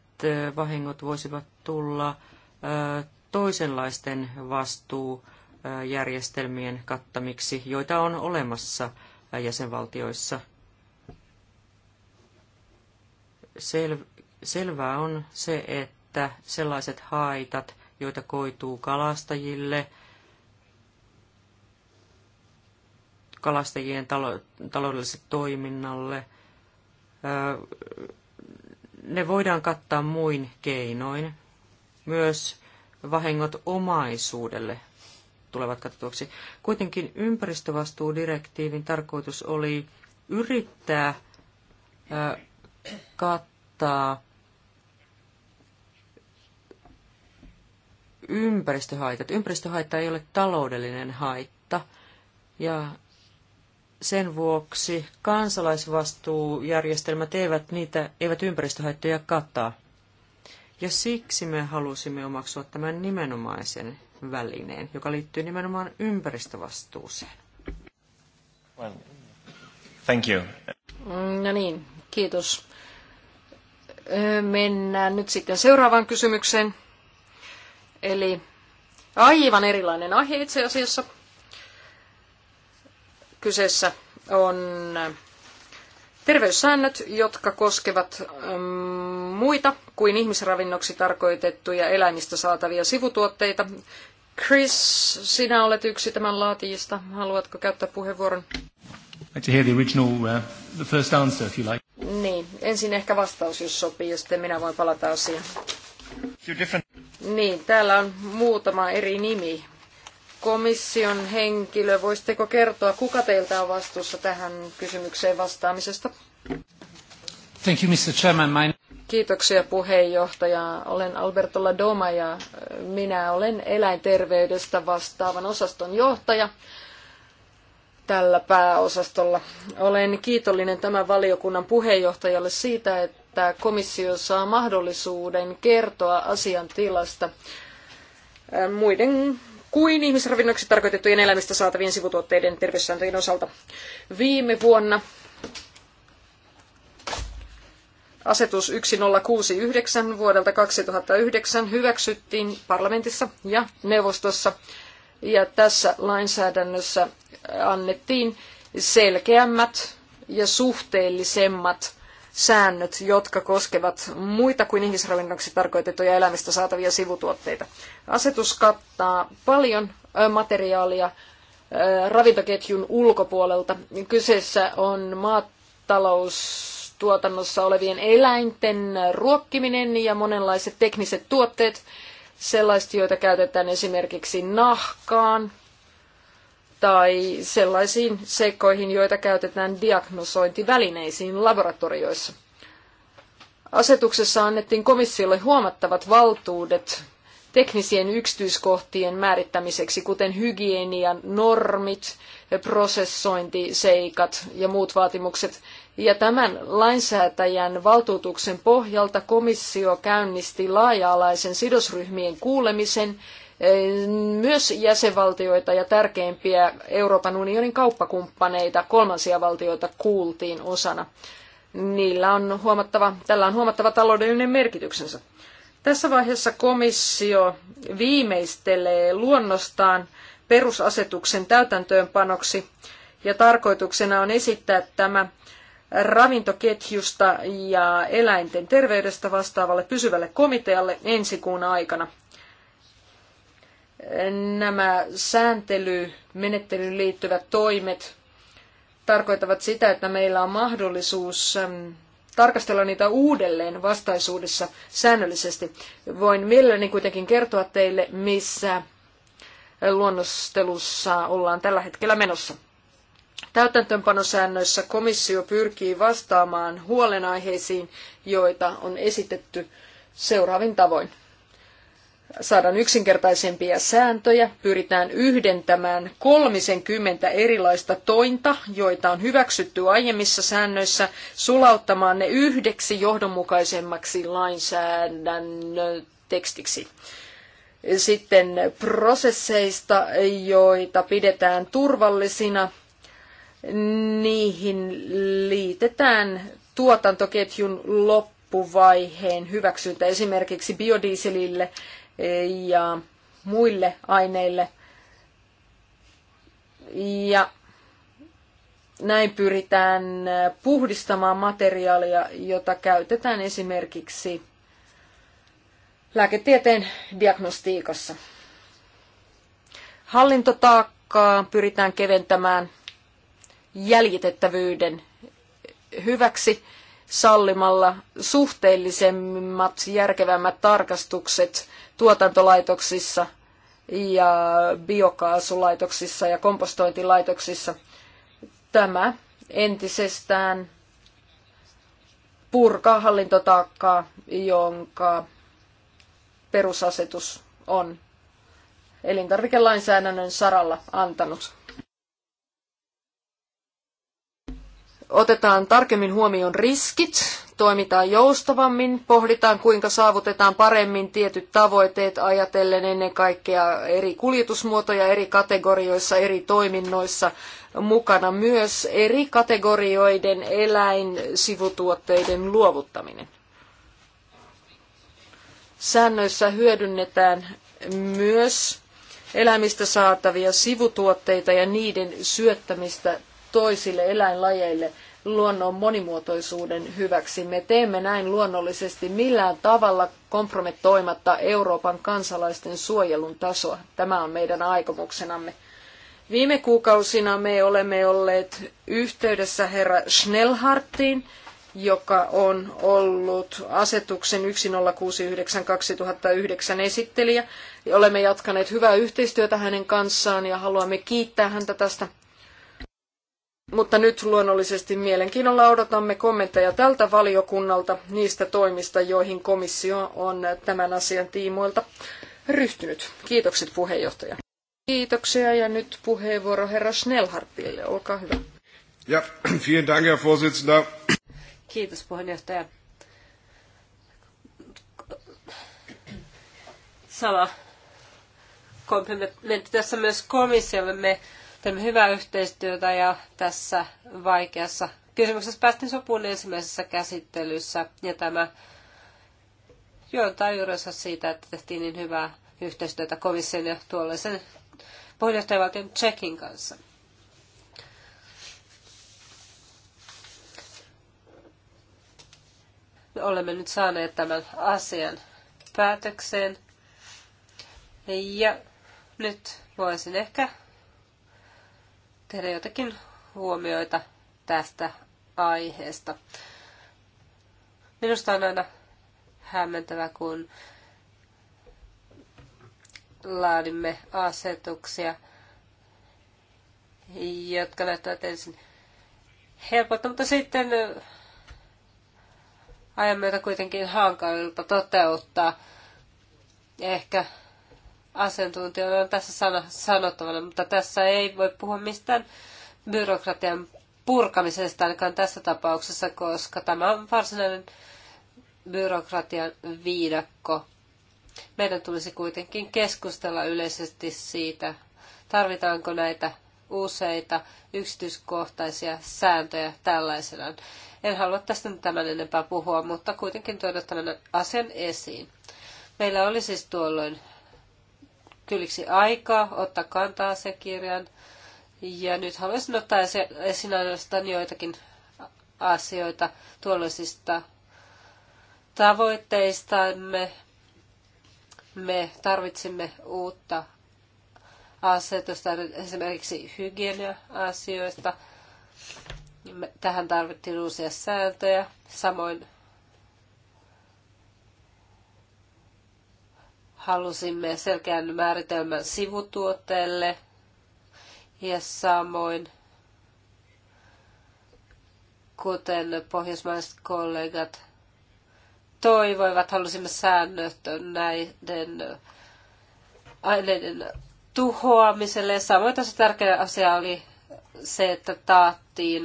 vahingot voisivat tulla toisenlaisten vastuujärjestelmien kattamiksi, joita on olemassa jäsenvaltioissa. Sel- selvää on se, että sellaiset haitat, joita koituu kalastajille – kalastajien talo, taloudelliselle toiminnalle. Ne voidaan kattaa muin keinoin. Myös vahingot omaisuudelle tulevat katsotuksi. Kuitenkin ympäristövastuudirektiivin tarkoitus oli yrittää kattaa ympäristöhaitat. Ympäristöhaitta ei ole taloudellinen haitta. Ja sen vuoksi kansalaisvastuujärjestelmät eivät, niitä, eivät ympäristöhaittoja kata. Ja siksi me halusimme omaksua tämän nimenomaisen välineen, joka liittyy nimenomaan ympäristövastuuseen. Well, thank you. Mm, no niin, kiitos. Mennään nyt sitten seuraavaan kysymykseen. Eli aivan erilainen aihe itse asiassa. Kyseessä on terveyssäännöt, jotka koskevat ähm, muita kuin ihmisravinnoksi tarkoitettuja eläimistä saatavia sivutuotteita. Chris, sinä olet yksi tämän laatijista. Haluatko käyttää puheenvuoron? to hear the original, uh, the first answer, if you like. Niin, ensin ehkä vastaus, jos sopii, ja sitten minä voin palata asiaan. Niin, täällä on muutama eri nimi komission henkilö, voisitteko kertoa, kuka teiltä on vastuussa tähän kysymykseen vastaamisesta? Thank you, Mr. Chairman. My... Kiitoksia puheenjohtaja. Olen Alberto Ladoma ja minä olen eläinterveydestä vastaavan osaston johtaja tällä pääosastolla. Olen kiitollinen tämän valiokunnan puheenjohtajalle siitä, että komissio saa mahdollisuuden kertoa asian tilasta muiden kuin ihmisravinnoksi tarkoitettujen eläimistä saatavien sivutuotteiden terveyssääntöjen osalta. Viime vuonna Asetus 1069 vuodelta 2009 hyväksyttiin parlamentissa ja neuvostossa ja tässä lainsäädännössä annettiin selkeämmät ja suhteellisemmat säännöt, jotka koskevat muita kuin ihmisravinnoksi tarkoitettuja elämistä saatavia sivutuotteita. Asetus kattaa paljon materiaalia ravintoketjun ulkopuolelta. Kyseessä on maataloustuotannossa olevien eläinten ruokkiminen ja monenlaiset tekniset tuotteet, sellaiset, joita käytetään esimerkiksi nahkaan, tai sellaisiin seikkoihin, joita käytetään diagnosointivälineisiin laboratorioissa. Asetuksessa annettiin komissiolle huomattavat valtuudet teknisien yksityiskohtien määrittämiseksi, kuten hygienian normit, prosessointiseikat ja muut vaatimukset. Ja tämän lainsäätäjän valtuutuksen pohjalta komissio käynnisti laaja-alaisen sidosryhmien kuulemisen myös jäsenvaltioita ja tärkeimpiä Euroopan unionin kauppakumppaneita, kolmansia valtioita kuultiin osana. Niillä on huomattava, tällä on huomattava taloudellinen merkityksensä. Tässä vaiheessa komissio viimeistelee luonnostaan perusasetuksen täytäntöönpanoksi ja tarkoituksena on esittää tämä ravintoketjusta ja eläinten terveydestä vastaavalle pysyvälle komitealle ensi kuun aikana nämä sääntelymenettelyyn liittyvät toimet tarkoittavat sitä, että meillä on mahdollisuus tarkastella niitä uudelleen vastaisuudessa säännöllisesti. Voin mielelläni kuitenkin kertoa teille, missä luonnostelussa ollaan tällä hetkellä menossa. Täytäntöönpanosäännöissä komissio pyrkii vastaamaan huolenaiheisiin, joita on esitetty seuraavin tavoin saadaan yksinkertaisempia sääntöjä, pyritään yhdentämään 30 erilaista tointa, joita on hyväksytty aiemmissa säännöissä, sulauttamaan ne yhdeksi johdonmukaisemmaksi lainsäädännön tekstiksi. Sitten prosesseista, joita pidetään turvallisina, niihin liitetään tuotantoketjun loppuvaiheen hyväksyntä esimerkiksi biodieselille ja muille aineille. Ja näin pyritään puhdistamaan materiaalia, jota käytetään esimerkiksi lääketieteen diagnostiikassa. Hallintotaakkaa pyritään keventämään jäljitettävyyden hyväksi sallimalla suhteellisemmat järkevämmät tarkastukset tuotantolaitoksissa ja biokaasulaitoksissa ja kompostointilaitoksissa. Tämä entisestään purkaa hallintotaakkaa, jonka perusasetus on elintarvikelainsäädännön saralla antanut. Otetaan tarkemmin huomioon riskit, toimitaan joustavammin, pohditaan kuinka saavutetaan paremmin tietyt tavoitteet ajatellen ennen kaikkea eri kuljetusmuotoja eri kategorioissa, eri toiminnoissa mukana myös eri kategorioiden eläinsivutuotteiden luovuttaminen. Säännöissä hyödynnetään myös eläimistä saatavia sivutuotteita ja niiden syöttämistä toisille eläinlajeille – luonnon monimuotoisuuden hyväksi. Me teemme näin luonnollisesti millään tavalla kompromettoimatta Euroopan kansalaisten suojelun tasoa. Tämä on meidän aikomuksenamme. Viime kuukausina me olemme olleet yhteydessä herra Schnellharttiin, joka on ollut asetuksen 1069-2009 esittelijä. Olemme jatkaneet hyvää yhteistyötä hänen kanssaan ja haluamme kiittää häntä tästä mutta nyt luonnollisesti mielenkiinnolla odotamme kommentteja tältä valiokunnalta niistä toimista, joihin komissio on tämän asian tiimoilta ryhtynyt. Kiitokset puheenjohtaja. Kiitoksia ja nyt puheenvuoro herra Schnellhartille. Olkaa hyvä. Ja, vielen Dank, Herr Vorsitzender. Kiitos puheenjohtaja. Sama komplimentti tässä myös komissiolle. Me Teemme hyvää yhteistyötä ja tässä vaikeassa kysymyksessä päästiin sopuun ensimmäisessä käsittelyssä ja tämä juontaa juurensa siitä, että tehtiin niin hyvää yhteistyötä komission ja tuollaisen puheenjohtajavaltion Tsekin kanssa. Me olemme nyt saaneet tämän asian päätökseen. Ja nyt voisin ehkä tehdä jotakin huomioita tästä aiheesta. Minusta on aina hämmentävä, kun laadimme asetuksia, jotka näyttävät ensin helpolta, mutta sitten ajan myötä kuitenkin hankalilta toteuttaa. Ehkä asiantuntijoilla on tässä sana, sanottavana, mutta tässä ei voi puhua mistään byrokratian purkamisesta ainakaan tässä tapauksessa, koska tämä on varsinainen byrokratian viidakko. Meidän tulisi kuitenkin keskustella yleisesti siitä, tarvitaanko näitä useita yksityiskohtaisia sääntöjä tällaisenaan. En halua tästä tämän enempää puhua, mutta kuitenkin tuoda tämän asian esiin. Meillä oli siis tuolloin kylliksi aikaa ottaa kantaa kirjan. Ja nyt haluaisin ottaa esiin ainoastaan joitakin asioita tavoitteista. Me, Me tarvitsemme uutta asetusta esimerkiksi hygienia-asioista. Tähän tarvittiin uusia sääntöjä, samoin Halusimme selkeän määritelmän sivutuotteelle ja samoin kuten pohjoismaiset kollegat toivoivat, halusimme säännöt näiden aineiden tuhoamiselle. Samoin tosi tärkeä asia oli se, että taattiin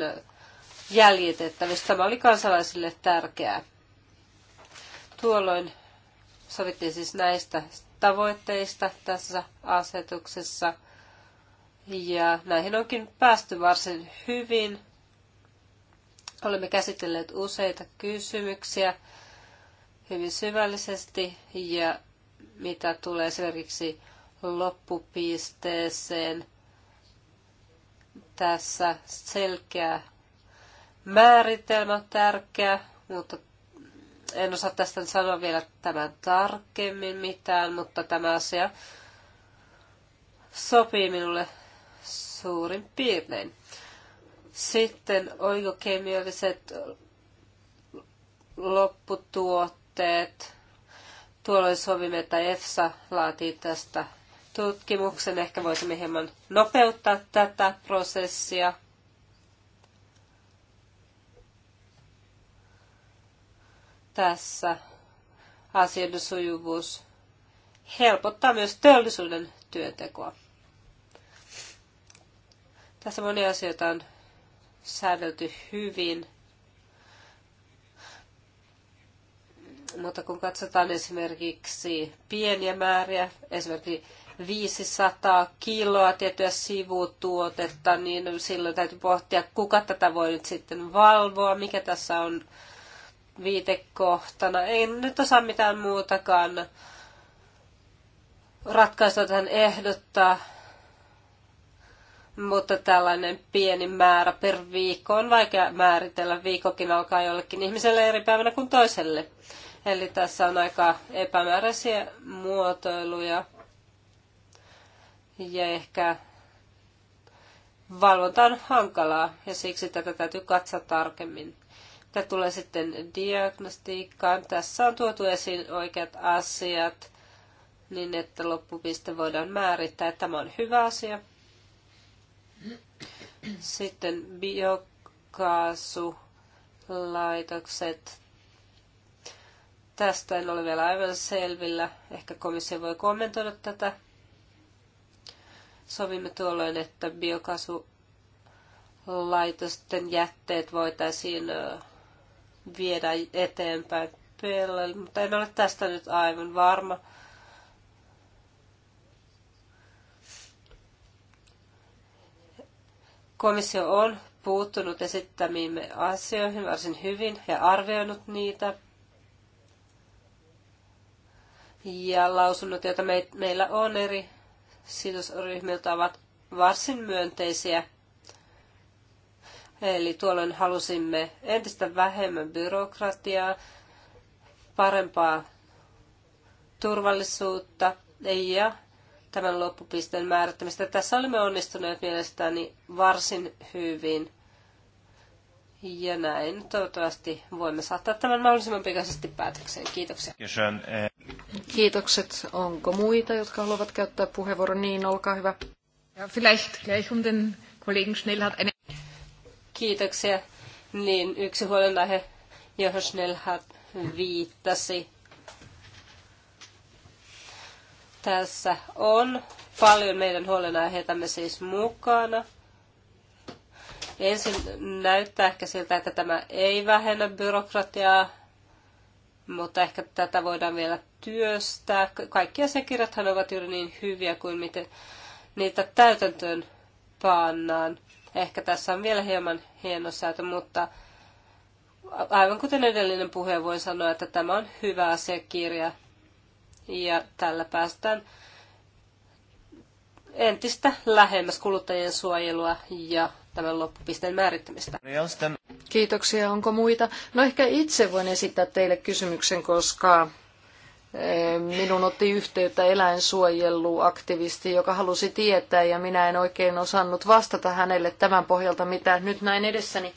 jäljitettävyys. Tämä oli kansalaisille tärkeää. Tuolloin Sovittiin siis näistä tavoitteista tässä asetuksessa. Ja näihin onkin päästy varsin hyvin. Olemme käsitelleet useita kysymyksiä hyvin syvällisesti ja mitä tulee esimerkiksi loppupisteeseen. Tässä selkeä määritelmä on tärkeä, mutta en osaa tästä sanoa vielä tämän tarkemmin mitään, mutta tämä asia sopii minulle suurin piirtein. Sitten oikokemialliset lopputuotteet. Tuolloin sovimme, että EFSA laatii tästä tutkimuksen. Ehkä voisimme hieman nopeuttaa tätä prosessia. tässä asioiden sujuvuus helpottaa myös teollisuuden työntekoa. Tässä monia asioita on säädelty hyvin. Mutta kun katsotaan esimerkiksi pieniä määriä, esimerkiksi 500 kiloa tiettyä sivutuotetta, niin silloin täytyy pohtia, kuka tätä voi nyt sitten valvoa, mikä tässä on viitekohtana. Ei nyt osaa mitään muutakaan ratkaisua tähän ehdottaa, mutta tällainen pieni määrä per viikko on vaikea määritellä. Viikokin alkaa jollekin ihmiselle eri päivänä kuin toiselle. Eli tässä on aika epämääräisiä muotoiluja ja ehkä valvonta on hankalaa ja siksi tätä täytyy katsoa tarkemmin. Mitä tulee sitten diagnostiikkaan, tässä on tuotu esiin oikeat asiat niin, että loppupiste voidaan määrittää. Tämä on hyvä asia. Sitten biokaasulaitokset. Tästä en ole vielä aivan selvillä. Ehkä komissio voi kommentoida tätä. Sovimme tuolloin, että biokaasulaitosten jätteet voitaisiin viedä eteenpäin pelle, mutta en ole tästä nyt aivan varma. Komissio on puuttunut esittämiimme asioihin varsin hyvin ja arvioinut niitä. Ja lausunnot, joita meillä on eri sidosryhmiltä, ovat varsin myönteisiä Eli tuolloin halusimme entistä vähemmän byrokratiaa, parempaa turvallisuutta ja tämän loppupisteen määrittämistä. Tässä olemme onnistuneet mielestäni varsin hyvin. Ja näin toivottavasti voimme saattaa tämän mahdollisimman pikaisesti päätökseen. Kiitoksia. Kiitokset. Onko muita, jotka haluavat käyttää puheenvuoron? Niin, olkaa hyvä. Ja vielleicht gleich um den Kollegen schnell hat eine kiitoksia. Niin yksi huolenaihe, johon Snellhat viittasi. Tässä on paljon meidän huolenaiheitamme siis mukana. Ensin näyttää ehkä siltä, että tämä ei vähennä byrokratiaa, mutta ehkä tätä voidaan vielä työstää. Kaikki asiakirjathan ovat juuri niin hyviä kuin miten niitä täytäntöön pannaan. Ehkä tässä on vielä hieman säätö, mutta aivan kuten edellinen puhe, voin sanoa, että tämä on hyvä asiakirja ja tällä päästään entistä lähemmäs kuluttajien suojelua ja tämän loppupisteen määrittämistä. Kiitoksia. Onko muita? No ehkä itse voin esittää teille kysymyksen, koska minun otti yhteyttä eläinsuojeluaktivisti, joka halusi tietää ja minä en oikein osannut vastata hänelle tämän pohjalta, mitä nyt näin edessäni.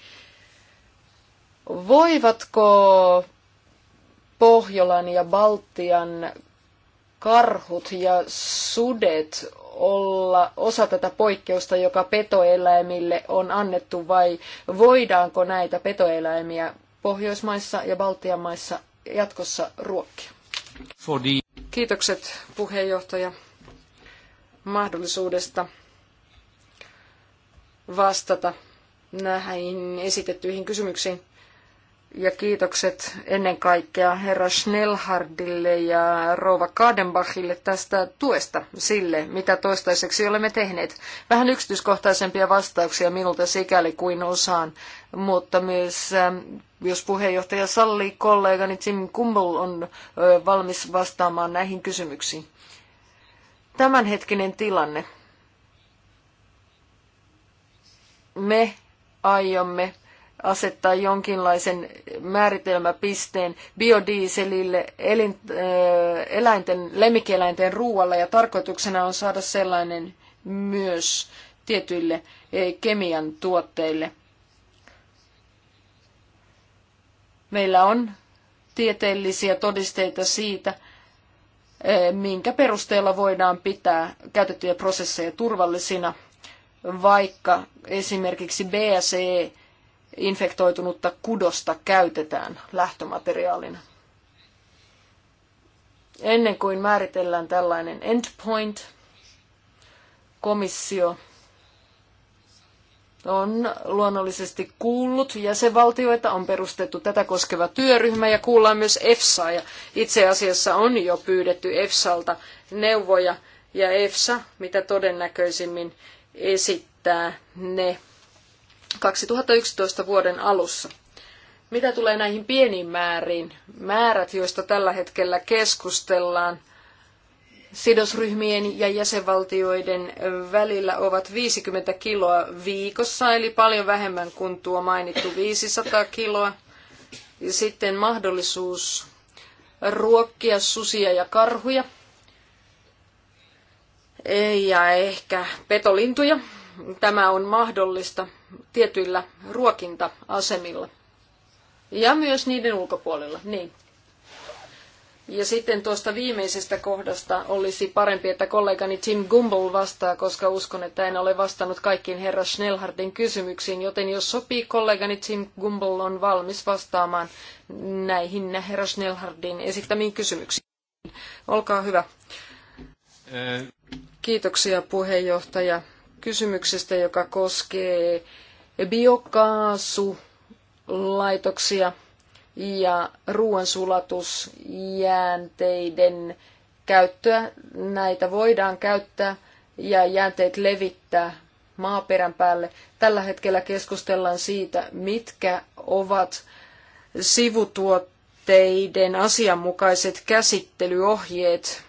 Voivatko Pohjolan ja Baltian karhut ja sudet olla osa tätä poikkeusta, joka petoeläimille on annettu, vai voidaanko näitä petoeläimiä Pohjoismaissa ja Baltian maissa jatkossa ruokkia? Kiitokset puheenjohtaja mahdollisuudesta vastata näihin esitettyihin kysymyksiin. Ja kiitokset ennen kaikkea herra Schnellhardille ja rouva Kadenbachille tästä tuesta sille, mitä toistaiseksi olemme tehneet. Vähän yksityiskohtaisempia vastauksia minulta sikäli kuin osaan, mutta myös ähm, jos puheenjohtaja sallii, kollegani Jim Kumble on valmis vastaamaan näihin kysymyksiin. Tämänhetkinen tilanne. Me aiomme asettaa jonkinlaisen määritelmäpisteen biodieselille elin, äh, eläinten, lemmikieläinten ruualle ja tarkoituksena on saada sellainen myös tietyille eh, kemian tuotteille. Meillä on tieteellisiä todisteita siitä, eh, minkä perusteella voidaan pitää käytettyjä prosesseja turvallisina, vaikka esimerkiksi BSE infektoitunutta kudosta käytetään lähtömateriaalina. Ennen kuin määritellään tällainen endpoint, komissio on luonnollisesti kuullut jäsenvaltioita, on perustettu tätä koskeva työryhmä ja kuullaan myös EFSA. Ja itse asiassa on jo pyydetty EFSAlta neuvoja ja EFSA mitä todennäköisimmin esittää ne 2011 vuoden alussa. Mitä tulee näihin pieniin määriin, määrät, joista tällä hetkellä keskustellaan, sidosryhmien ja jäsenvaltioiden välillä ovat 50 kiloa viikossa, eli paljon vähemmän kuin tuo mainittu 500 kiloa. Ja sitten mahdollisuus ruokkia susia ja karhuja. Ja ehkä petolintuja. Tämä on mahdollista tietyillä ruokinta-asemilla. Ja myös niiden ulkopuolella, niin. Ja sitten tuosta viimeisestä kohdasta olisi parempi, että kollegani Tim Gumbel vastaa, koska uskon, että en ole vastannut kaikkiin herra Schnellhardin kysymyksiin, joten jos sopii, kollegani Tim Gumbel on valmis vastaamaan näihin herra Schnellhardin esittämiin kysymyksiin. Olkaa hyvä. Äh. Kiitoksia puheenjohtaja kysymyksestä, joka koskee biokaasulaitoksia ja ruoansulatusjäänteiden käyttöä. Näitä voidaan käyttää ja jäänteet levittää maaperän päälle. Tällä hetkellä keskustellaan siitä, mitkä ovat sivutuotteiden asianmukaiset käsittelyohjeet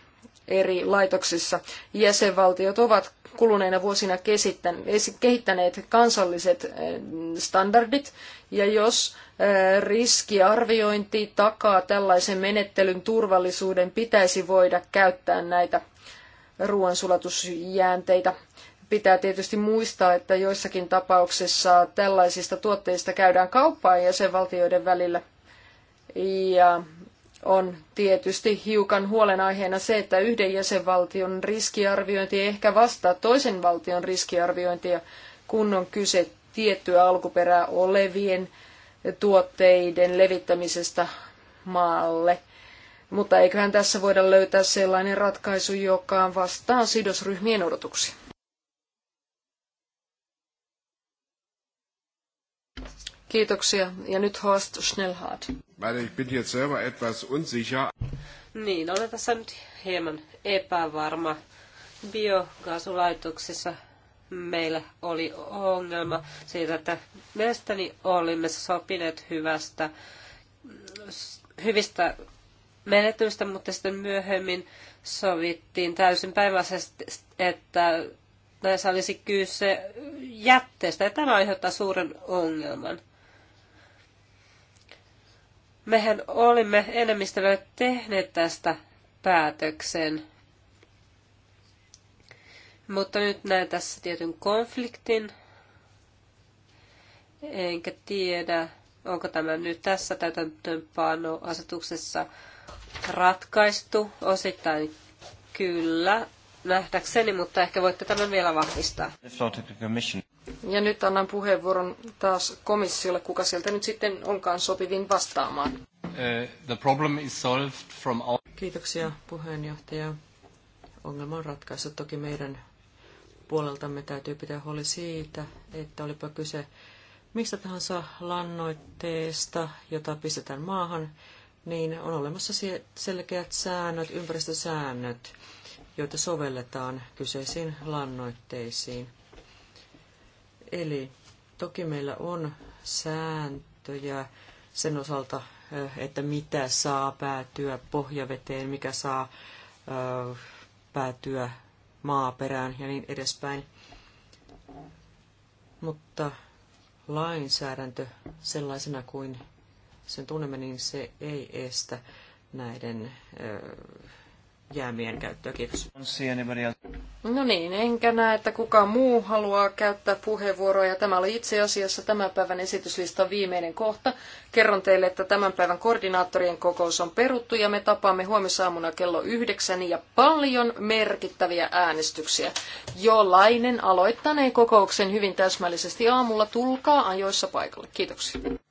eri laitoksissa. Jäsenvaltiot ovat kuluneina vuosina kehittäneet kansalliset eh, standardit, ja jos eh, riskiarviointi takaa tällaisen menettelyn turvallisuuden, pitäisi voida käyttää näitä ruoansulatusjäänteitä. Pitää tietysti muistaa, että joissakin tapauksissa tällaisista tuotteista käydään kauppaa jäsenvaltioiden välillä. Ja on tietysti hiukan huolenaiheena se, että yhden jäsenvaltion riskiarviointi ei ehkä vastaa toisen valtion riskiarviointia, kun on kyse tiettyä alkuperää olevien tuotteiden levittämisestä maalle. Mutta eiköhän tässä voida löytää sellainen ratkaisu, joka vastaa sidosryhmien odotuksia. Kiitoksia. Ja nyt Horst Schnellhardt. Weil ich bin jetzt selber etwas unsicher. Niin, olen tässä nyt hieman epävarma. Biokaasulaitoksissa meillä oli ongelma siitä, että mielestäni olimme sopineet hyvästä, hyvistä menettelystä, mutta sitten myöhemmin sovittiin täysin päinvastaisesti, että näissä olisi kyse jätteestä, ja tämä aiheuttaa suuren ongelman. Mehän olimme enemmistölle tehneet tästä päätöksen. Mutta nyt näen tässä tietyn konfliktin. Enkä tiedä, onko tämä nyt tässä täytäntöönpanoasetuksessa ratkaistu. Osittain kyllä, nähdäkseni, mutta ehkä voitte tämän vielä vahvistaa. Ja nyt annan puheenvuoron taas komissiolle, kuka sieltä nyt sitten onkaan sopivin vastaamaan. Eh, the problem is solved from our... Kiitoksia puheenjohtaja. Ongelma on ratkaistu. Toki meidän puoleltamme täytyy pitää huoli siitä, että olipa kyse mistä tahansa lannoitteesta, jota pistetään maahan, niin on olemassa selkeät säännöt, ympäristösäännöt, joita sovelletaan kyseisiin lannoitteisiin. Eli toki meillä on sääntöjä sen osalta, että mitä saa päätyä pohjaveteen, mikä saa päätyä maaperään ja niin edespäin. Mutta lainsäädäntö sellaisena kuin sen tunnemme, niin se ei estä näiden jäämien käyttöä. Kiitos. No niin, enkä näe, että kuka muu haluaa käyttää puheenvuoroa. Ja tämä oli itse asiassa tämän päivän esityslistan viimeinen kohta. Kerron teille, että tämän päivän koordinaattorien kokous on peruttu ja me tapaamme huomisaamuna kello yhdeksän ja paljon merkittäviä äänestyksiä. Jollainen aloittaneen kokouksen hyvin täsmällisesti aamulla tulkaa ajoissa paikalle. Kiitoksia.